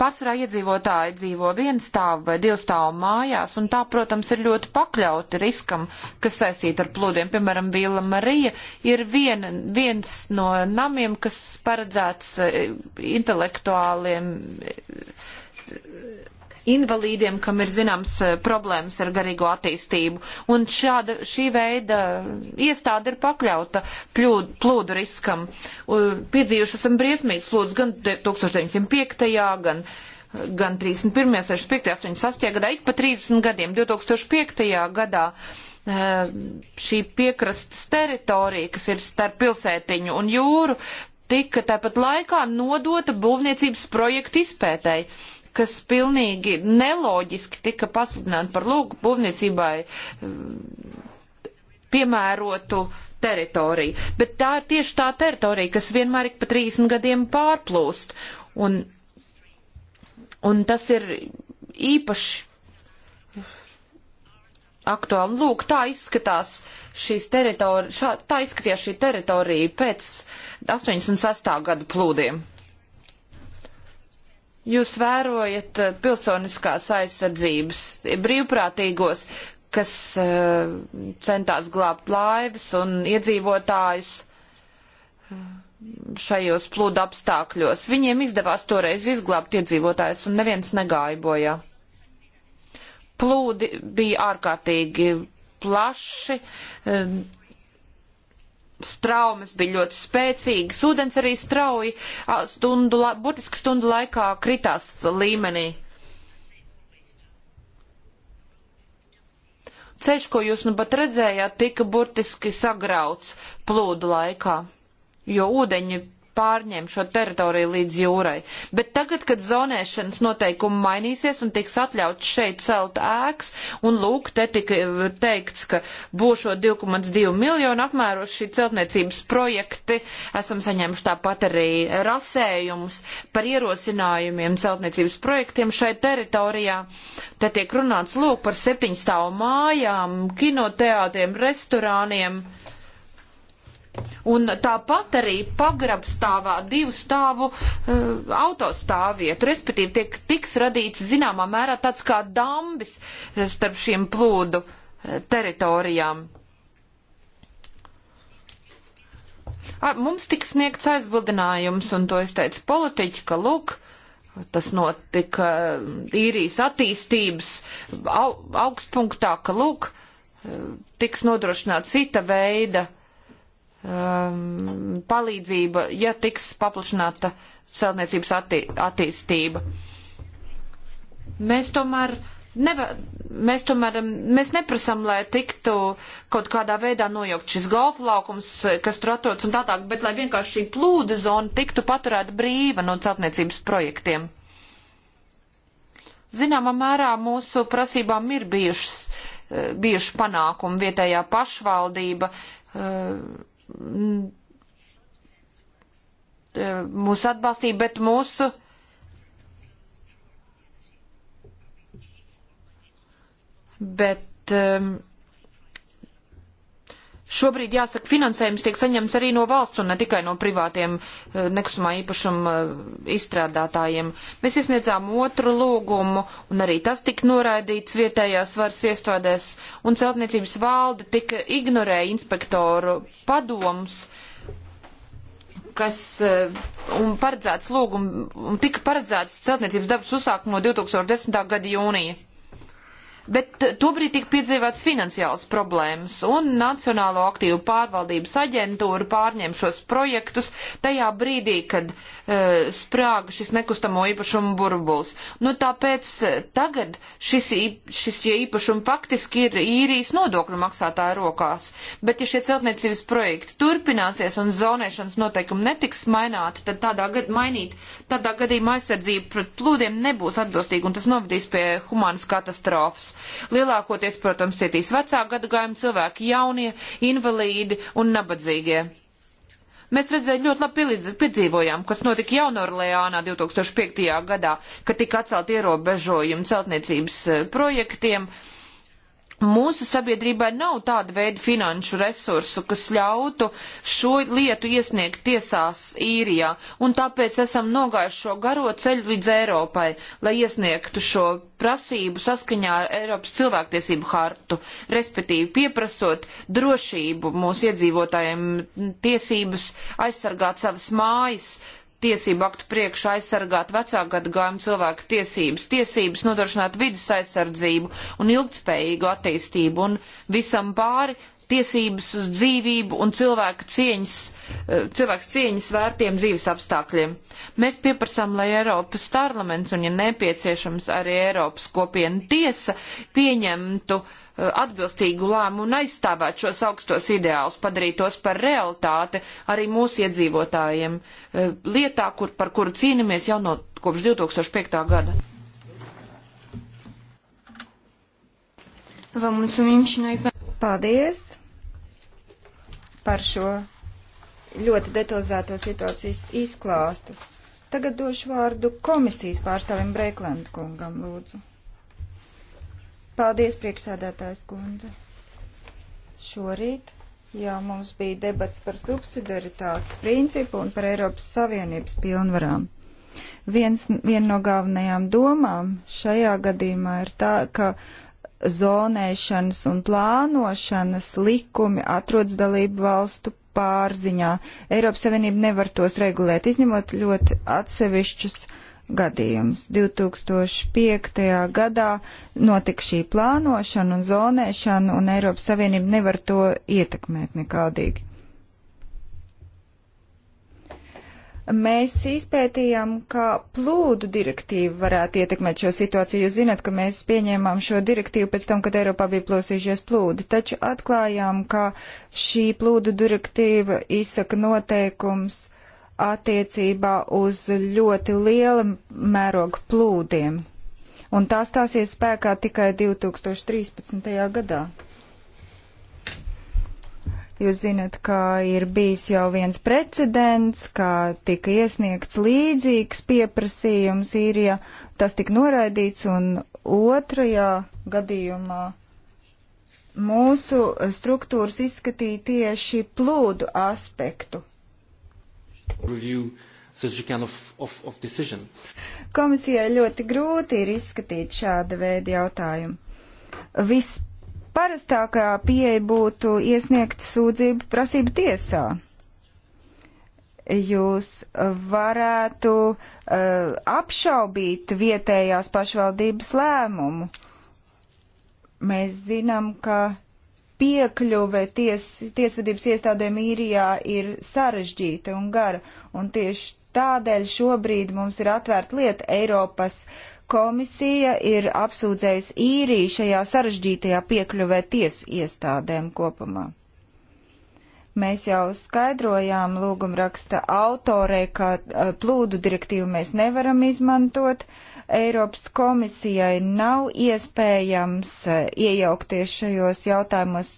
Pārsvarā iedzīvotāji dzīvo vienstāvu vai divstāvu mājās, un tā, protams, ir ļoti pakļauti riskam, kas saistīta ar plūdiem. Piemēram, Vīla Marija ir vien, viens no namiem, kas paredzēts eh, intelektuāliem eh, invalīdiem, kam ir zināms eh, problēmas ar garīgo attīstību. Un šāda, šī veida eh, iestāde ir pakļauta plūdu, plūdu riskam. Piedzījuši esam briesmīgs plūds gan 1905. gan gan 31., 65., 86. gadā, ik pa 30 gadiem, 2005. gadā eh, šī piekrastes teritorija, kas ir starp pilsētiņu un jūru, tika tāpat laikā nodota būvniecības projektu izpētēji kas pilnīgi neloģiski tika pasludināti par lūgu būvniecībai mm, piemērotu teritoriju. Bet tā ir tieši tā teritorija, kas vienmēr ik pa 30 gadiem pārplūst. Un, un tas ir īpaši aktuāli. Lūk, tā izskatās šīs teritorijas, tā izskatījās šī teritorija pēc 86. gada plūdiem jūs vērojat eh, pilsoniskās aizsardzības brīvprātīgos, kas eh, centās glābt laivas un iedzīvotājus eh, šajos plūdu apstākļos. Viņiem izdevās toreiz izglābt iedzīvotājus un neviens negāja bojā. Plūdi bija ārkārtīgi plaši, straumes bija ļoti spēcīgas, ūdens arī strauji stundu, burtiski stundu laikā kritās līmenī. Ceļš, ko jūs nu pat redzējāt, tika burtiski sagrauts plūdu laikā, jo ūdeņi pārņem šo teritoriju līdz jūrai. Bet tagad, kad zonēšanas noteikumi mainīsies un tiks atļauts šeit celt ēks, un lūk, te tika eh, teikts, ka būšo 2,2 miljonu apmēros šī celtniecības projekti, esam saņēmuši tāpat arī rasējumus par ierosinājumiem celtniecības projektiem šai teritorijā. Te tiek runāts lūk par septiņstāvu mājām, kinoteātiem, restorāniem. Un tāpat arī pagrabstāvā divu stāvu uh, autostāvvietu, respektīvi tiek tiks radīts zināmā mērā tāds kā dambis eh, starp šiem plūdu eh, teritorijām. Ar, mums tika sniegts aizbildinājums, un to es teicu politiķi, ka lūk, tas notika īrijas attīstības au, augstpunktā, ka lūk, tiks nodrošināta cita veida uh, um, palīdzība, ja tiks paplašināta celtniecības attī attīstība. Mēs tomēr Neva, mēs tomēr um, mēs neprasam, lai tiktu kaut kādā veidā nojaukt šis golfa laukums, kas tur atrodas un tā tālāk, bet lai vienkārši šī plūda zona tiktu paturēta brīva no celtniecības projektiem. Zināmā mērā mūsu prasībām ir bijušas, eh, bijuši panākumi vietējā pašvaldība. Uh, Mm, eh, mūsu atbalstīja, bet mūsu. Bet um, Šobrīd, jāsaka, finansējums tiek saņemts arī no valsts un ne tikai no privātiem eh, nekustamā īpašuma eh, izstrādātājiem. Mēs iesniedzām otru lūgumu, un arī tas tika noraidīts vietējās varas iestādēs, un celtniecības valde tika ignorēja inspektoru padomus kas eh, un paredzēts lūgum, un tika paredzēts celtniecības dabas uzsākumu no 2010. gada jūnija. Bet tobrīd tika piedzīvots finansiāls problēmas, un Nacionālo aktīvu pārvaldības aģentūra pārņem šos projektus tajā brīdī, kad uh, sprāga šis nekustamo īpašumu burbulis. Nu, tāpēc e, tagad šis, šis īpašumi faktiski ir īrijas nodokļu maksātāja rokās. Bet, ja šie celtniecības projekti turpināsies un zonēšanas noteikumi netiks maināti, tad tādā, gad, mainīt, tādā gadījumā aizsardzība pret plūdiem nebūs atbilstīga, un tas novadīs pie humānas katastrofas. Lielākoties, protams, cietīs vecāku gadagājumu cilvēki, jaunie, invalīdi un nabadzīgie. Mēs redzējām, ļoti labi piedzīvojām, kas notika Jaunorleānā 2005. gadā, kad tika atcelt ierobežojumi celtniecības eh, projektiem. Uh, Mūsu sabiedrībai nav tāda veida finanšu resursu, kas ļautu šo lietu iesniegt tiesās īrijā, un tāpēc esam nogājuši šo garo ceļu līdz Eiropai, lai iesniegtu šo prasību saskaņā ar Eiropas cilvēktiesību hartu, respektīvi pieprasot drošību mūsu iedzīvotājiem tiesības aizsargāt savas mājas, tiesību aktu priekšā aizsargāt vecāku gadagājumu cilvēku tiesības, tiesības nodrošināt vidas aizsardzību un ilgtspējīgu attīstību un visam pāri tiesības uz dzīvību un cilvēka cieņas, eh, cilvēks cieņas vērtiem dzīves apstākļiem. Mēs pieprasām, lai Eiropas parlaments un, ja nepieciešams, arī Eiropas kopiena tiesa pieņemtu uh, atbilstīgu lēmumu un aizstāvēt šos augstos ideālus, padarīt tos par realitāti arī mūsu iedzīvotājiem e, lietā, kur, par kuru cīnāmies jau no kopš 2005. gada. Vă mulțumim și noi paldies par šo ļoti detalizēto situācijas izklāstu. Tagad došu vārdu komisijas pārstāvim Breiklēnda kungam, lūdzu. Paldies, priekšsēdētājs kundze. Šorīt jau mums bija debats par subsidiaritātes principu un par Eiropas Savienības pilnvarām. Viens, viena no galvenajām domām šajā gadījumā ir tā, ka zonēšanas un plānošanas likumi atrodas dalību valstu pārziņā. Eiropas Savienība nevar tos regulēt, izņemot ļoti atsevišķus uh, gadījums. 2005. gadā notika šī plānošana un zonēšana, un Eiropas Savienība nevar to ietekmēt nekādīgi. Mēs izpētījām, kā plūdu direktīva varētu ietekmēt šo situāciju. Jūs zināt, ka mēs pieņēmām šo direktīvu pēc tam, kad Eiropā bija plosījušies plūdi, taču atklājām, ka šī plūdu direktīva izsaka noteikums attiecībā uz ļoti liela mēroga plūdiem. Un tā stāsies spēkā tikai 2013. gadā. Jūs zinat, ka ir bijis jau viens precedents, ka tika iesniegts līdzīgs pieprasījums īrijā, tas tika noraidīts, un otrajā gadījumā mūsu struktūras izskatīja tieši plūdu aspektu Review. Kind of, of, of Komisijai ļoti grūti ir izskatīt šāda veida jautājumu. Visparastākā pieeja būtu iesniegt sūdzību prasību tiesā. Jūs varētu uh, apšaubīt vietējās pašvaldības lēmumu. Mēs zinām, ka piekļuve ties, tiesvedības iestādēm īrijā ir sarežģīta un gara, un tieši tādēļ šobrīd mums ir atvērta lieta Eiropas komisija ir apsūdzējusi īriju šajā sarežģītajā piekļuvē tiesu iestādēm kopumā. Mēs jau skaidrojām lūgumraksta autorē, ka uh, plūdu direktīvu mēs nevaram izmantot. Uh, Eiropas komisijai nav iespējams eh, iejaukties šajos jautājumos.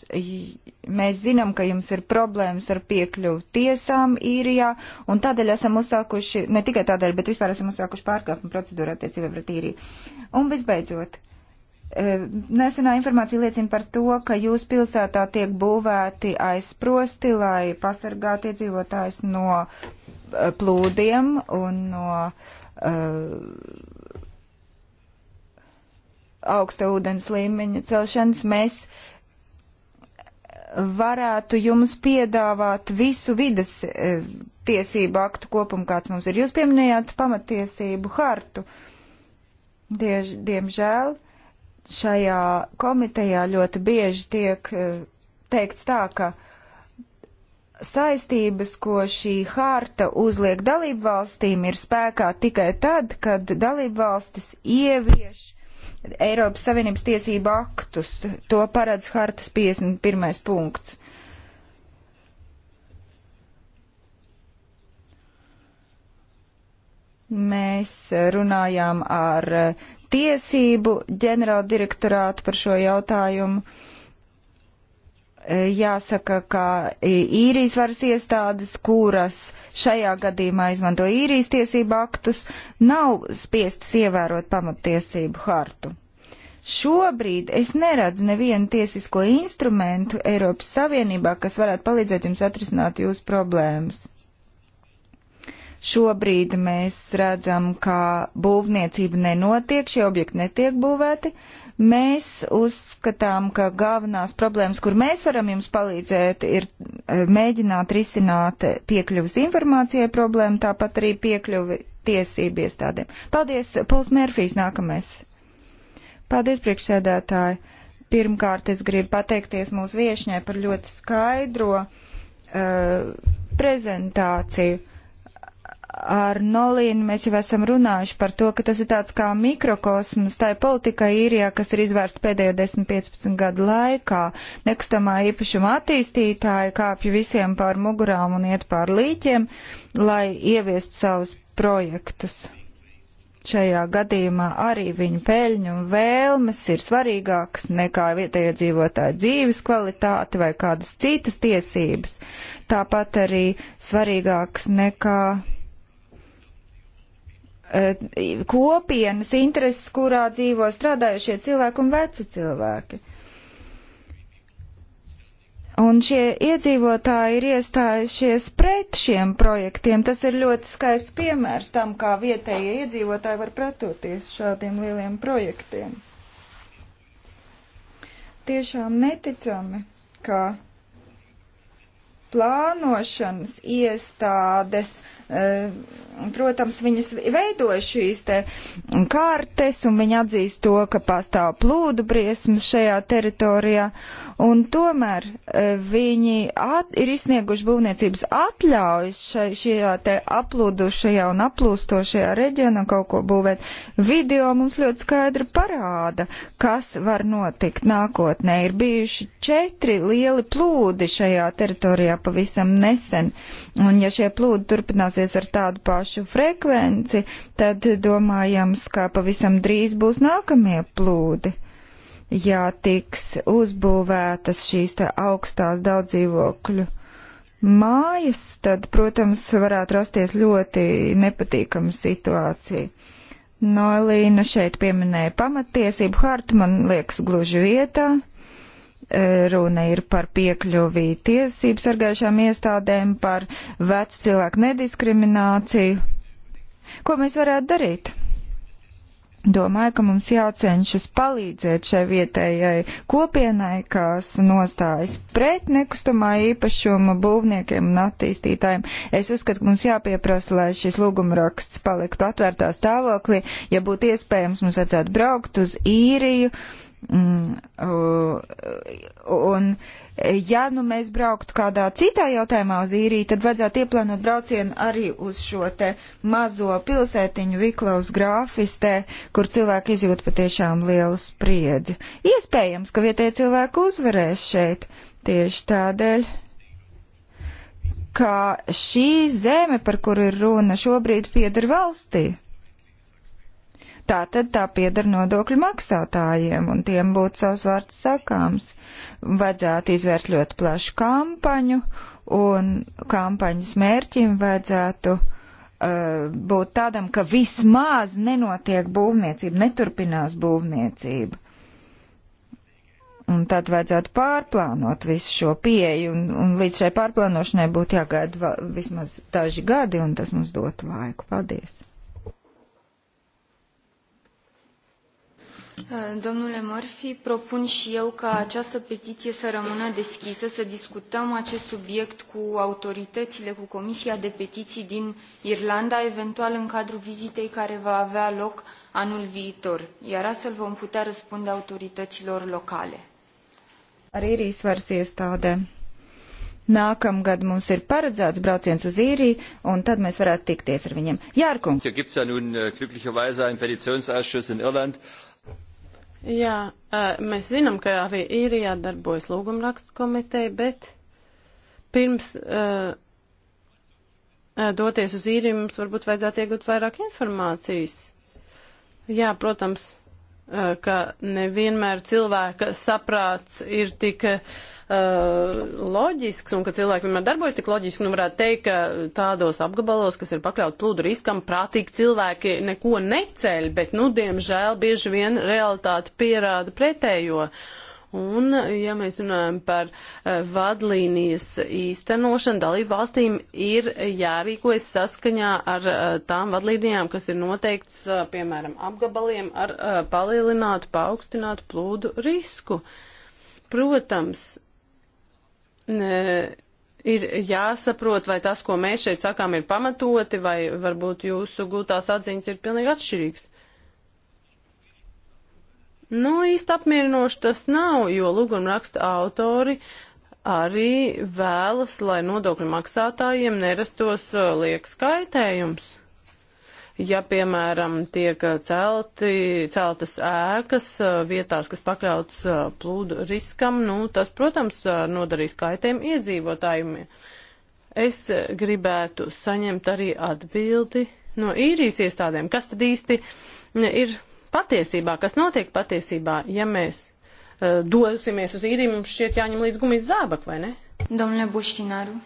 Mēs zinām, ka jums ir problēmas ar piekļuvu tiesām īrijā, un tādēļ esam uzsākuši, ne tikai tādēļ, bet vispār esam uzsākuši pārkāpumu procedūru attiecībā pret īriju. Un visbeidzot, eh, Nesenā informācija liecina par to, ka jūs pilsētā tiek būvēti aizsprosti, lai pasargātu iedzīvotājs no eh, plūdiem un no uh, augsta ūdens līmeņa celšanas, mēs varētu jums piedāvāt visu vidas e, tiesību aktu kopumu, kāds mums ir. Jūs pieminējāt pamatiesību hartu. Diež, diemžēl šajā komitejā ļoti bieži tiek e, teikts tā, ka saistības, ko šī harta uzliek dalību valstīm, ir spēkā tikai tad, kad dalību valstis ievieš Eiropas Savienības tiesību aktus. To paredz hartas 51. punkts. Mēs runājām ar tiesību ģenerāla direktorātu par šo jautājumu. Jāsaka, ka īrijas varas iestādes, kuras šajā gadījumā izmanto īrijas tiesību aktus, nav spiestas ievērot pamatiesību hartu. Šobrīd es neredzu nevienu tiesisko instrumentu Eiropas Savienībā, kas varētu palīdzēt jums atrisināt jūsu problēmas. Šobrīd mēs redzam, ka būvniecība nenotiek, šie objekti netiek būvēti, uh, Mēs uzskatām, ka galvenās problēmas, kur mēs varam jums palīdzēt, ir eh, mēģināt risināt piekļuvas informācijai problēmu, tāpat arī piekļuvi tiesību iestādēm. Paldies, Pols Mērfijs, nākamais. Paldies, priekšsēdētāji. Pirmkārt, es gribu pateikties mūsu viešņai par ļoti skaidro uh, prezentāciju. Uh, ar Nolīnu mēs jau esam runājuši par to, ka tas ir tāds kā mikrokosms tai politikai īrijā, kas ir izvērsta pēdējo 10-15 gadu laikā. Nekustamā īpašuma attīstītāji kāpju visiem pār mugurām un iet pār līķiem, lai ieviest savus projektus šajā gadījumā arī viņu peļņu un vēlmes ir svarīgākas nekā vietējo dzīvotāju dzīves kvalitāte vai kādas citas tiesības. Tāpat arī svarīgākas nekā Eh, kopienas intereses, kurā dzīvo strādājušie cilvēki un veci cilvēki. Un šie iedzīvotāji ir iestājušies pret šiem projektiem. Tas ir ļoti skaists piemērs tam, kā vietējie iedzīvotāji var pretoties šādiem lieliem projektiem. Tiešām neticami, ka plānošanas iestādes uh, Eh, protams, viņas veidoja šīs te kārtes, un viņi atzīst to, ka pastāv plūdu briesmas šajā teritorijā, un tomēr eh, viņi at, ir izsnieguši būvniecības atļaujas šajā te aplūdušajā un aplūstošajā reģionā kaut ko būvēt. Video mums ļoti skaidri parāda, kas var notikt nākotnē. Ir bijuši četri lieli plūdi šajā teritorijā pavisam nesen, un ja šie plūdi turpinās turpināsies ar tādu pašu frekvenci, tad domājams, ka pavisam drīz būs nākamie plūdi. Ja tiks uzbūvētas šīs te augstās daudzdzīvokļu mājas, tad, protams, varētu rasties ļoti nepatīkama situācija. Noelīna šeit pieminēja pamatiesību hartu, man liekas, gluži vietā. Runa ir par piekļuvi tiesību sargājušām iestādēm, par vecu cilvēku nediskrimināciju. Ko mēs varētu darīt? Domāju, ka mums jācenšas palīdzēt šai vietējai kopienai, kas nostājas pret nekustamā īpašuma būvniekiem un attīstītājiem. Es uzskatu, ka mums jāpieprasa, lai šis lūgumraksts paliktu atvērtā stāvoklī. Ja būtu iespējams, mums vajadzētu braukt uz īriju Mm, uh, un, ja nu mēs brauktu kādā citā jautājumā uz īriju, tad vajadzētu ieplānot braucienu arī uz šo te mazo pilsētiņu Viklaus grāfistē, kur cilvēki izjūt patiešām lielu spriedzi. Iespējams, ka vietēji cilvēki uzvarēs šeit tieši tādēļ ka šī zeme, par kuru ir runa, šobrīd pieder valstī. Tā tad tā pieder nodokļu maksātājiem, un tiem būtu savs vārds sakāms. Vajadzētu izvērst ļoti plašu kampaņu, un kampaņas mērķim vajadzētu uh, būt tādam, ka vismaz nenotiek būvniecība, neturpinās būvniecība. Un tad vajadzētu pārplānot visu šo pieeju, un, un līdz šai pārplānošanai būtu jāgaida vismaz daži gadi, un tas mums dotu laiku. Paldies! Domnule Murphy, propun și eu ca această petiție să rămână deschisă, să discutăm acest subiect cu autoritățile, cu Comisia de Petiții din Irlanda, eventual în cadrul vizitei care va avea loc anul viitor, iar astfel vom putea răspunde autorităților locale. Arī Rīs varas iestādēm. Nākamgad mums ir paredzēts brauciens uz īriju, un tad mēs varētu tikties ar viņiem. Jārkungs. Jā, mēs zinām, ka arī īrijā darbojas lūgumrakstu komiteja, bet pirms uh, doties uz īriju, mums varbūt vajadzētu iegūt vairāk informācijas. Jā, protams, ka nevienmēr cilvēka saprāts ir tik uh, uh, loģisks un ka cilvēki vienmēr darbojas tik loģiski, nu varētu teikt, ka tādos apgabalos, kas ir pakļaut plūdu riskam, prātīgi cilvēki neko neceļ, bet, nu, diemžēl bieži vien realitāte pierāda pretējo. Un, ja mēs runājam par uh, vadlīnijas īstenošanu, dalību valstīm ir jārīkojas saskaņā ar uh, tām vadlīnijām, kas ir noteikts, uh, piemēram, apgabaliem ar uh, palielinātu, paaugstinātu plūdu risku. Protams, E, ir jāsaprot, vai tas, ko mēs šeit sakām, ir pamatoti, vai varbūt jūsu gūtās atziņas ir pilnīgi atšķirīgas. Nu, īsti apmierinoši tas nav, jo lūgumraksta autori arī vēlas, lai nodokļu maksātājiem nerastos e, liek skaitējums. Ja, piemēram, tiek celti, celtas ēkas vietās, kas pakļautas plūdu riskam, nu, tas, protams, nodarīs kaitējumu iedzīvotājiem. Es gribētu saņemt arī atbildi no īrijas iestādēm, kas tad īsti ir patiesībā, kas notiek patiesībā, ja mēs uh, dosimies uz īriju, mums šķiet jāņem līdz gumijas zābak, vai ne? Domnule Buštināru.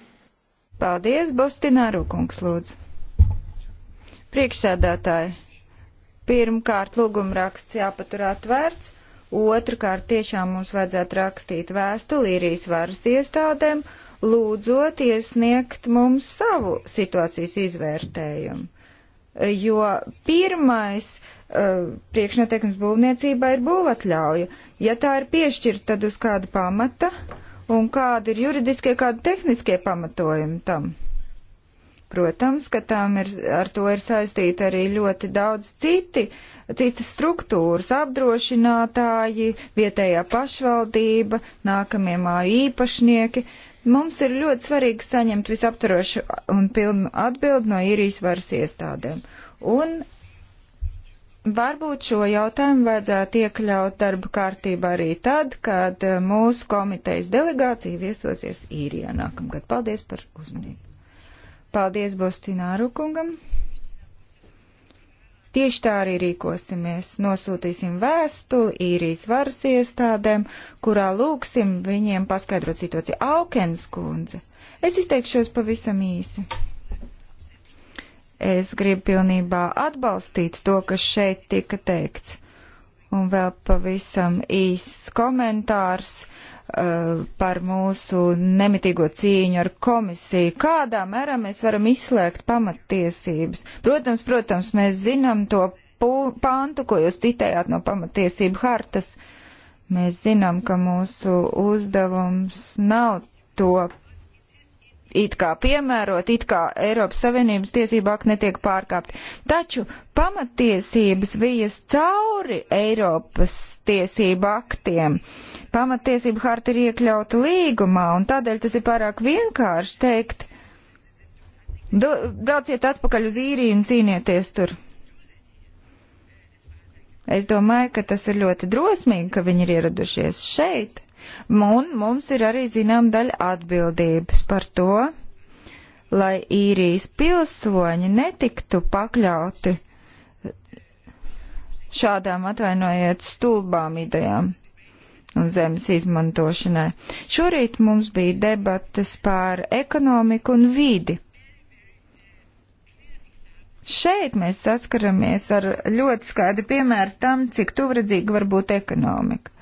Paldies, Bostināru kungs, lūdzu. Priekšsēdētāji, pirmkārt lūgumraksts jāpatur atvērts, otrkārt tiešām mums vajadzētu rakstīt vēstuli īrijas varas iestādēm, lūdzot iesniegt mums savu situācijas izvērtējumu. Jo pirmais uh, priekšnoteikums būvniecībā ir būvatļauja. Ja tā ir piešķirta, tad uz kāda pamata un kādi ir juridiskie, kādi tehniskie pamatojumi tam? Protams, ka tam ir, ar to ir saistīta arī ļoti daudz citi, citas struktūras, apdrošinātāji, vietējā pašvaldība, nākamie māju īpašnieki. Mums ir ļoti svarīgi saņemt visaptarošu un pilnu atbildi no īrijas varas iestādēm. Un Varbūt šo jautājumu vajadzētu iekļaut darba kārtībā arī tad, kad eh, mūsu komitejas delegācija viesosies īrijā nākamgad. Paldies par uzmanību! Paldies Bostināru kungam. Tieši tā arī rīkosimies. Nosūtīsim vēstuli īrijas varas iestādēm, kurā lūksim viņiem paskaidrot situāciju. Aukens kundze. Es izteikšos pavisam īsi. Es gribu pilnībā atbalstīt to, kas šeit tika teikts. Un vēl pavisam īsts komentārs. Uh, Eh, par mūsu nemitīgo cīņu ar komisiju. Kādā mērā mēs varam izslēgt pamattiesības? Protams, protams, mēs zinām to pāntu, ko jūs citējāt no pamattiesību hartas. Mēs zinām, ka mūsu uzdevums nav to it kā piemērot, it kā Eiropas Savienības tiesība akti netiek pārkāpti. Taču pamattiesības vijas cauri Eiropas tiesību aktiem. Uh, Pamatiesību harta ir iekļauta līgumā, un tādēļ tas ir pārāk vienkārši teikt, do, brauciet atpakaļ uz īriju un cīnieties tur. Es domāju, ka tas ir ļoti drosmīgi, ka viņi ir ieradušies šeit, un mums ir arī zinām daļa atbildības par to, lai īrijas pilsoņi netiktu pakļauti šādām atvainojiet stulbām idejām un zemes izmantošanai. Šorīt mums bija debatas par ekonomiku un vidi. Šeit mēs saskaramies ar ļoti skaidru piemēru tam, cik tuvredzīga var būt ekonomika.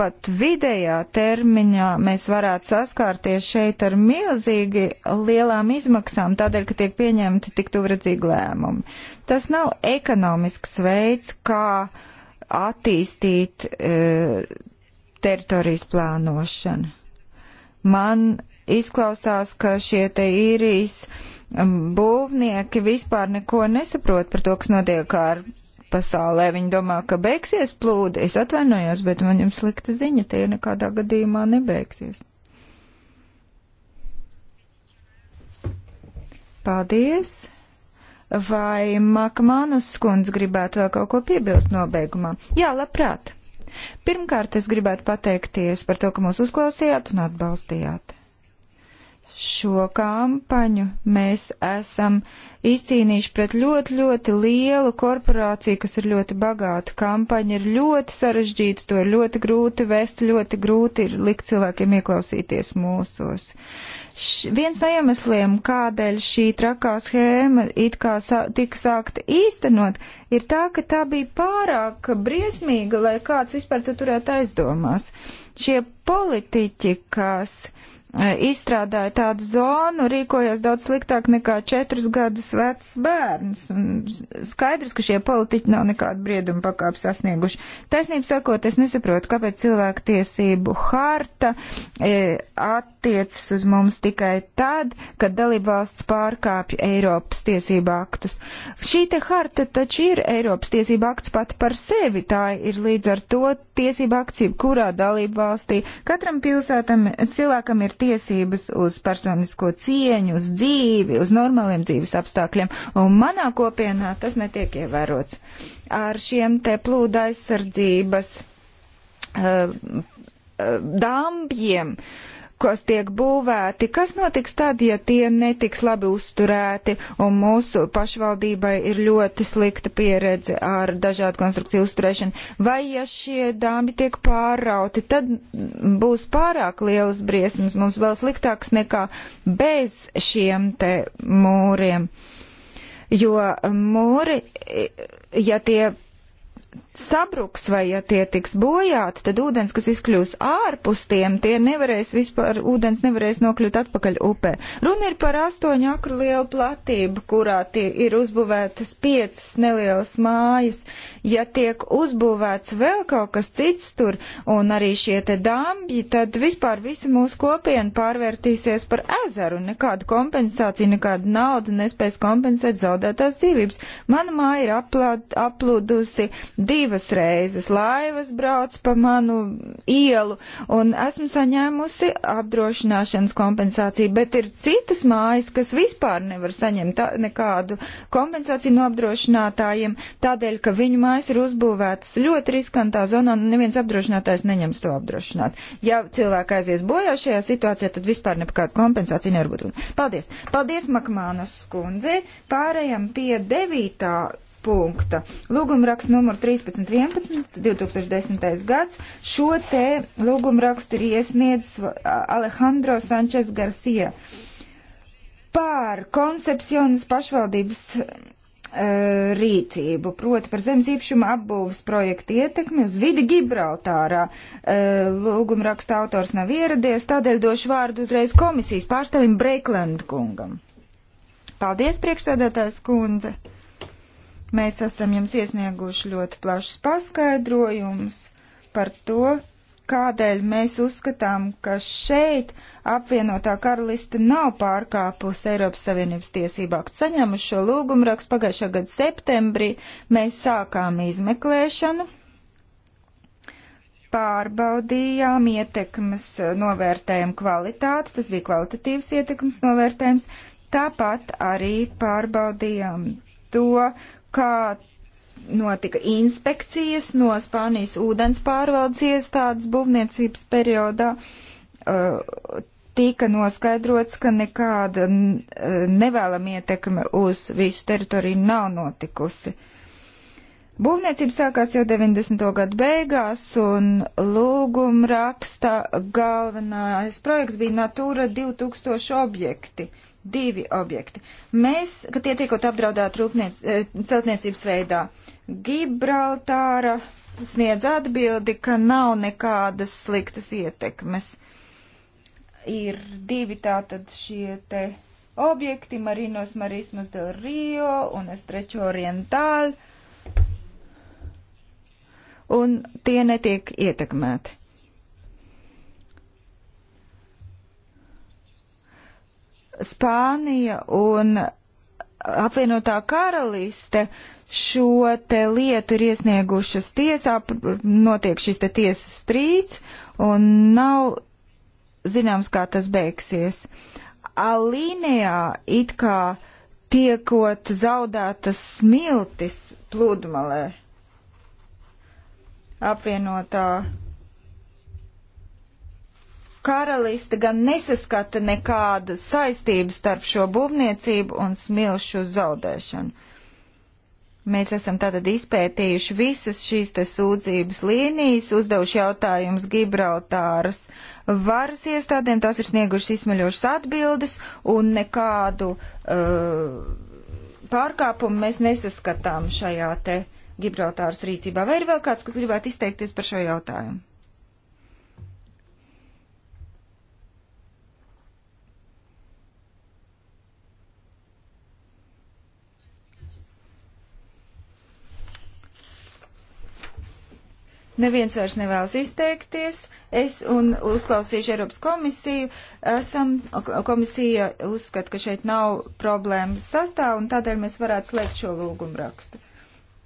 Pat vidējā termiņā mēs varētu saskārties šeit ar milzīgi lielām izmaksām, tādēļ, ka tiek pieņemti tik tuvredzīgi lēmumi. Tas nav ekonomisks veids, kā uh, attīstīt e, teritorijas plānošanu. Man izklausās, ka šie te īrijas būvnieki vispār neko nesaprot par to, kas notiek ar pasaulē. Viņi domā, ka beigsies plūdi. Es atvainojos, bet man jums slikta ziņa, tie nekādā gadījumā nebeigsies. Paldies! Vai Makmānus skundz gribētu vēl kaut ko piebilst nobeigumā? Jā, labprāt. Pirmkārt, es gribētu pateikties par to, ka mūs uzklausījāt un atbalstījāt. Šo kampaņu mēs esam izcīnījuši pret ļoti, ļoti lielu korporāciju, kas ir ļoti bagāta. Kampaņa ir ļoti sarežģīta, to ir ļoti grūti vest, ļoti grūti ir likt cilvēkiem ieklausīties mūsos. Uh, Š, viens no iemesliem, kādēļ šī trakā schēma it kā sā, tika sākta īstenot, ir tā, ka tā bija pārāk briesmīga, lai kāds vispār to turētu aizdomās. Šie politiķi, kas uh, Eh, izstrādāja tādu zonu, rīkojās daudz sliktāk nekā četrus gadus vecs bērns. Un skaidrs, ka šie politiķi nav nekādu briedumu pakāpu sasnieguši. Taisnību sakot, es nesaprotu, kāpēc cilvēku tiesību harta e, attiecas uz mums tikai tad, kad dalība valsts pārkāpja Eiropas tiesību aktus. Šī te harta taču ir Eiropas tiesību akts pat par sevi, tā ir līdz ar to tiesību akts, jeb kurā dalība valstī. Katram pilsētam cilvēkam ir tiesības uz personisko cieņu, uz dzīvi, uz normāliem dzīves apstākļiem, un manā kopienā tas netiek ievērots. Ar šiem te plūda aizsardzības uh, eh, uh, eh, dāmpjiem uh, kas tiek būvēti, kas notiks tad, ja tie netiks labi uzturēti, un mūsu pašvaldībai ir ļoti slikta pieredze ar dažādu konstrukciju uzturēšanu, vai ja šie dāmi tiek pārauti, tad būs pārāk lielas briesmas, mums vēl sliktāks nekā bez šiem te mūriem. Jo mūri, ja tie sabruks vai ja tie tiks bojāti, tad ūdens, kas izkļūs ārpus tiem, tie nevarēs vispār, ūdens nevarēs nokļūt atpakaļ upē. Runa ir par astoņu akru lielu platību, kurā tie ir uzbūvētas piecas nelielas mājas. Ja tiek uzbūvēts vēl kaut kas cits tur un arī šie te dāmbi, tad vispār visa mūsu kopiena pārvērtīsies par ezeru. Nekādu kompensāciju, nekādu naudu nespēs kompensēt zaudētās dzīvības. Mana māja ir aplūdusi divi divas reizes laivas brauc pa manu ielu un esmu saņēmusi apdrošināšanas kompensāciju, bet ir citas mājas, kas vispār nevar saņemt tā, nekādu kompensāciju no apdrošinātājiem, tādēļ, ka viņu mājas ir uzbūvētas ļoti riskantā zonā un neviens apdrošinātājs neņems to apdrošināt. Ja cilvēka aizies bojā šajā situācijā, tad vispār nekāda kompensācija nevar būt. Paldies! Paldies, Makmānas skundze! Pārējām pie devītā punkta. Lūgumraksts numur 1311, 2010. gads. Šo te lūgumrakstu ir iesniedzis Alejandro Sančes Garcia par koncepcijas pašvaldības e, rīcību, proti par zemes īpašuma apbūves projektu ietekmi uz vidi Gibraltārā. E, Lūguma raksta autors nav ieradies, tādēļ došu vārdu uzreiz komisijas pārstāvim Breikland kungam. Paldies, priekšsēdētājs kundze! Uh, Mēs esam jums iesnieguši ļoti plašus paskaidrojumus par to, kādēļ mēs uzskatām, ka šeit apvienotā karaliste nav pārkāpusi Eiropas Savienības tiesību aktu. Saņēmuši šo lūgumu rakstu pagājušā gada septembrī, mēs sākām izmeklēšanu, pārbaudījām ietekmes eh, novērtējumu kvalitāti, tas bija kvalitatīvs ietekmes novērtējums, tāpat arī pārbaudījām to, kā notika inspekcijas no Spānijas ūdens pārvaldes iestādes būvniecības periodā. Uh, tika noskaidrots, ka nekāda uh, nevēlama ietekme uz visu teritoriju nav notikusi. Būvniecība sākās jau 90. gadu beigās, un lūguma raksta galvenais projekts bija Natūra 2000 objekti divi objekti. Mēs, ka tie tiekot apdraudēti rūpniec, e, celtniecības veidā, Gibraltāra sniedz atbildi, ka nav nekādas sliktas ietekmes. Ir divi tātad šie te objekti - Marinos Marismas del Rio un Estrečo Oriental, un tie netiek ietekmēti. Spānija un apvienotā karaliste šo te lietu ir iesniegušas tiesā, notiek šis te tiesas strīds un nav zināms, kā tas beigsies. Alīnijā it kā tiekot zaudētas smiltis pludmalē. Apvienotā karaliste gan nesaskata nekādu saistību starp šo būvniecību un smilšu zaudēšanu. Mēs esam tātad izpētījuši visas šīs te sūdzības līnijas, uzdevuši jautājumus Gibraltāras varas iestādēm, tās ir sniegušas izsmeļošas atbildes un nekādu uh, pārkāpumu mēs nesaskatām šajā te Gibraltāras rīcībā. Vai ir vēl kāds, kas gribētu izteikties par šo jautājumu? Neviens vairs nevēlas izteikties. Es un uzklausīšu Eiropas komisiju. Esam, komisija uzskata, ka šeit nav problēmu sastāv un tādēļ mēs varētu slēgt šo lūgumu rakstu.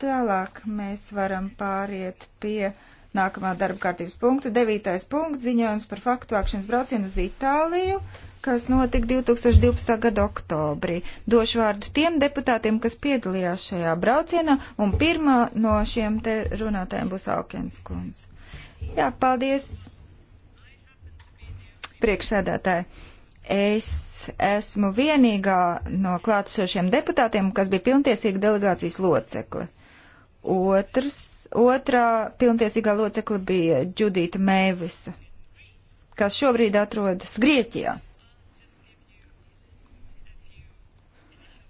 Tālāk mēs varam pāriet pie nākamā darba kārtības punkta. Devītais punkts ziņojums par faktu vākšanas braucienu uz Itāliju. Uh, kas notika 2012. gada oktobrī. Došu vārdu tiem deputātiem, kas piedalījās šajā braucienā, un pirmā no šiem te runātājiem būs Aukens kundze. Jā, paldies, priekšsēdētāji. Es esmu vienīgā no klātsošiem deputātiem, kas bija pilntiesīga delegācijas locekle. Otrs, otrā pilntiesīgā locekle bija Džudīta Mēvisa, kas šobrīd atrodas Grieķijā.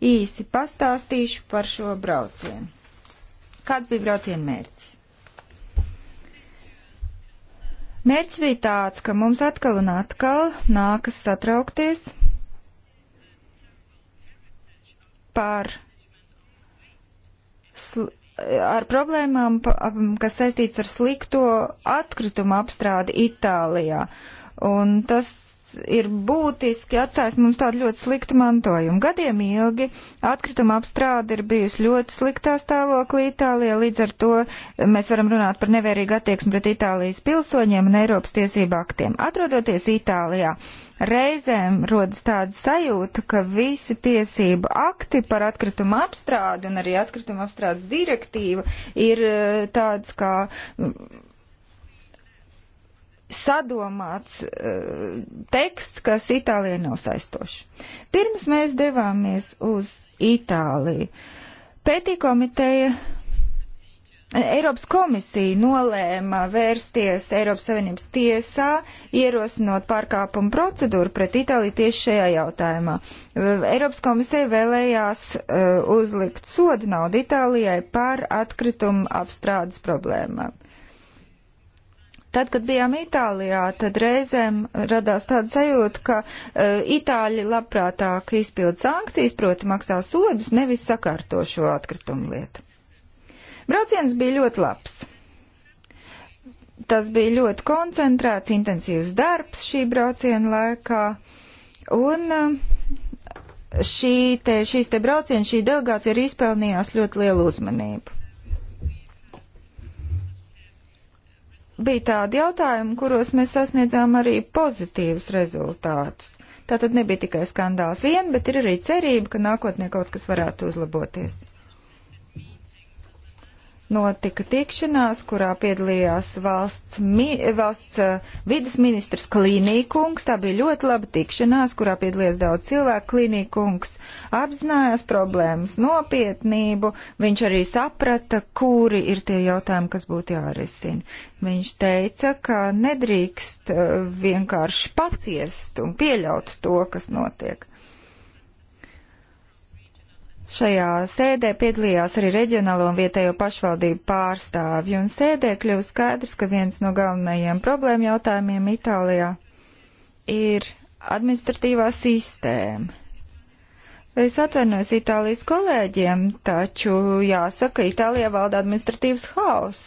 īsi pastāstīšu par šo braucienu. Kāds bija brauciena mērķis? Mērķis bija tāds, ka mums atkal un atkal nākas satraukties par ar problēmām, kas saistīts ar slikto atkritumu apstrādi Itālijā. Un tas ir būtiski atstājis mums tādu ļoti sliktu mantojumu. Gadiem ilgi atkrituma apstrāde ir bijusi ļoti sliktā stāvoklī Itālijā, līdz ar to mēs varam runāt par nevērīgu attieksmi pret Itālijas pilsoņiem un Eiropas tiesību aktiem. Atrodoties Itālijā, reizēm rodas tāda sajūta, ka visi tiesību akti par atkritumu apstrādi un arī atkritumu apstrādes direktīva ir eh, tāds kā sadomāts uh, teksts, kas Itālijai nav saistošs. Pirms mēs devāmies uz Itāliju, pētī komiteja eh, Eiropas komisija nolēma vērsties Eiropas Savienības tiesā, ierosinot pārkāpumu procedūru pret Itāliju tieši šajā jautājumā. Eh, Eiropas komisija vēlējās uh, uzlikt sodu naudu Itālijai par atkritumu apstrādes problēmām. Tad, kad bijām Itālijā, tad reizēm radās tāda sajūta, ka uh, Itāļi labprātāk izpild sankcijas, proti maksā sodus, nevis sakārto šo atkritumu lietu. Brauciens bija ļoti labs. Tas bija ļoti koncentrēts, intensīvs darbs šī brauciena laikā. Un eh, šī te, šīs te brauciena, šī delegācija arī izpelnījās ļoti lielu uzmanību. bija tādi jautājumi, kuros mēs sasniedzām arī pozitīvus rezultātus. Tā tad nebija tikai skandāls vien, bet ir arī cerība, ka nākotnē kaut kas varētu uzlaboties notika tikšanās, kurā piedalījās valsts, mi, valsts uh, eh, vidas ministrs Klīnīkungs. Tā bija ļoti laba tikšanās, kurā piedalījās daudz cilvēku. Klīnīkungs apzinājās problēmas nopietnību, viņš arī saprata, kuri ir tie jautājumi, kas būtu jārisina. Viņš teica, ka nedrīkst uh, vienkārši paciest un pieļaut to, kas notiek. Šajā sēdē piedalījās arī reģionālo un vietējo pašvaldību pārstāvji, un sēdē kļūst skaidrs, ka viens no galvenajiem problēma jautājumiem Itālijā ir administratīvā sistēma. Es atvainojos Itālijas kolēģiem, taču jāsaka, Itālijā valda administratīvs hauss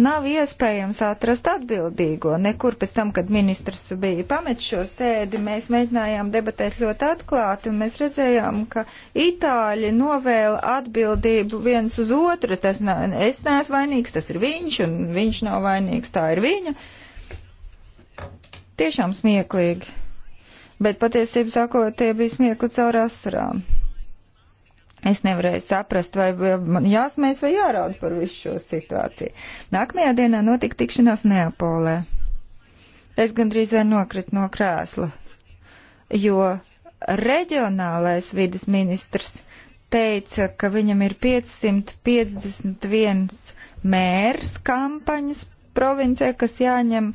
nav iespējams atrast atbildīgo. Nekur pēc tam, kad ministrs bija pamet šo sēdi, mēs mēģinājām debatēt ļoti atklāti, un mēs redzējām, ka itāļi novēla atbildību viens uz otru. Tas ne, es neesmu vainīgs, tas ir viņš, un viņš nav vainīgs, tā ir viņa. Tiešām smieklīgi. Bet patiesībā sakot, tie bija smiekli caur asarām. Es nevarēju saprast, vai man jāsmējas vai jāraud par visu šo situāciju. Nākamajā dienā notika tikšanās Neapolē. Es gandrīz vien nokritu no krēsla, jo reģionālais vidas ministrs teica, ka viņam ir 551 mērs kampaņas provincē, kas jāņem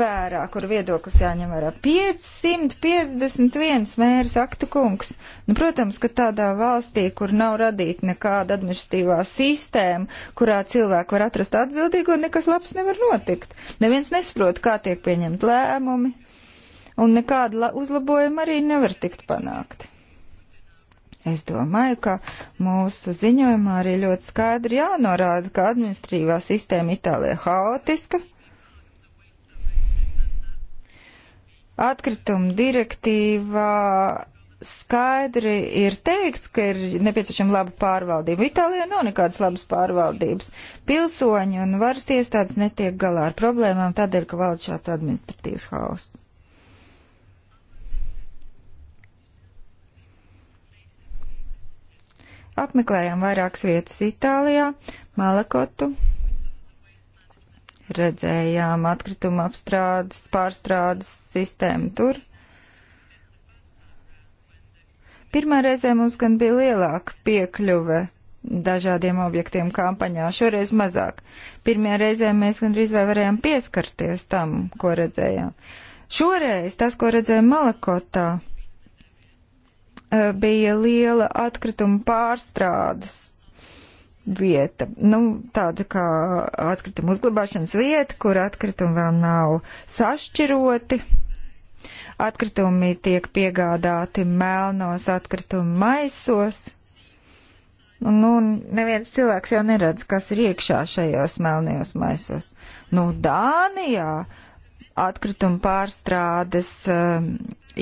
vērā, kur viedoklis jāņem vērā. 551 mērs aktu kungs. Nu, protams, ka tādā valstī, kur nav radīta nekāda administratīvā sistēma, kurā cilvēki var atrast atbildīgo, nekas labs nevar notikt. Neviens nesaprot, kā tiek pieņemt lēmumi, un nekāda uzlabojuma arī nevar tikt panākti. Es domāju, ka mūsu ziņojumā arī ļoti skaidri jānorāda, ka administrīvā sistēma Itālijā haotiska. Atkrituma direktīvā skaidri ir teikts, ka ir nepieciešama laba pārvaldība. Itālijā nav nekādas labas pārvaldības. Pilsoņi un varas iestādes netiek galā ar problēmām tādēļ, ka valda šāds administratīvs hauss. Apmeklējām vairākas vietas Itālijā, Malakotu, redzējām atkrituma apstrādes, pārstrādes sistēmu tur. Pirmā reizē mums gan bija lielāka piekļuve dažādiem objektiem kampaņā, šoreiz mazāk. Pirmajā reizē mēs gandrīz vai varējām pieskarties tam, ko redzējām. Šoreiz tas, ko redzējām Malakotā, bija liela atkrituma pārstrādes vieta, nu, tāda kā atkrituma uzglabāšanas vieta, kur atkritumi vēl nav sašķiroti. Atkritumi tiek piegādāti melnos atkrituma maisos. Nu, neviens cilvēks jau neredz, kas ir iekšā šajos melnajos maisos. Nu, Dānijā atkrituma pārstrādes um,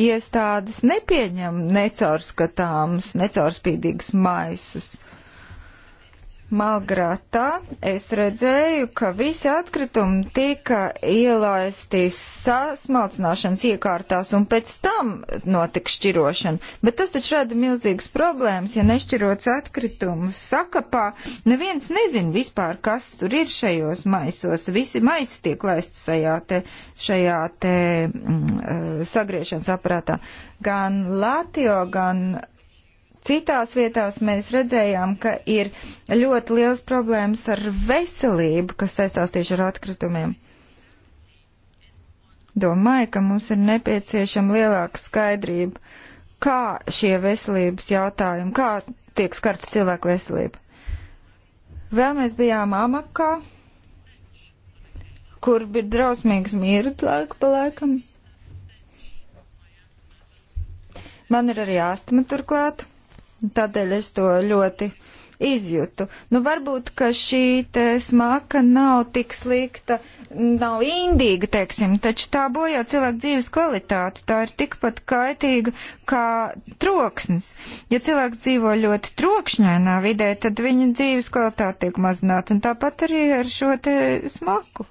iestādes nepieņem necaurskatāmus, necaurspīdīgus maisus. Uh, Malgrātā es redzēju, ka visi atkritumi tika ielaisti sasmalcināšanas iekārtās un pēc tam notika šķirošana. Bet tas taču rada milzīgas problēmas, ja nešķirots atkritumus sakapā. Neviens nezin vispār, kas tur ir šajos maisos. Visi maisi tiek laisti šajā te, šajā te mm, eh, sagriešanas aparātā. Gan Latio, gan Citās vietās mēs redzējām, ka ir ļoti liels problēmas ar veselību, kas saistās tieši ar atkritumiem. Domāju, ka mums ir nepieciešama lielāka skaidrība, kā šie veselības jautājumi, kā tiek skarts cilvēku veselība. Vēl mēs bijām Amakā, kur bija drausmīgs mirt laiku pa laikam. Man ir arī astma turklāt. Tādēļ es to ļoti izjūtu. Nu, varbūt, ka šī te smaka nav tik slikta, nav indīga, teiksim, taču tā bojā cilvēku dzīves kvalitāti. Tā ir tikpat kaitīga kā troksnis. Ja cilvēks dzīvo ļoti trokšņainā vidē, tad viņa dzīves kvalitāte tiek mazināta, un tāpat arī ar šo te smaku.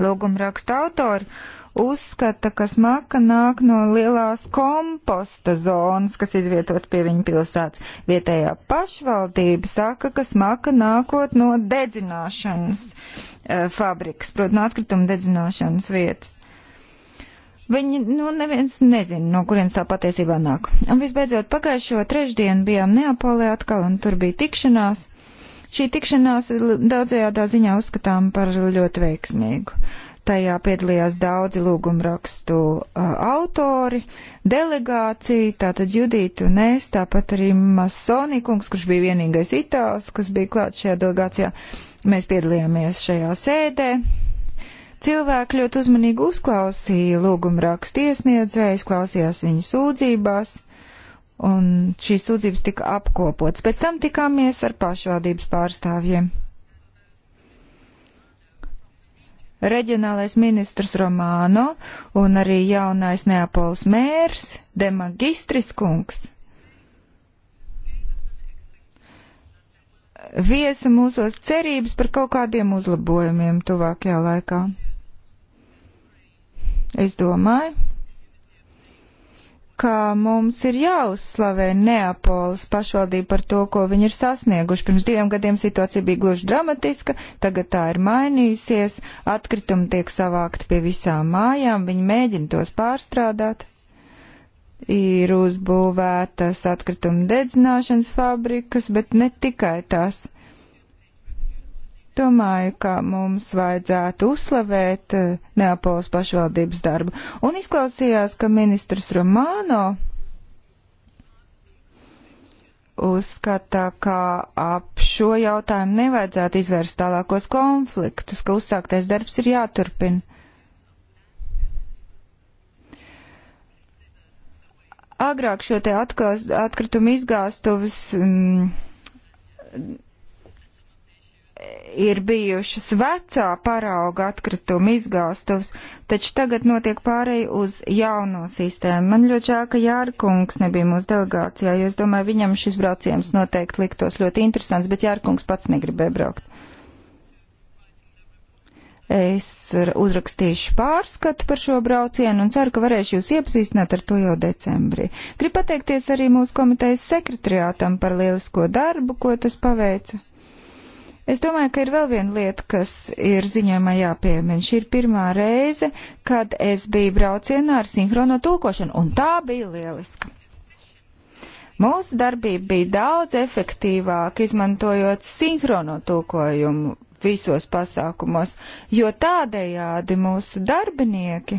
Lūguma raksta autori uzskata, ka smaka nāk no lielās komposta zonas, kas izvietot pie viņa pilsētas. Vietējā pašvaldība saka, ka smaka nākot no dedzināšanas e, fabrikas, proti, no atkrituma dedzināšanas vietas. Viņi, nu, neviens nezina, no kurienes tā patiesībā nāk. Un visbeidzot, pagājušo trešdienu bijām Neapolē atkal, un tur bija tikšanās. Šī tikšanās daudzajādā ziņā uzskatām par ļoti veiksmīgu. Uh, Tajā piedalījās daudzi lūgumrakstu uh, autori, delegācija, tātad Judīta un es, tāpat arī Masonī kungs, kurš bija vienīgais itāls, kas bija klāts šajā delegācijā. Mēs piedalījāmies šajā sēdē. Cilvēki ļoti uzmanīgi uzklausīja lūgumrakstu iesniedzējus, klausījās viņu sūdzībās, un šīs sūdzības tika apkopotas. Pēc tam tikāmies ar pašvaldības pārstāvjiem. Reģionālais ministrs Romāno un arī jaunais Neapols mērs Demagistris kungs. Viesa mūsos cerības par kaut kādiem uzlabojumiem tuvākajā laikā. Es domāju, ka mums ir jāuzslavē Neapolis pašvaldība par to, ko viņi ir sasnieguši. Pirms diviem gadiem situācija bija gluži dramatiska, tagad tā ir mainījusies, atkritumi tiek savākti pie visām mājām, viņi mēģina tos pārstrādāt. Ir uzbūvētas atkrituma dedzināšanas fabrikas, bet ne tikai tās. Domāju, ka mums vajadzētu uzslavēt eh, Neapolas pašvaldības darbu. Un izklausījās, ka ministrs Romano uzskata, ka ap šo jautājumu nevajadzētu izvērst tālākos konfliktus, ka uzsāktais darbs ir jāturpina. Agrāk šo te atkritumu izgāstuvis. Mm, ir bijušas vecā parauga atkrituma izgāstus, taču tagad notiek pārēj uz jauno sistēmu. Man ļoti žēl, ka Jārkungs nebija mūsu delegācijā, jo es domāju, viņam šis brauciens noteikti liktos ļoti interesants, bet Jārkungs pats negribēja braukt. Es uzrakstīšu pārskatu par šo braucienu un ceru, ka varēšu jūs iepazīstināt ar to jau decembrī. Gribu pateikties arī mūsu komitejas sekretariātam par lielisko darbu, ko tas paveica. Es domāju, ka ir vēl viena lieta, kas ir ziņojumā jāpiemina. Šī ir pirmā reize, kad es biju braucienā ar sinhrono tulkošanu, un tā bija lieliska. Mūsu darbība bija daudz efektīvāka, izmantojot sinhrono tulkojumu visos pasākumos, jo tādējādi mūsu darbinieki,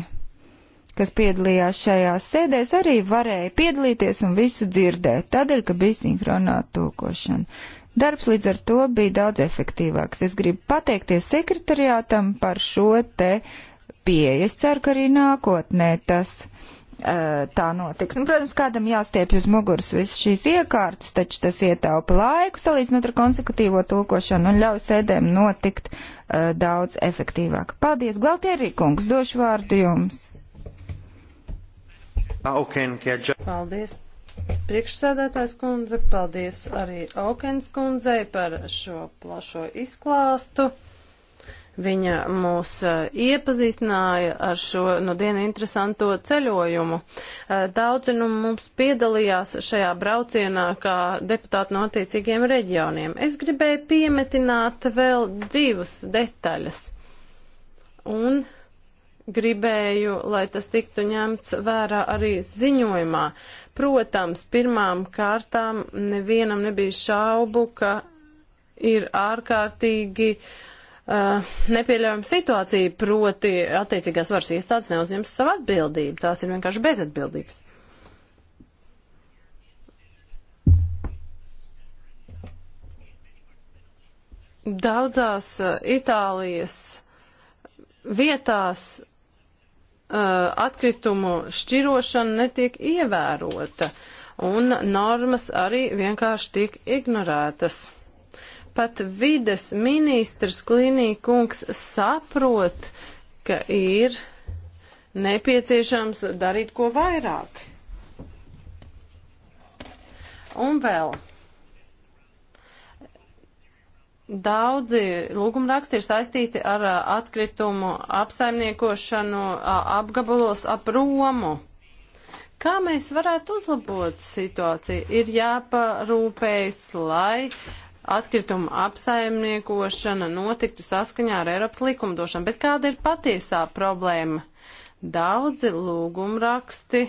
kas piedalījās šajās sēdēs, arī varēja piedalīties un visu dzirdēt, tādēļ, ka bija sinhronā tulkošana. Darbs līdz ar to bija daudz efektīvāks. Es gribu pateikties sekretariātam par šo te pieeju. Es ceru, ka arī nākotnē tas tā notiks. Nu, protams, kādam jāstiepj uz muguras visas šīs iekārtas, taču tas ietaupa laiku salīdzinot ar konsekutīvo tulkošanu un ļauj sēdēm notikt uh, daudz efektīvāk. Paldies, Galtierī kungs, došu vārdu jums. Paldies, Priekšsēdētājs kundze, paldies arī Aukens kundzei par šo plašo izklāstu. Viņa mūs iepazīstināja ar šo no nu, dienu interesanto ceļojumu. Daudzi no nu mums piedalījās šajā braucienā kā deputāti no attiecīgiem reģioniem. Es gribēju piemetināt vēl divas detaļas. Un gribēju, lai tas tiktu ņemts vērā arī ziņojumā. Protams, pirmām kārtām nevienam nebija šaubu, ka ir ārkārtīgi uh, nepieļaujama situācija, proti attiecīgās varas iestādes neuzņems savu atbildību. Tās ir vienkārši bezatbildīgas. Daudzās eh, Itālijas vietās Uh, atkritumu šķirošana netiek ievērota, un normas arī vienkārši tiek ignorētas. Pat vides ministrs Klinīkungs saprot, ka ir nepieciešams darīt ko vairāk. Un vēl Daudzi lūgumraksti ir saistīti ar atkritumu apsaimniekošanu apgabalos ap Romu. Kā mēs varētu uzlabot situāciju? Ir jāparūpējas, lai atkritumu apsaimniekošana notiktu saskaņā ar Eiropas likumdošanu. Bet kāda ir patiesā problēma? Daudzi lūgumraksti raksti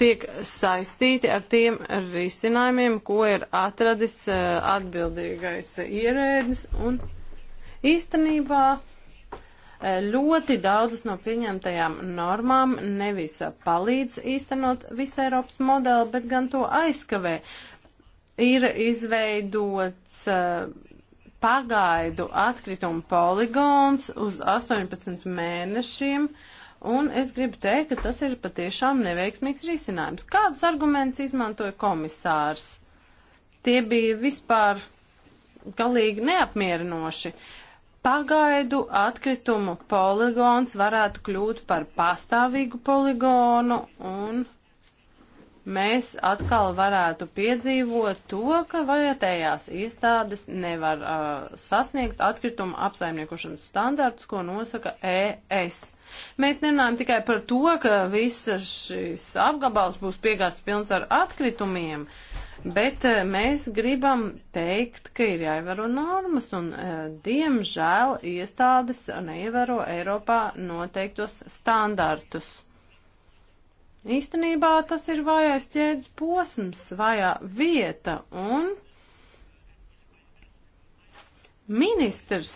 tiek saistīti ar tiem risinājumiem, ko ir atradis eh, atbildīgais ierēdnis un īstenībā eh, ļoti daudzas no pieņemtajām normām nevis palīdz īstenot visu Eiropas modeli, bet gan to aizkavē. Ir izveidots eh, pagaidu atkritumu poligons uz 18 mēnešiem, uh, Un es gribu teikt, ka tas ir patiešām neveiksmīgs risinājums. Kādus argumentus izmantoja komisārs? Tie bija vispār galīgi neapmierinoši. Pagaidu atkritumu poligons varētu kļūt par pastāvīgu poligonu un mēs atkal varētu piedzīvot to, ka vajadzējās iestādes nevar uh, sasniegt atkritumu apsaimniekošanas standartus, ko nosaka ES. Mēs nerunājam tikai par to, ka visas šīs apgabals būs piegāsts pilns ar atkritumiem, bet eh, mēs gribam teikt, ka ir jāievēro normas un, eh, diemžēl, iestādes neievēro Eiropā noteiktos standartus. Īstenībā tas ir vājais ķēdes posms, vājā vieta un ministrs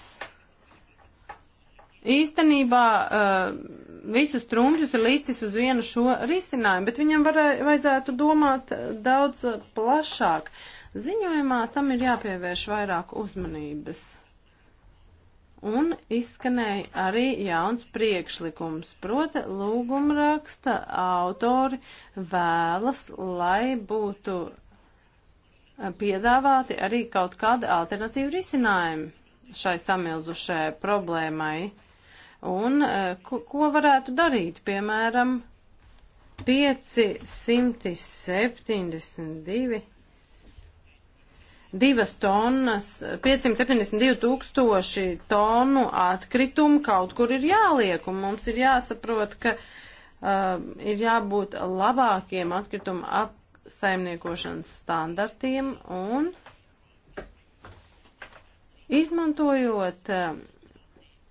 īstenībā eh, visus trumpļus ir līdzis uz vienu šo risinājumu, bet viņam varē, vajadzētu domāt eh, daudz eh, plašāk. Ziņojumā tam ir jāpievērš vairāk uzmanības. Un izskanēja arī jauns priekšlikums, proti lūgumraksta autori vēlas, lai būtu piedāvāti arī kaut kādi alternatīvi risinājumi šai samilzušajai problēmai. Un eh, ko, ko varētu darīt? Piemēram, 572 divas tonnas, 572 tūkstoši tonu atkritumu kaut kur ir jāliek, un mums ir jāsaprot, ka uh, ir jābūt labākiem atkritumu apsaimniekošanas standartiem un izmantojot uh,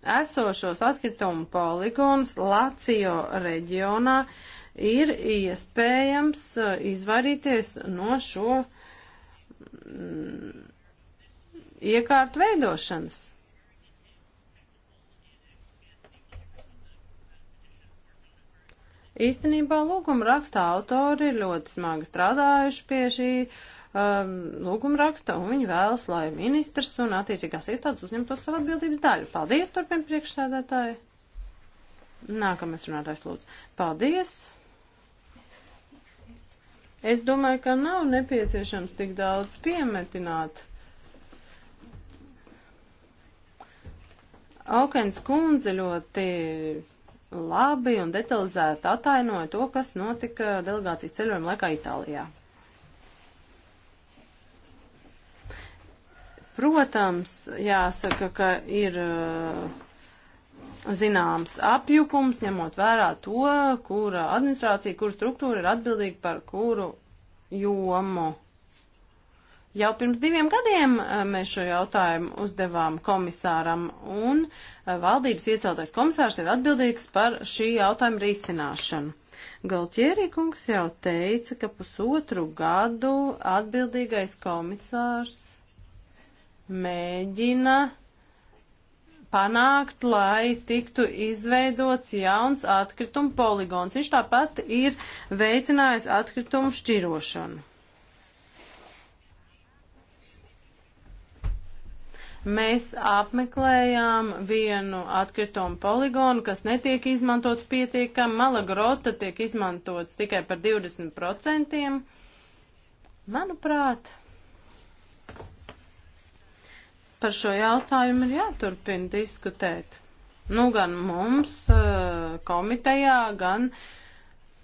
esošos atkritumu poligonus Lācijo reģionā ir iespējams uh, izvairīties no šo mm, iekārtu veidošanas. Īstenībā lūguma raksta autori ļoti smagi strādājuši pie šī uh, um, lūgumraksta, un viņi vēlas, lai ministrs un attiecīgās iestādes uzņemtos savu atbildības daļu. Paldies, turpina priekšsēdētāji. Nākamais runātājs lūdzu. Paldies. Es domāju, ka nav nepieciešams tik daudz piemetināt. Aukens kundze ļoti labi un detalizēti atainoja to, kas notika delegācijas ceļojuma laikā Itālijā. Protams, jāsaka, ka ir uh, zināms apjukums, ņemot vērā to, kura administrācija, kura struktūra ir atbildīga par kuru jomu. Jau pirms diviem gadiem uh, mēs šo jautājumu uzdevām komisāram, un uh, valdības ieceltais komisārs ir atbildīgs par šī jautājuma risināšanu. Galtjērī kungs jau teica, ka pusotru gadu atbildīgais komisārs mēģina panākt, lai tiktu izveidots jauns atkritumu poligons. Viņš tāpat ir veicinājis atkritumu šķirošanu. Mēs apmeklējām vienu atkritumu poligonu, kas netiek izmantots pietiekam. Malagrota tiek izmantots tikai par 20%. Manuprāt, par šo jautājumu ir jāturpina diskutēt. Nu, gan mums eh, komitejā, gan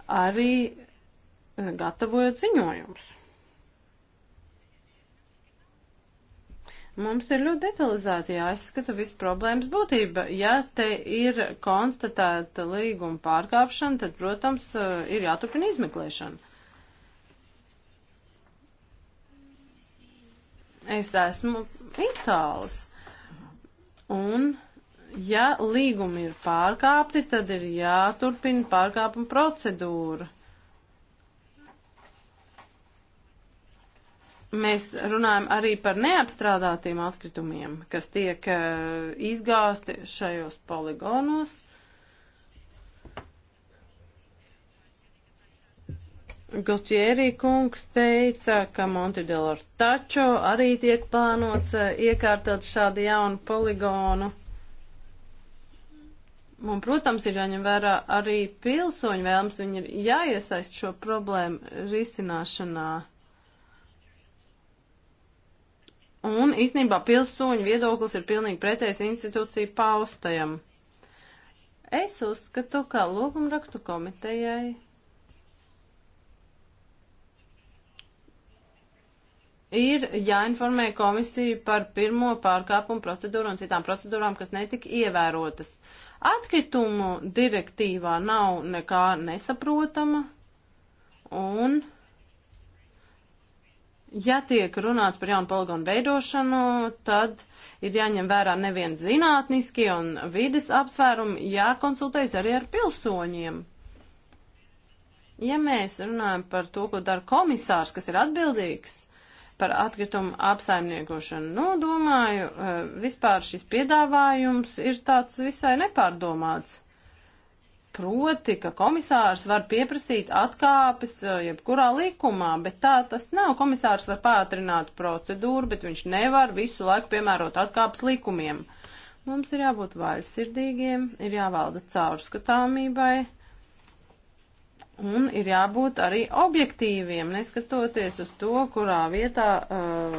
arī eh, gatavojot ziņojumus. Mums ir ļoti detalizēti jāizskata viss problēmas būtība. Ja te ir konstatēta līguma pārkāpšana, tad, protams, eh, ir jāturpina izmeklēšana. Es esmu itālis. Un, ja līgumi ir pārkāpti, tad ir jāturpina pārkāpuma procedūra. Mēs runājam arī par neapstrādātiem atkritumiem, kas tiek uh, izgāsti šajos poligonos. Gautieri kungs teica, ka Montedelor taču arī tiek plānots eh, iekārtot šādu jaunu poligonu. Un, protams, ir jāņem vērā arī pilsoņu vēlms, viņi ir jāiesaist šo problēmu risināšanā. Un, īstenībā, pilsoņu viedoklis ir pilnīgi pretējs institūciju paustajam. Es uzskatu, ka lūgumrakstu komitejai ir jāinformē komisija par pirmo pārkāpumu procedūru un citām procedūrām, kas netika ievērotas. Atkritumu direktīvā nav nekā nesaprotama un, ja tiek runāts par jaunu poligonu veidošanu, tad ir jāņem vērā nevien zinātniskie un vides apsvērumi, jākonsultējas arī ar pilsoņiem. Ja mēs runājam par to, ko dara komisārs, kas ir atbildīgs, par atkritumu apsaimniekošanu. Nu, domāju, e, vispār šis piedāvājums ir tāds visai nepārdomāts. Proti, ka komisārs var pieprasīt atkāpes e, jebkurā likumā, bet tā tas nav. Komisārs var pātrināt procedūru, bet viņš nevar visu laiku piemērot atkāpes likumiem. Mums ir jābūt vaļsirdīgiem, ir jāvalda caurskatāmībai Un ir jābūt arī objektīviem, neskatoties uz to, kurā vietā uh,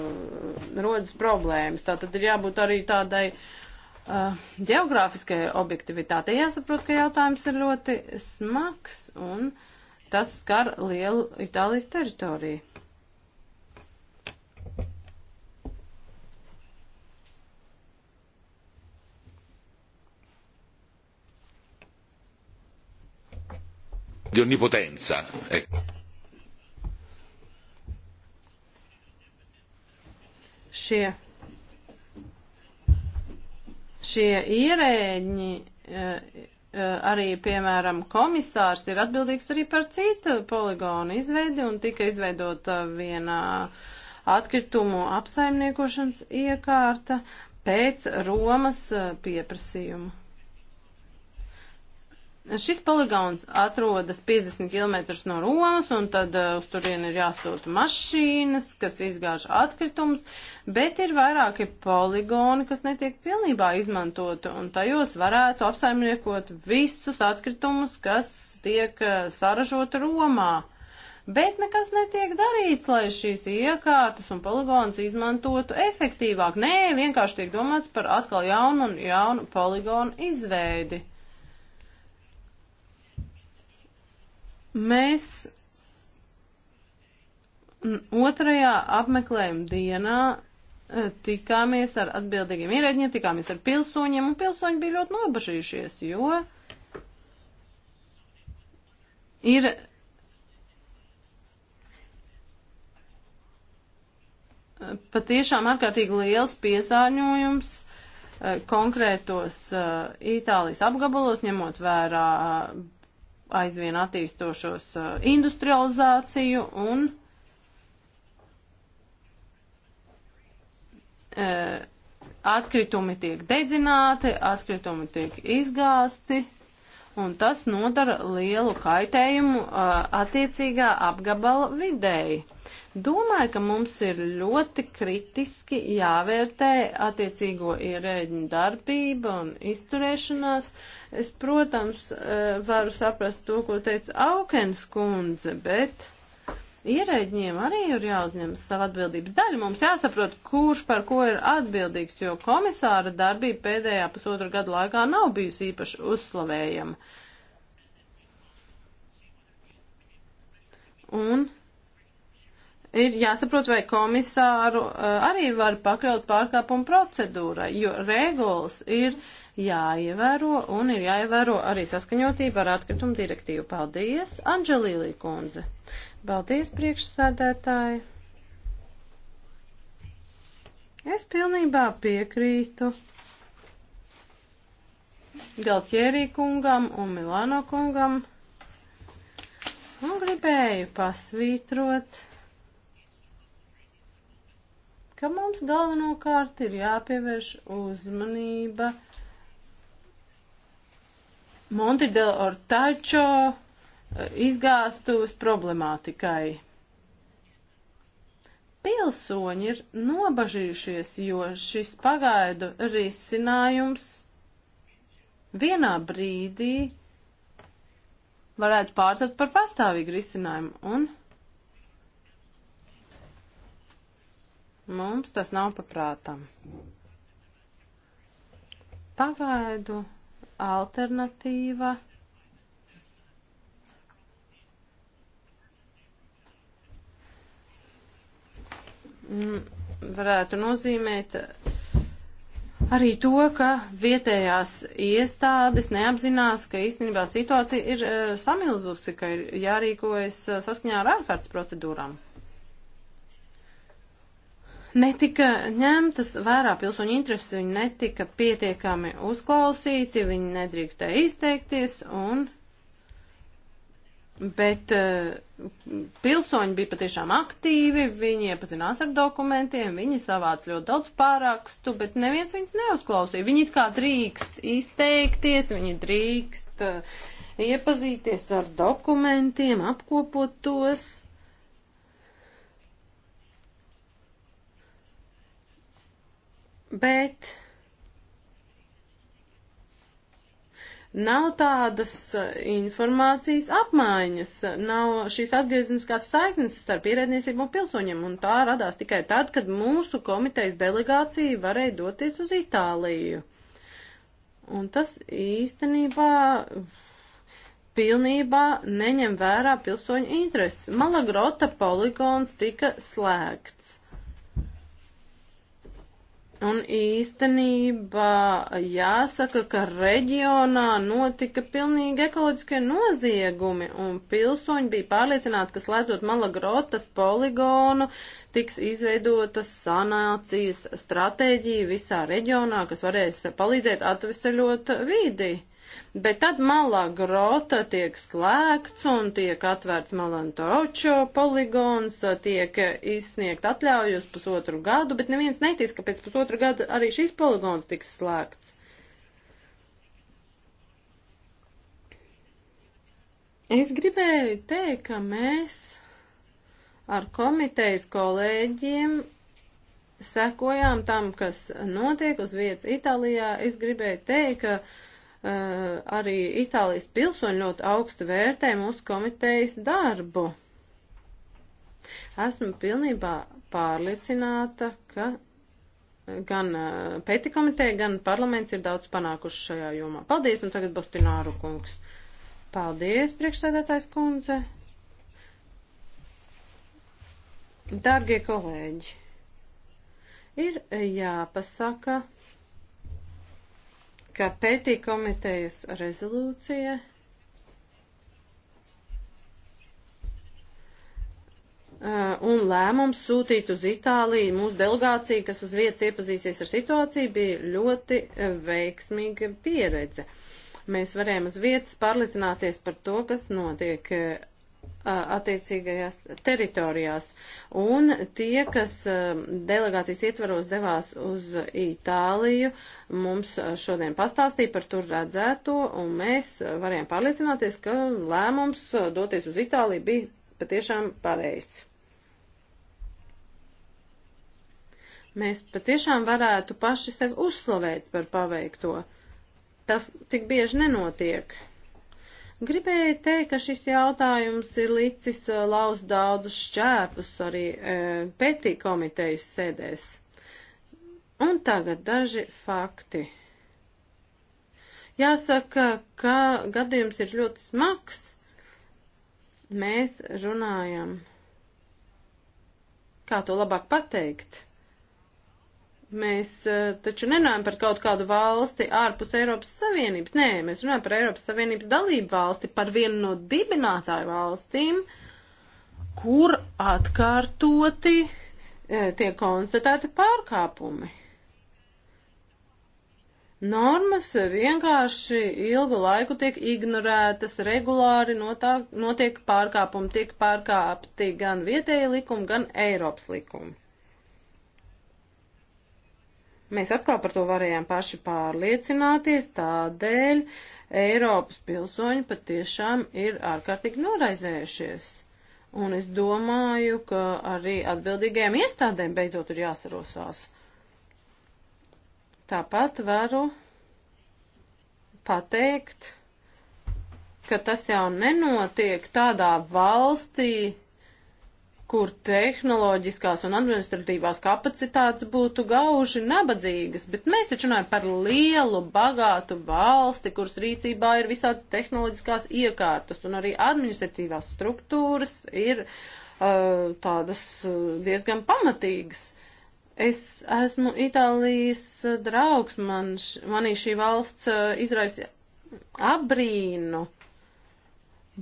rodas problēmas. Tā tad ir jābūt arī tādai uh, geogrāfiskai objektivitātei. Jāsaprot, ka jautājums ir ļoti smags un tas skar lielu Itālijas teritoriju. di onnipotenza. Ecco. Šie, šie ierēģi eh, eh, arī, piemēram, komisārs ir atbildīgs arī par citu poligonu izveidi un tika izveidota viena atkritumu apsaimniekošanas iekārta pēc Romas eh, pieprasījuma. Šis poligons atrodas 50 km no Romas, un tad uh, uz turieni ir jāsūta mašīnas, kas izgāž atkritumus, bet ir vairāki poligoni, kas netiek pilnībā izmantoti, un tajos varētu apsaimniekot visus atkritumus, kas tiek uh, saražota Romā. Bet nekas netiek darīts, lai šīs iekārtas un poligons izmantotu efektīvāk. Nē, vienkārši tiek domāts par atkal jaunu un jaunu poligonu izveidi. Mēs otrajā apmeklējuma dienā eh, tikāmies ar atbildīgiem ierēģiem, tikāmies ar pilsoņiem, un pilsoņi bija ļoti nobažījušies, jo ir patiešām ārkārtīgi liels piesārņojums eh, konkrētos eh, Itālijas apgabalos, ņemot vērā aizvien attīstošos uh, industrializāciju un uh, atkritumi tiek dedzināti, atkritumi tiek izgāsti, un tas nodara lielu kaitējumu uh, attiecīgā apgabala videi. Domāju, ka mums ir ļoti kritiski jāvērtē attiecīgo ierēģiņu darbība un izturēšanās. Es, protams, e, varu saprast to, ko teica Aukens kundze, bet ierēģiem arī ir jāuzņemas sava atbildības daļa. Mums jāsaprot, kurš par ko ir atbildīgs, jo komisāra darbība pēdējā pusotra gada laikā nav bijusi īpaši uzslavējama. Un ir jāsaprot, vai komisāru eh, arī var pakļaut pārkāpumu procedūrai, jo regulas ir jāievēro un ir jāievēro arī saskaņotība ar atkritumu direktīvu. Paldies, Anģelīlī kundze. Paldies, priekšsēdētāji. Es pilnībā piekrītu. Galtjērī kungam un Milāno kungam. Un gribēju pasvītrot ka mums galvenokārt ir jāpievērš uzmanība Monti del Ortačo eh, izgāstuves problemātikai. Pilsoņi ir nobažījušies, jo šis pagaidu risinājums vienā brīdī varētu pārcelt par pastāvīgu risinājumu, un Mums tas nav paprātam. Pagaidu alternatīva. Mm, varētu nozīmēt arī to, ka vietējās iestādes neapzinās, ka īstenībā situācija ir eh, samilzusi, ka ir jārīkojas eh, saskaņā ar ārkārtas procedūrām netika ņemtas vērā pilsoņu intereses, viņi netika pietiekami uzklausīti, viņi nedrīkstēja izteikties un. Bet uh, pilsoņi bija patiešām aktīvi, viņi iepazinās ar dokumentiem, viņi savāca ļoti daudz pārakstu, bet neviens viņus neuzklausīja. Viņi it kā drīkst izteikties, viņi drīkst uh, iepazīties ar dokumentiem, apkopot tos. bet nav tādas uh, informācijas apmaiņas, nav šīs atgriezniskās saiknes starp ierēdniecību un pilsoņiem, un tā radās tikai tad, kad mūsu komitejas delegācija varēja doties uz Itāliju. Un tas īstenībā pilnībā neņem vērā pilsoņu intereses. Malagrota poligons tika slēgts. Un īstenībā jāsaka, ka reģionā notika pilnīgi ekoloģiskie noziegumi, un pilsoņi bija pārliecināti, ka slēdzot Malagrotas poligonu, tiks izveidotas sanācijas stratēģija visā reģionā, kas varēs palīdzēt atveseļot vīdi. Bet tad malā grota tiek slēgts un tiek atvērts Malantoročo poligons, tiek izsniegt atļauju uz pusotru gadu, bet neviens netīs, ka pēc pusotru gadu arī šis poligons tiks slēgts. Es gribēju teikt, ka mēs ar komitejas kolēģiem sekojām tam, kas notiek uz vietas Itālijā. Es gribēju teikt, ka Eh, arī Itālijas pilsoņi ļoti augstu vērtē mūsu komitejas darbu. Esmu pilnībā pārliecināta, ka gan eh, pēti komiteja, gan parlaments ir daudz panākuši šajā jomā. Paldies, un tagad Bostināru kungs. Paldies, priekšsēdētājs kundze. Dārgie kolēģi, ir jāpasaka, ka pētī komitejas rezolūcija uh, un lēmums sūtīt uz Itāliju mūsu delegāciju, kas uz vietas iepazīsies ar situāciju, bija ļoti uh, veiksmīga pieredze. Mēs varējām uz vietas pārliecināties par to, kas notiek uh, attiecīgajās teritorijās. Un tie, kas delegācijas ietvaros devās uz Itāliju, mums šodien pastāstīja par tur redzēto, un mēs varējām pārliecināties, ka lēmums doties uz Itāliju bija patiešām pareizs. Mēs patiešām varētu paši sev uzslavēt par paveikto. Tas tik bieži nenotiek. Gribēju teikt, ka šis jautājums ir licis lauz daudzus šķērpus arī e, pētī komitejas sēdēs. Un tagad daži fakti. Jāsaka, ka gadījums ir ļoti smags. Mēs runājam. Kā to labāk pateikt? Mēs eh, taču nenājam par kaut kādu valsti ārpus Eiropas Savienības. Nē, mēs runājam par Eiropas Savienības dalību valsti, par vienu no dibinātāju valstīm, kur atkārtoti e, tiek konstatēti pārkāpumi. Normas vienkārši ilgu laiku tiek ignorētas, regulāri notā, notiek pārkāpumi, tiek pārkāpti gan vietēji likumi, gan Eiropas likumi. Mēs atkal par to varējām paši pārliecināties, tādēļ Eiropas pilsoņi patiešām ir ārkārtīgi noraizējušies. Un es domāju, ka arī atbildīgajām iestādēm beidzot ir jāsarosās. Tāpat varu pateikt, ka tas jau nenotiek tādā valstī, kur tehnoloģiskās un administratīvās kapacitātes būtu gauži nabadzīgas, bet mēs taču runājam par lielu, bagātu valsti, kuras rīcībā ir visādas tehnoloģiskās iekārtas un arī administratīvās struktūras ir uh, tādas uh, diezgan pamatīgas. Es esmu Itālijas draugs, man, š, manī šī valsts uh, izraisa abrīnu,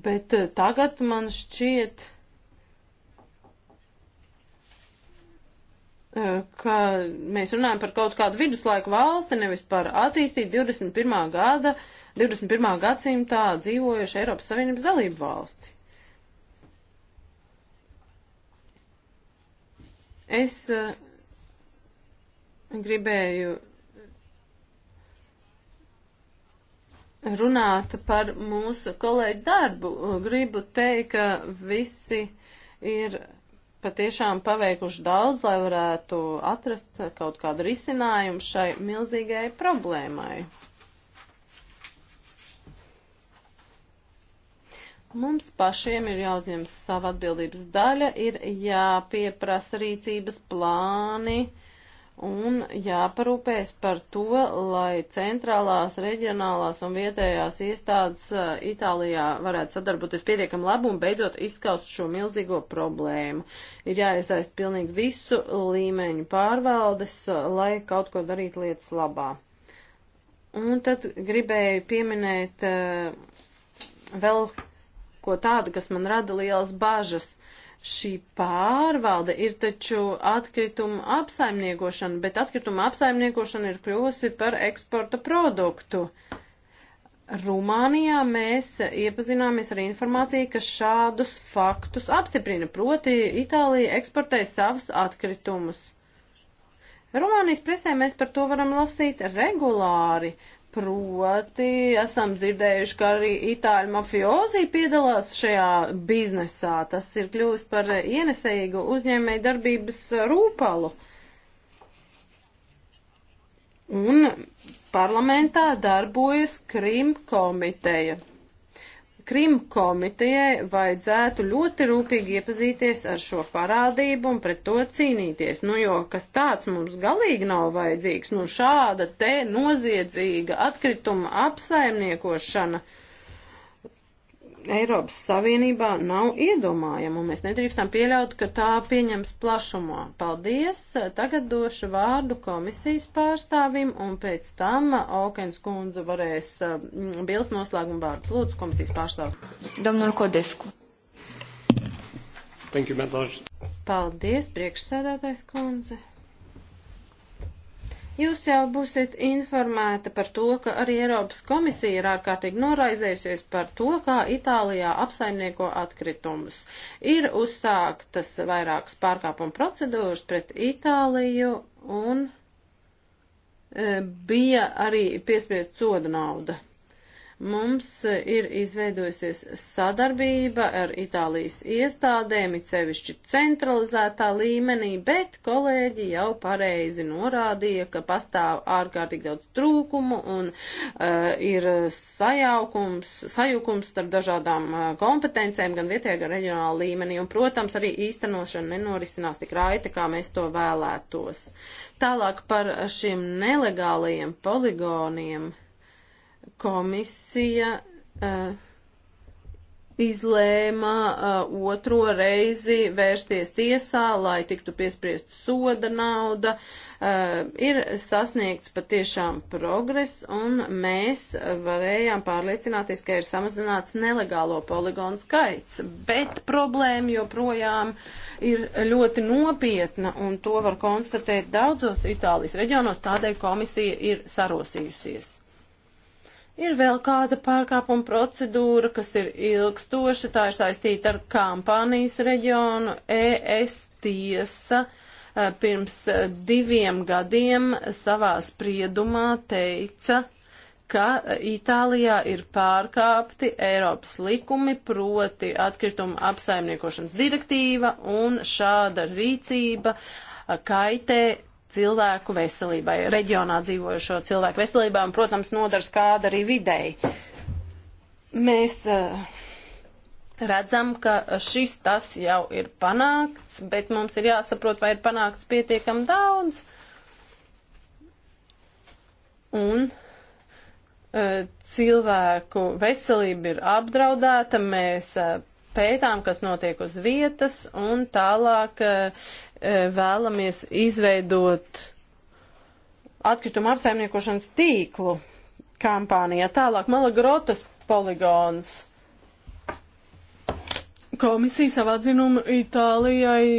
bet uh, tagad man šķiet, ka mēs runājam par kaut kādu viduslaiku valsti, nevis par attīstītu 21. gada, 21. gadsimtā dzīvojušu Eiropas Savienības dalību valsti. Es eh, gribēju runāt par mūsu kolēģu darbu. Gribu teikt, ka visi ir patiešām paveikuši daudz, lai varētu atrast kaut kādu risinājumu šai milzīgai problēmai. Mums pašiem ir jāuzņemas sava atbildības daļa, ir jāpieprasa rīcības plāni, un jāparūpēs par to, lai centrālās, reģionālās un vietējās iestādes uh, Itālijā varētu sadarboties pietiekam labi un beidzot izskaust šo milzīgo problēmu. Ir jāiesaist pilnīgi visu līmeņu pārvaldes, uh, lai kaut ko darītu lietas labā. Un tad gribēju pieminēt uh, vēl ko tādu, kas man rada lielas bažas šī pārvalde ir taču atkrituma apsaimniekošana, bet atkrituma apsaimniekošana ir kļuvusi par eksporta produktu. Rumānijā mēs iepazināmies ar informāciju, kas šādus faktus apstiprina, proti Itālija eksportē savus atkritumus. Rumānijas presē mēs par to varam lasīt regulāri, Proti, esam dzirdējuši, ka arī itāļu mafiozī piedalās šajā biznesā. Tas ir kļuvis par ienesīgu uzņēmēju darbības rūpalu. Un parlamentā darbojas Krim komiteja. Krim komitejai vajadzētu ļoti rūpīgi iepazīties ar šo parādību un pret to cīnīties. Nu, jo kas tāds mums galīgi nav vajadzīgs, nu šāda te noziedzīga atkrituma apsaimniekošana. Uh, Eiropas Savienībā nav iedomājama, un mēs nedrīkstam pieļaut, ka tā pieņems plašumā. Paldies! Tagad došu vārdu komisijas pārstāvim, un pēc tam Aukens kundze varēs uh, mm, bilst noslēgumu vārdus. Lūdzu, komisijas pārstāvis. Domnul Kodesku. Thank you, Paldies, priekšsēdētais kundze. Jūs jau būsiet informēta par to, ka arī Eiropas komisija ir ārkārtīgi noraizējusies par to, kā Itālijā apsaimnieko atkritumus. Ir uzsāktas vairākas pārkāpuma procedūras pret Itāliju un e, bija arī piespiest soda nauda. Mums e, ir izveidojusies sadarbība ar Itālijas iestādēm, it sevišķi centralizētā līmenī, bet kolēģi jau pareizi norādīja, ka pastāv ārkārtīgi daudz trūkumu un uh, ir sajaukums, sajukums starp dažādām uh, kompetencēm gan vietējā, gan reģionāla līmenī. Un, protams, arī īstenošana nenorisinās tik raiti, kā mēs to vēlētos. Tālāk par šiem nelegālajiem poligoniem komisija uh, izlēma uh, otro reizi vērsties tiesā, lai tiktu piespriest soda nauda. Uh, ir sasniegts patiešām progress, un mēs varējām pārliecināties, ka ir samazināts nelegālo poligonu skaits, bet problēma joprojām ir ļoti nopietna, un to var konstatēt daudzos Itālijas reģionos, tādēļ komisija ir sarosījusies. Ir vēl kāda pārkāpuma procedūra, kas ir ilgstoša, tā ir saistīta ar kampānijas reģionu. ES tiesa eh, pirms eh, diviem gadiem savā spriedumā teica, ka eh, Itālijā ir pārkāpti Eiropas likumi, proti atkrituma apsaimniekošanas direktīva un šāda rīcība kaitē cilvēku veselībai, reģionā dzīvojošo cilvēku veselībai un, protams, nodars kāda arī videi. Mēs uh, redzam, ka šis tas jau ir panākts, bet mums ir jāsaprot, vai ir panākts pietiekam daudz. Un uh, cilvēku veselība ir apdraudēta, mēs uh, pētām, kas notiek uz vietas, un tālāk uh, E, vēlamies izveidot atkrituma apsaimniekošanas tīklu kampānijā. Tālāk Malagrotas poligons. Komisija savā dzinumu Itālijai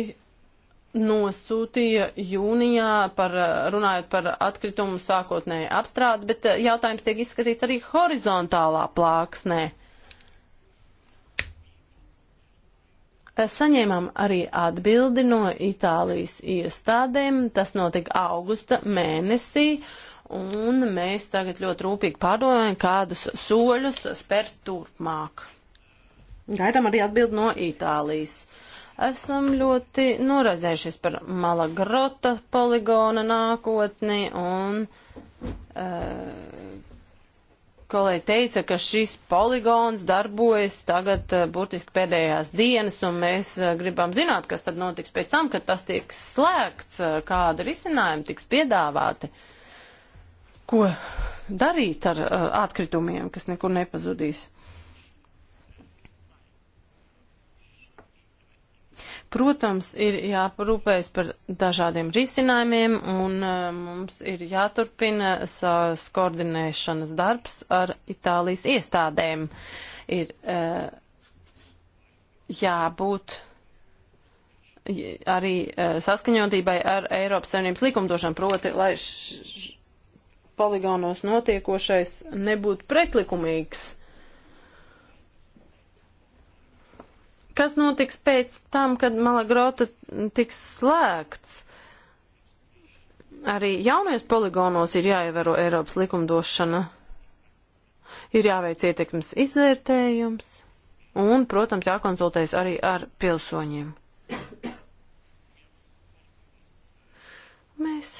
nosūtīja jūnijā par, runājot par atkritumu sākotnēju apstrādi, bet e, jautājums tiek izskatīts arī horizontālā plāksnē. Saņēmām arī atbildi no Itālijas iestādēm. Tas notika augusta mēnesī, un mēs tagad ļoti rūpīgi pārdomājam, kādus soļus spērt turpmāk. Gaidām arī atbildi no Itālijas. Esam ļoti noraizējušies par Malagrota poligona nākotni un. Uh, kolēģi teica, ka šis poligons darbojas tagad eh, burtiski pēdējās dienas, un mēs eh, gribam zināt, kas tad notiks pēc tam, kad tas tiek slēgts, eh, kāda risinājuma tiks piedāvāti, ko darīt ar atkritumiem, kas nekur nepazudīs. Protams, ir jāparūpējas par dažādiem risinājumiem un uh, mums ir jāturpina savas koordinēšanas darbs ar Itālijas iestādēm. Ir uh, jābūt arī uh, saskaņotībai ar Eiropas Savienības likumdošanu, proti, lai š, š, poligonos notiekošais nebūtu pretlikumīgs. Kas notiks pēc tam, kad Malagrota tiks slēgts? Arī jaunajos poligonos ir jāievēro Eiropas likumdošana, ir jāveic ietekmes izvērtējums un, protams, jākonsultējas arī ar pilsoņiem. Mēs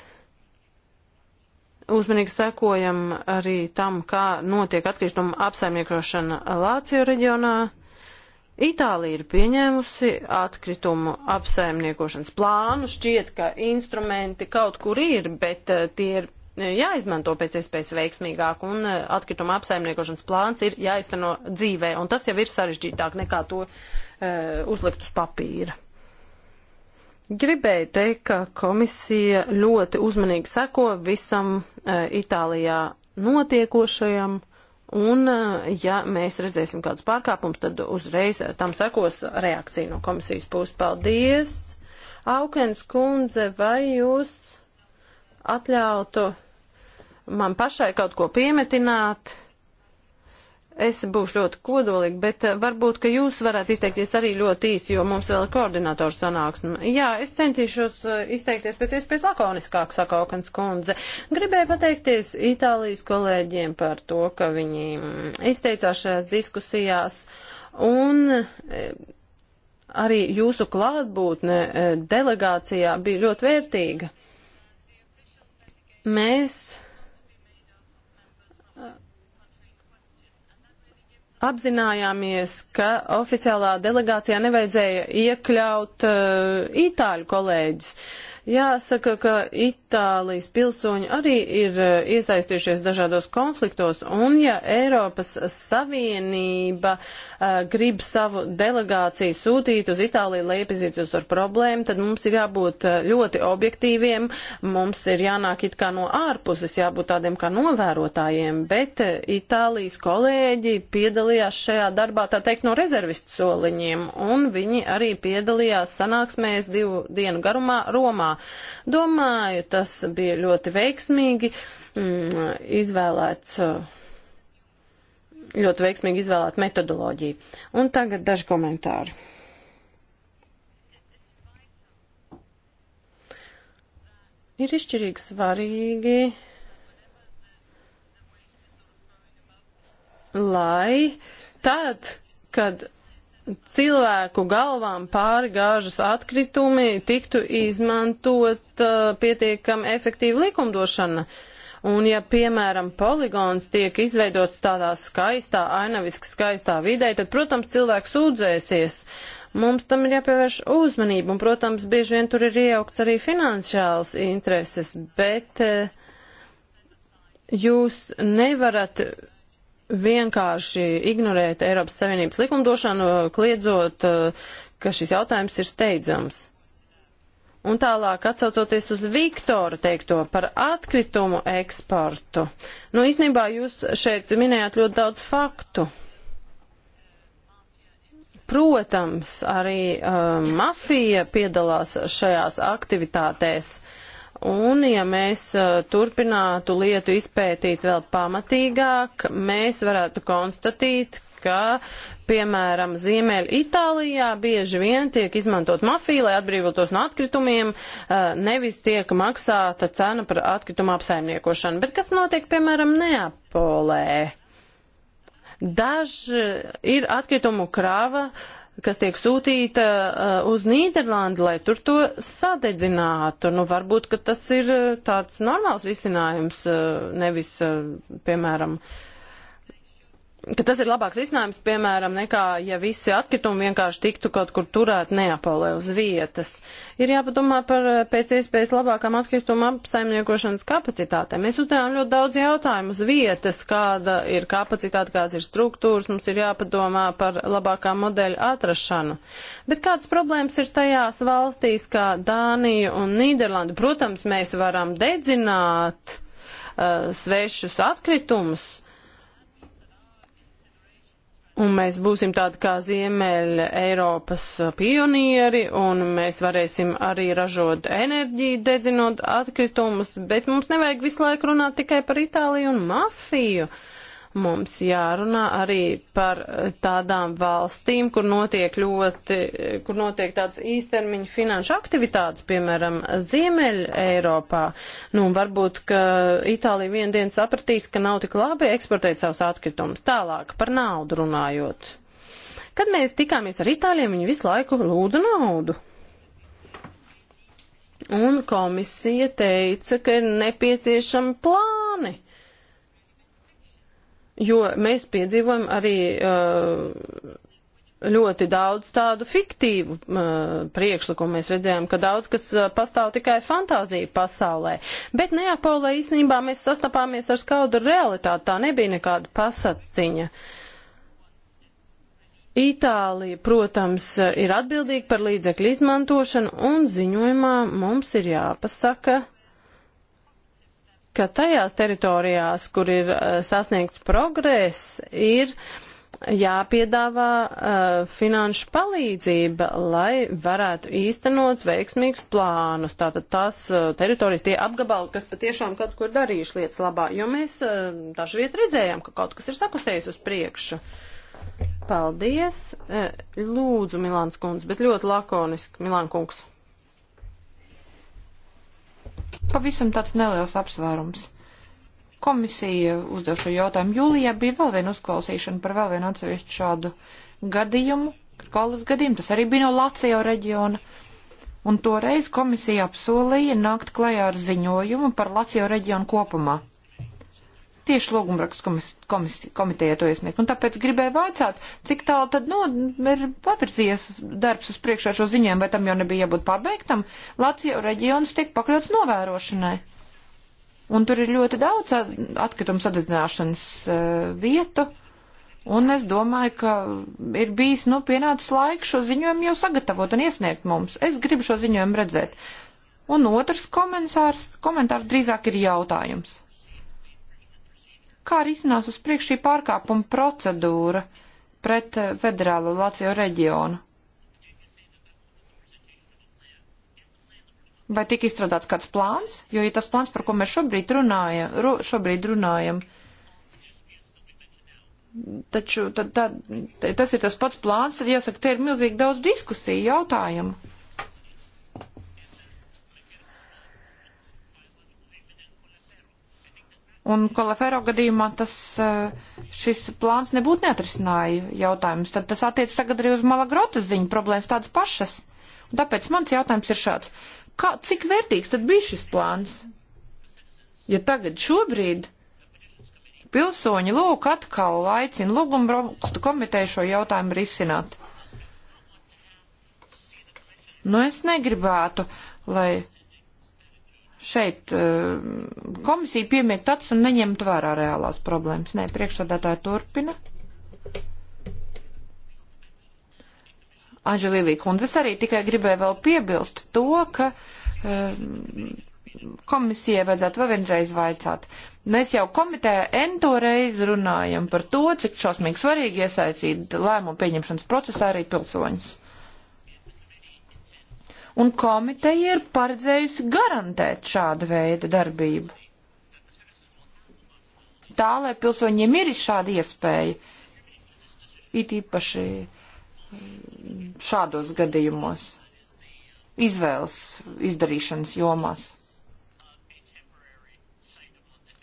uzmanīgi sekojam arī tam, kā notiek atkritumu apsaimniekošana Lācijo reģionā. Itālija ir pieņēmusi atkritumu apsaimniekošanas plānu. Šķiet, ka instrumenti kaut kur ir, bet eh, tie ir eh, jāizmanto pēc iespējas veiksmīgāk, un eh, atkrituma apsaimniekošanas plāns ir jāizteno dzīvē, un tas jau ir sarežģītāk nekā to uh, uzlikt uz papīra. Gribēju teikt, ka komisija ļoti uzmanīgi seko visam uh, Itālijā notiekošajam Un, eh, ja mēs redzēsim kādus pārkāpumus, tad uzreiz eh, tam sekos reakcija no komisijas puses. Paldies! Aukens kundze, vai jūs atļautu man pašai kaut ko piemetināt? Es būšu ļoti kodolīga, bet eh, varbūt, ka jūs varētu izteikties arī ļoti īsi, jo mums vēl ir koordinators sanāksme. Jā, es centīšos eh, izteikties pēc iespējas lakoniskāk, saka Okans kundze. Gribēju pateikties Itālijas kolēģiem par to, ka viņi mm, izteicās šajās diskusijās un eh, arī jūsu klātbūtne delegācijā bija ļoti vērtīga. Mēs apzinājāmies, ka oficiālā delegācijā nevajadzēja iekļaut uh, itāļu kolēģus. Uh, Jāsaka, ka Itālijas pilsoņi arī ir e, iesaistījušies dažādos konfliktos, un ja Eiropas Savienība uh, grib savu delegāciju sūtīt uz Itāliju, lai iepazītos ar problēmu, tad mums ir jābūt e, ļoti objektīviem, mums ir jānāk it kā no ārpuses, jābūt tādiem kā novērotājiem, bet Itālijas kolēģi piedalījās šajā darbā, tā teikt, no rezervistu soliņiem, un viņi arī piedalījās sanāksmēs divu dienu garumā Romā. Domāju, tas bija ļoti veiksmīgi mm, izvēlēts. Eh, ļoti veiksmīgi izvēlēt metodoloģiju. Un tagad daži komentāri. Ir izšķirīgi svarīgi, lai tad, kad cilvēku galvām pāri gāžas atkritumi tiktu izmantot uh, pietiekami efektīva likumdošana. Un ja, piemēram, poligons tiek izveidots tādā skaistā, ainaviski skaistā vidē, tad, protams, cilvēks sūdzēsies. Mums tam ir jāpievērš uzmanība, un, protams, bieži vien tur ir iejaukts arī finansiāls intereses, bet uh, jūs nevarat vienkārši ignorēt Eiropas Savienības likumdošanu, kliedzot, ka šis jautājums ir steidzams. Un tālāk, atsaucoties uz Viktora teikto par atkritumu eksportu, nu, īstenībā jūs šeit minējāt ļoti daudz faktu. Protams, arī uh, mafija piedalās šajās aktivitātēs. Uh, Un, ja mēs uh, turpinātu lietu izpētīt vēl pamatīgāk, mēs varētu konstatīt, ka, piemēram, Ziemeļa Itālijā bieži vien tiek izmantot mafija, lai atbrīvotos no atkritumiem, uh, nevis tiek maksāta cena par atkritumu apsaimniekošanu. Bet kas notiek, piemēram, Neapolē? Daži uh, ir atkritumu krāva. Uh, kas tiek sūtīta uh, uz Nīderlandi, lai tur to sadedzinātu. Nu, varbūt, ka tas ir uh, tāds normāls risinājums, uh, nevis, piemēram, uh, ka tas ir labāks risinājums, piemēram, nekā ja visi atkritumi vienkārši tiktu kaut kur turēt neapolē uz vietas. Ir jāpadomā par eh, pēc iespējas labākām atkritumu apsaimniekošanas kapacitātēm. Mēs uzdevām ļoti daudz jautājumu uz vietas, kāda ir kapacitāte, kādas ir struktūras, mums ir jāpadomā par labākā modeļa atrašanu. Bet kādas problēmas ir tajās valstīs kā Dānija un Nīderlanda? Protams, mēs varam dedzināt uh, svešus atkritumus un mēs būsim tādi kā Ziemeļa Eiropas pionieri, un mēs varēsim arī ražot enerģiju, dedzinot atkritumus, bet mums nevajag visu laiku runāt tikai par Itāliju un mafiju. Uh, Mums jārunā arī par tādām valstīm, kur notiek ļoti, kur notiek tāds īstermiņa finanšu aktivitātes, piemēram, Ziemeļa Eiropā. Nu, varbūt, ka Itālija vienu dienu sapratīs, ka nav tik labi eksportēt savus atkritumus. Tālāk par naudu runājot. Kad mēs tikāmies ar Itālijiem, viņi visu laiku lūdza naudu. Un komisija teica, ka ir nepieciešami plāni jo mēs piedzīvojam arī uh, ļoti daudz tādu fiktīvu uh, priekšlikumu. Mēs redzējām, ka daudz kas uh, pastāv tikai fantāzija pasaulē. Bet Neapolē īstenībā mēs sastapāmies ar skaudu realitāti. Tā nebija nekāda pasaciņa. Itālija, protams, ir atbildīga par līdzekļu izmantošanu un ziņojumā mums ir jāpasaka, uh, ka tajās teritorijās, kur ir uh, sasniegts progress, ir jāpiedāvā uh, finanšu palīdzība, lai varētu īstenot veiksmīgus plānus. Tātad tās uh, teritorijas, tie apgabali, kas patiešām kaut kur darījuši lietas labā, jo mēs uh, dažviet redzējām, ka kaut kas ir sakustējis uz priekšu. Paldies. Uh, lūdzu, Milāns kungs, bet ļoti lakoniski, Milāns kungs. Pavisam tāds neliels apsvērums. Komisija uzdev šo jautājumu. Jūlijā bija vēl viena uzklausīšana par vēl vienu atsevišķu šādu gadījumu, kolas gadījumu, tas arī bija no Lācijā reģiona. Un toreiz komisija apsolīja nākt klajā ar ziņojumu par Lācijā reģionu kopumā tieši lūgumrakstu komis, komis, komiteja to iesniegt. Un tāpēc gribēju vācāt, cik tālu tad, nu, ir pavirzies darbs uz priekšā šo ziņojumu, vai tam jau nebija jābūt pabeigtam. Lācija reģions tiek pakļauts novērošanai. Un tur ir ļoti daudz atkritumu sadedzināšanas uh, vietu. Un es domāju, ka ir bijis, nu, pienācis laiks šo ziņojumu jau sagatavot un iesniegt mums. Es gribu šo ziņojumu redzēt. Un otrs komentārs, komentārs drīzāk ir jautājums. Kā arī iznās uz priekš šī pārkāpuma procedūra pret eh, federālo Lācijo reģionu? Vai tika izstrādāts kāds plāns? Jo, ja tas plāns, par ko mēs šobrīd runājam, ru, šobrīd runājam taču tad, tad, tas ir tas pats plāns, tad jāsaka, te ir milzīgi daudz diskusiju jautājumu. Un Kolefero gadījumā tas, e, šis plāns nebūtu neatrisināja jautājumus. Tad tas attiec tagad arī uz Malagrotas ziņu problēmas tādas pašas. Un tāpēc mans jautājums ir šāds. Kā, cik vērtīgs tad bija šis plāns? Ja tagad šobrīd pilsoņi lūk atkal aicina lūgumbrakstu komiteju šo jautājumu risināt. Nu, es negribētu, lai šeit eh, komisija piemiet tāds un neņemt vērā reālās problēmas. Nē, priekšsādātāja turpina. Anželīlī kundze, es arī tikai gribēju vēl piebilst to, ka eh, komisijai vajadzētu vēl vienreiz vaicāt. Mēs jau komitejā ento reizi runājam par to, cik šausmīgi svarīgi iesaistīt lēmumu pieņemšanas procesā arī pilsoņus un komiteja ir paredzējusi garantēt šādu veidu darbību. Tā, lai pilsoņiem ir šāda iespēja, it īpaši mm, šādos gadījumos, izvēles izdarīšanas jomās.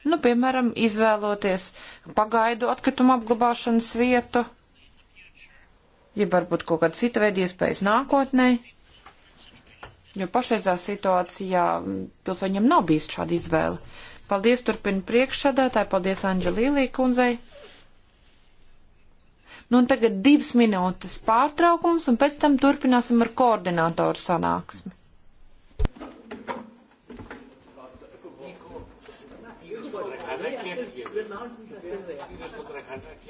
Nu, piemēram, izvēloties pagaidu atkritumu apglabāšanas vietu, ja varbūt kaut kāda cita veida iespējas nākotnēji jo pašreizā situācijā mm, pilsoņiem nav bijusi šāda izvēle. Paldies turpina priekšsādātāji, paldies Anģelīlī kundzei. Nu un tagad divas minūtes pārtraukums un pēc tam turpināsim ar koordinātoru sanāksmi. The mountains are still there.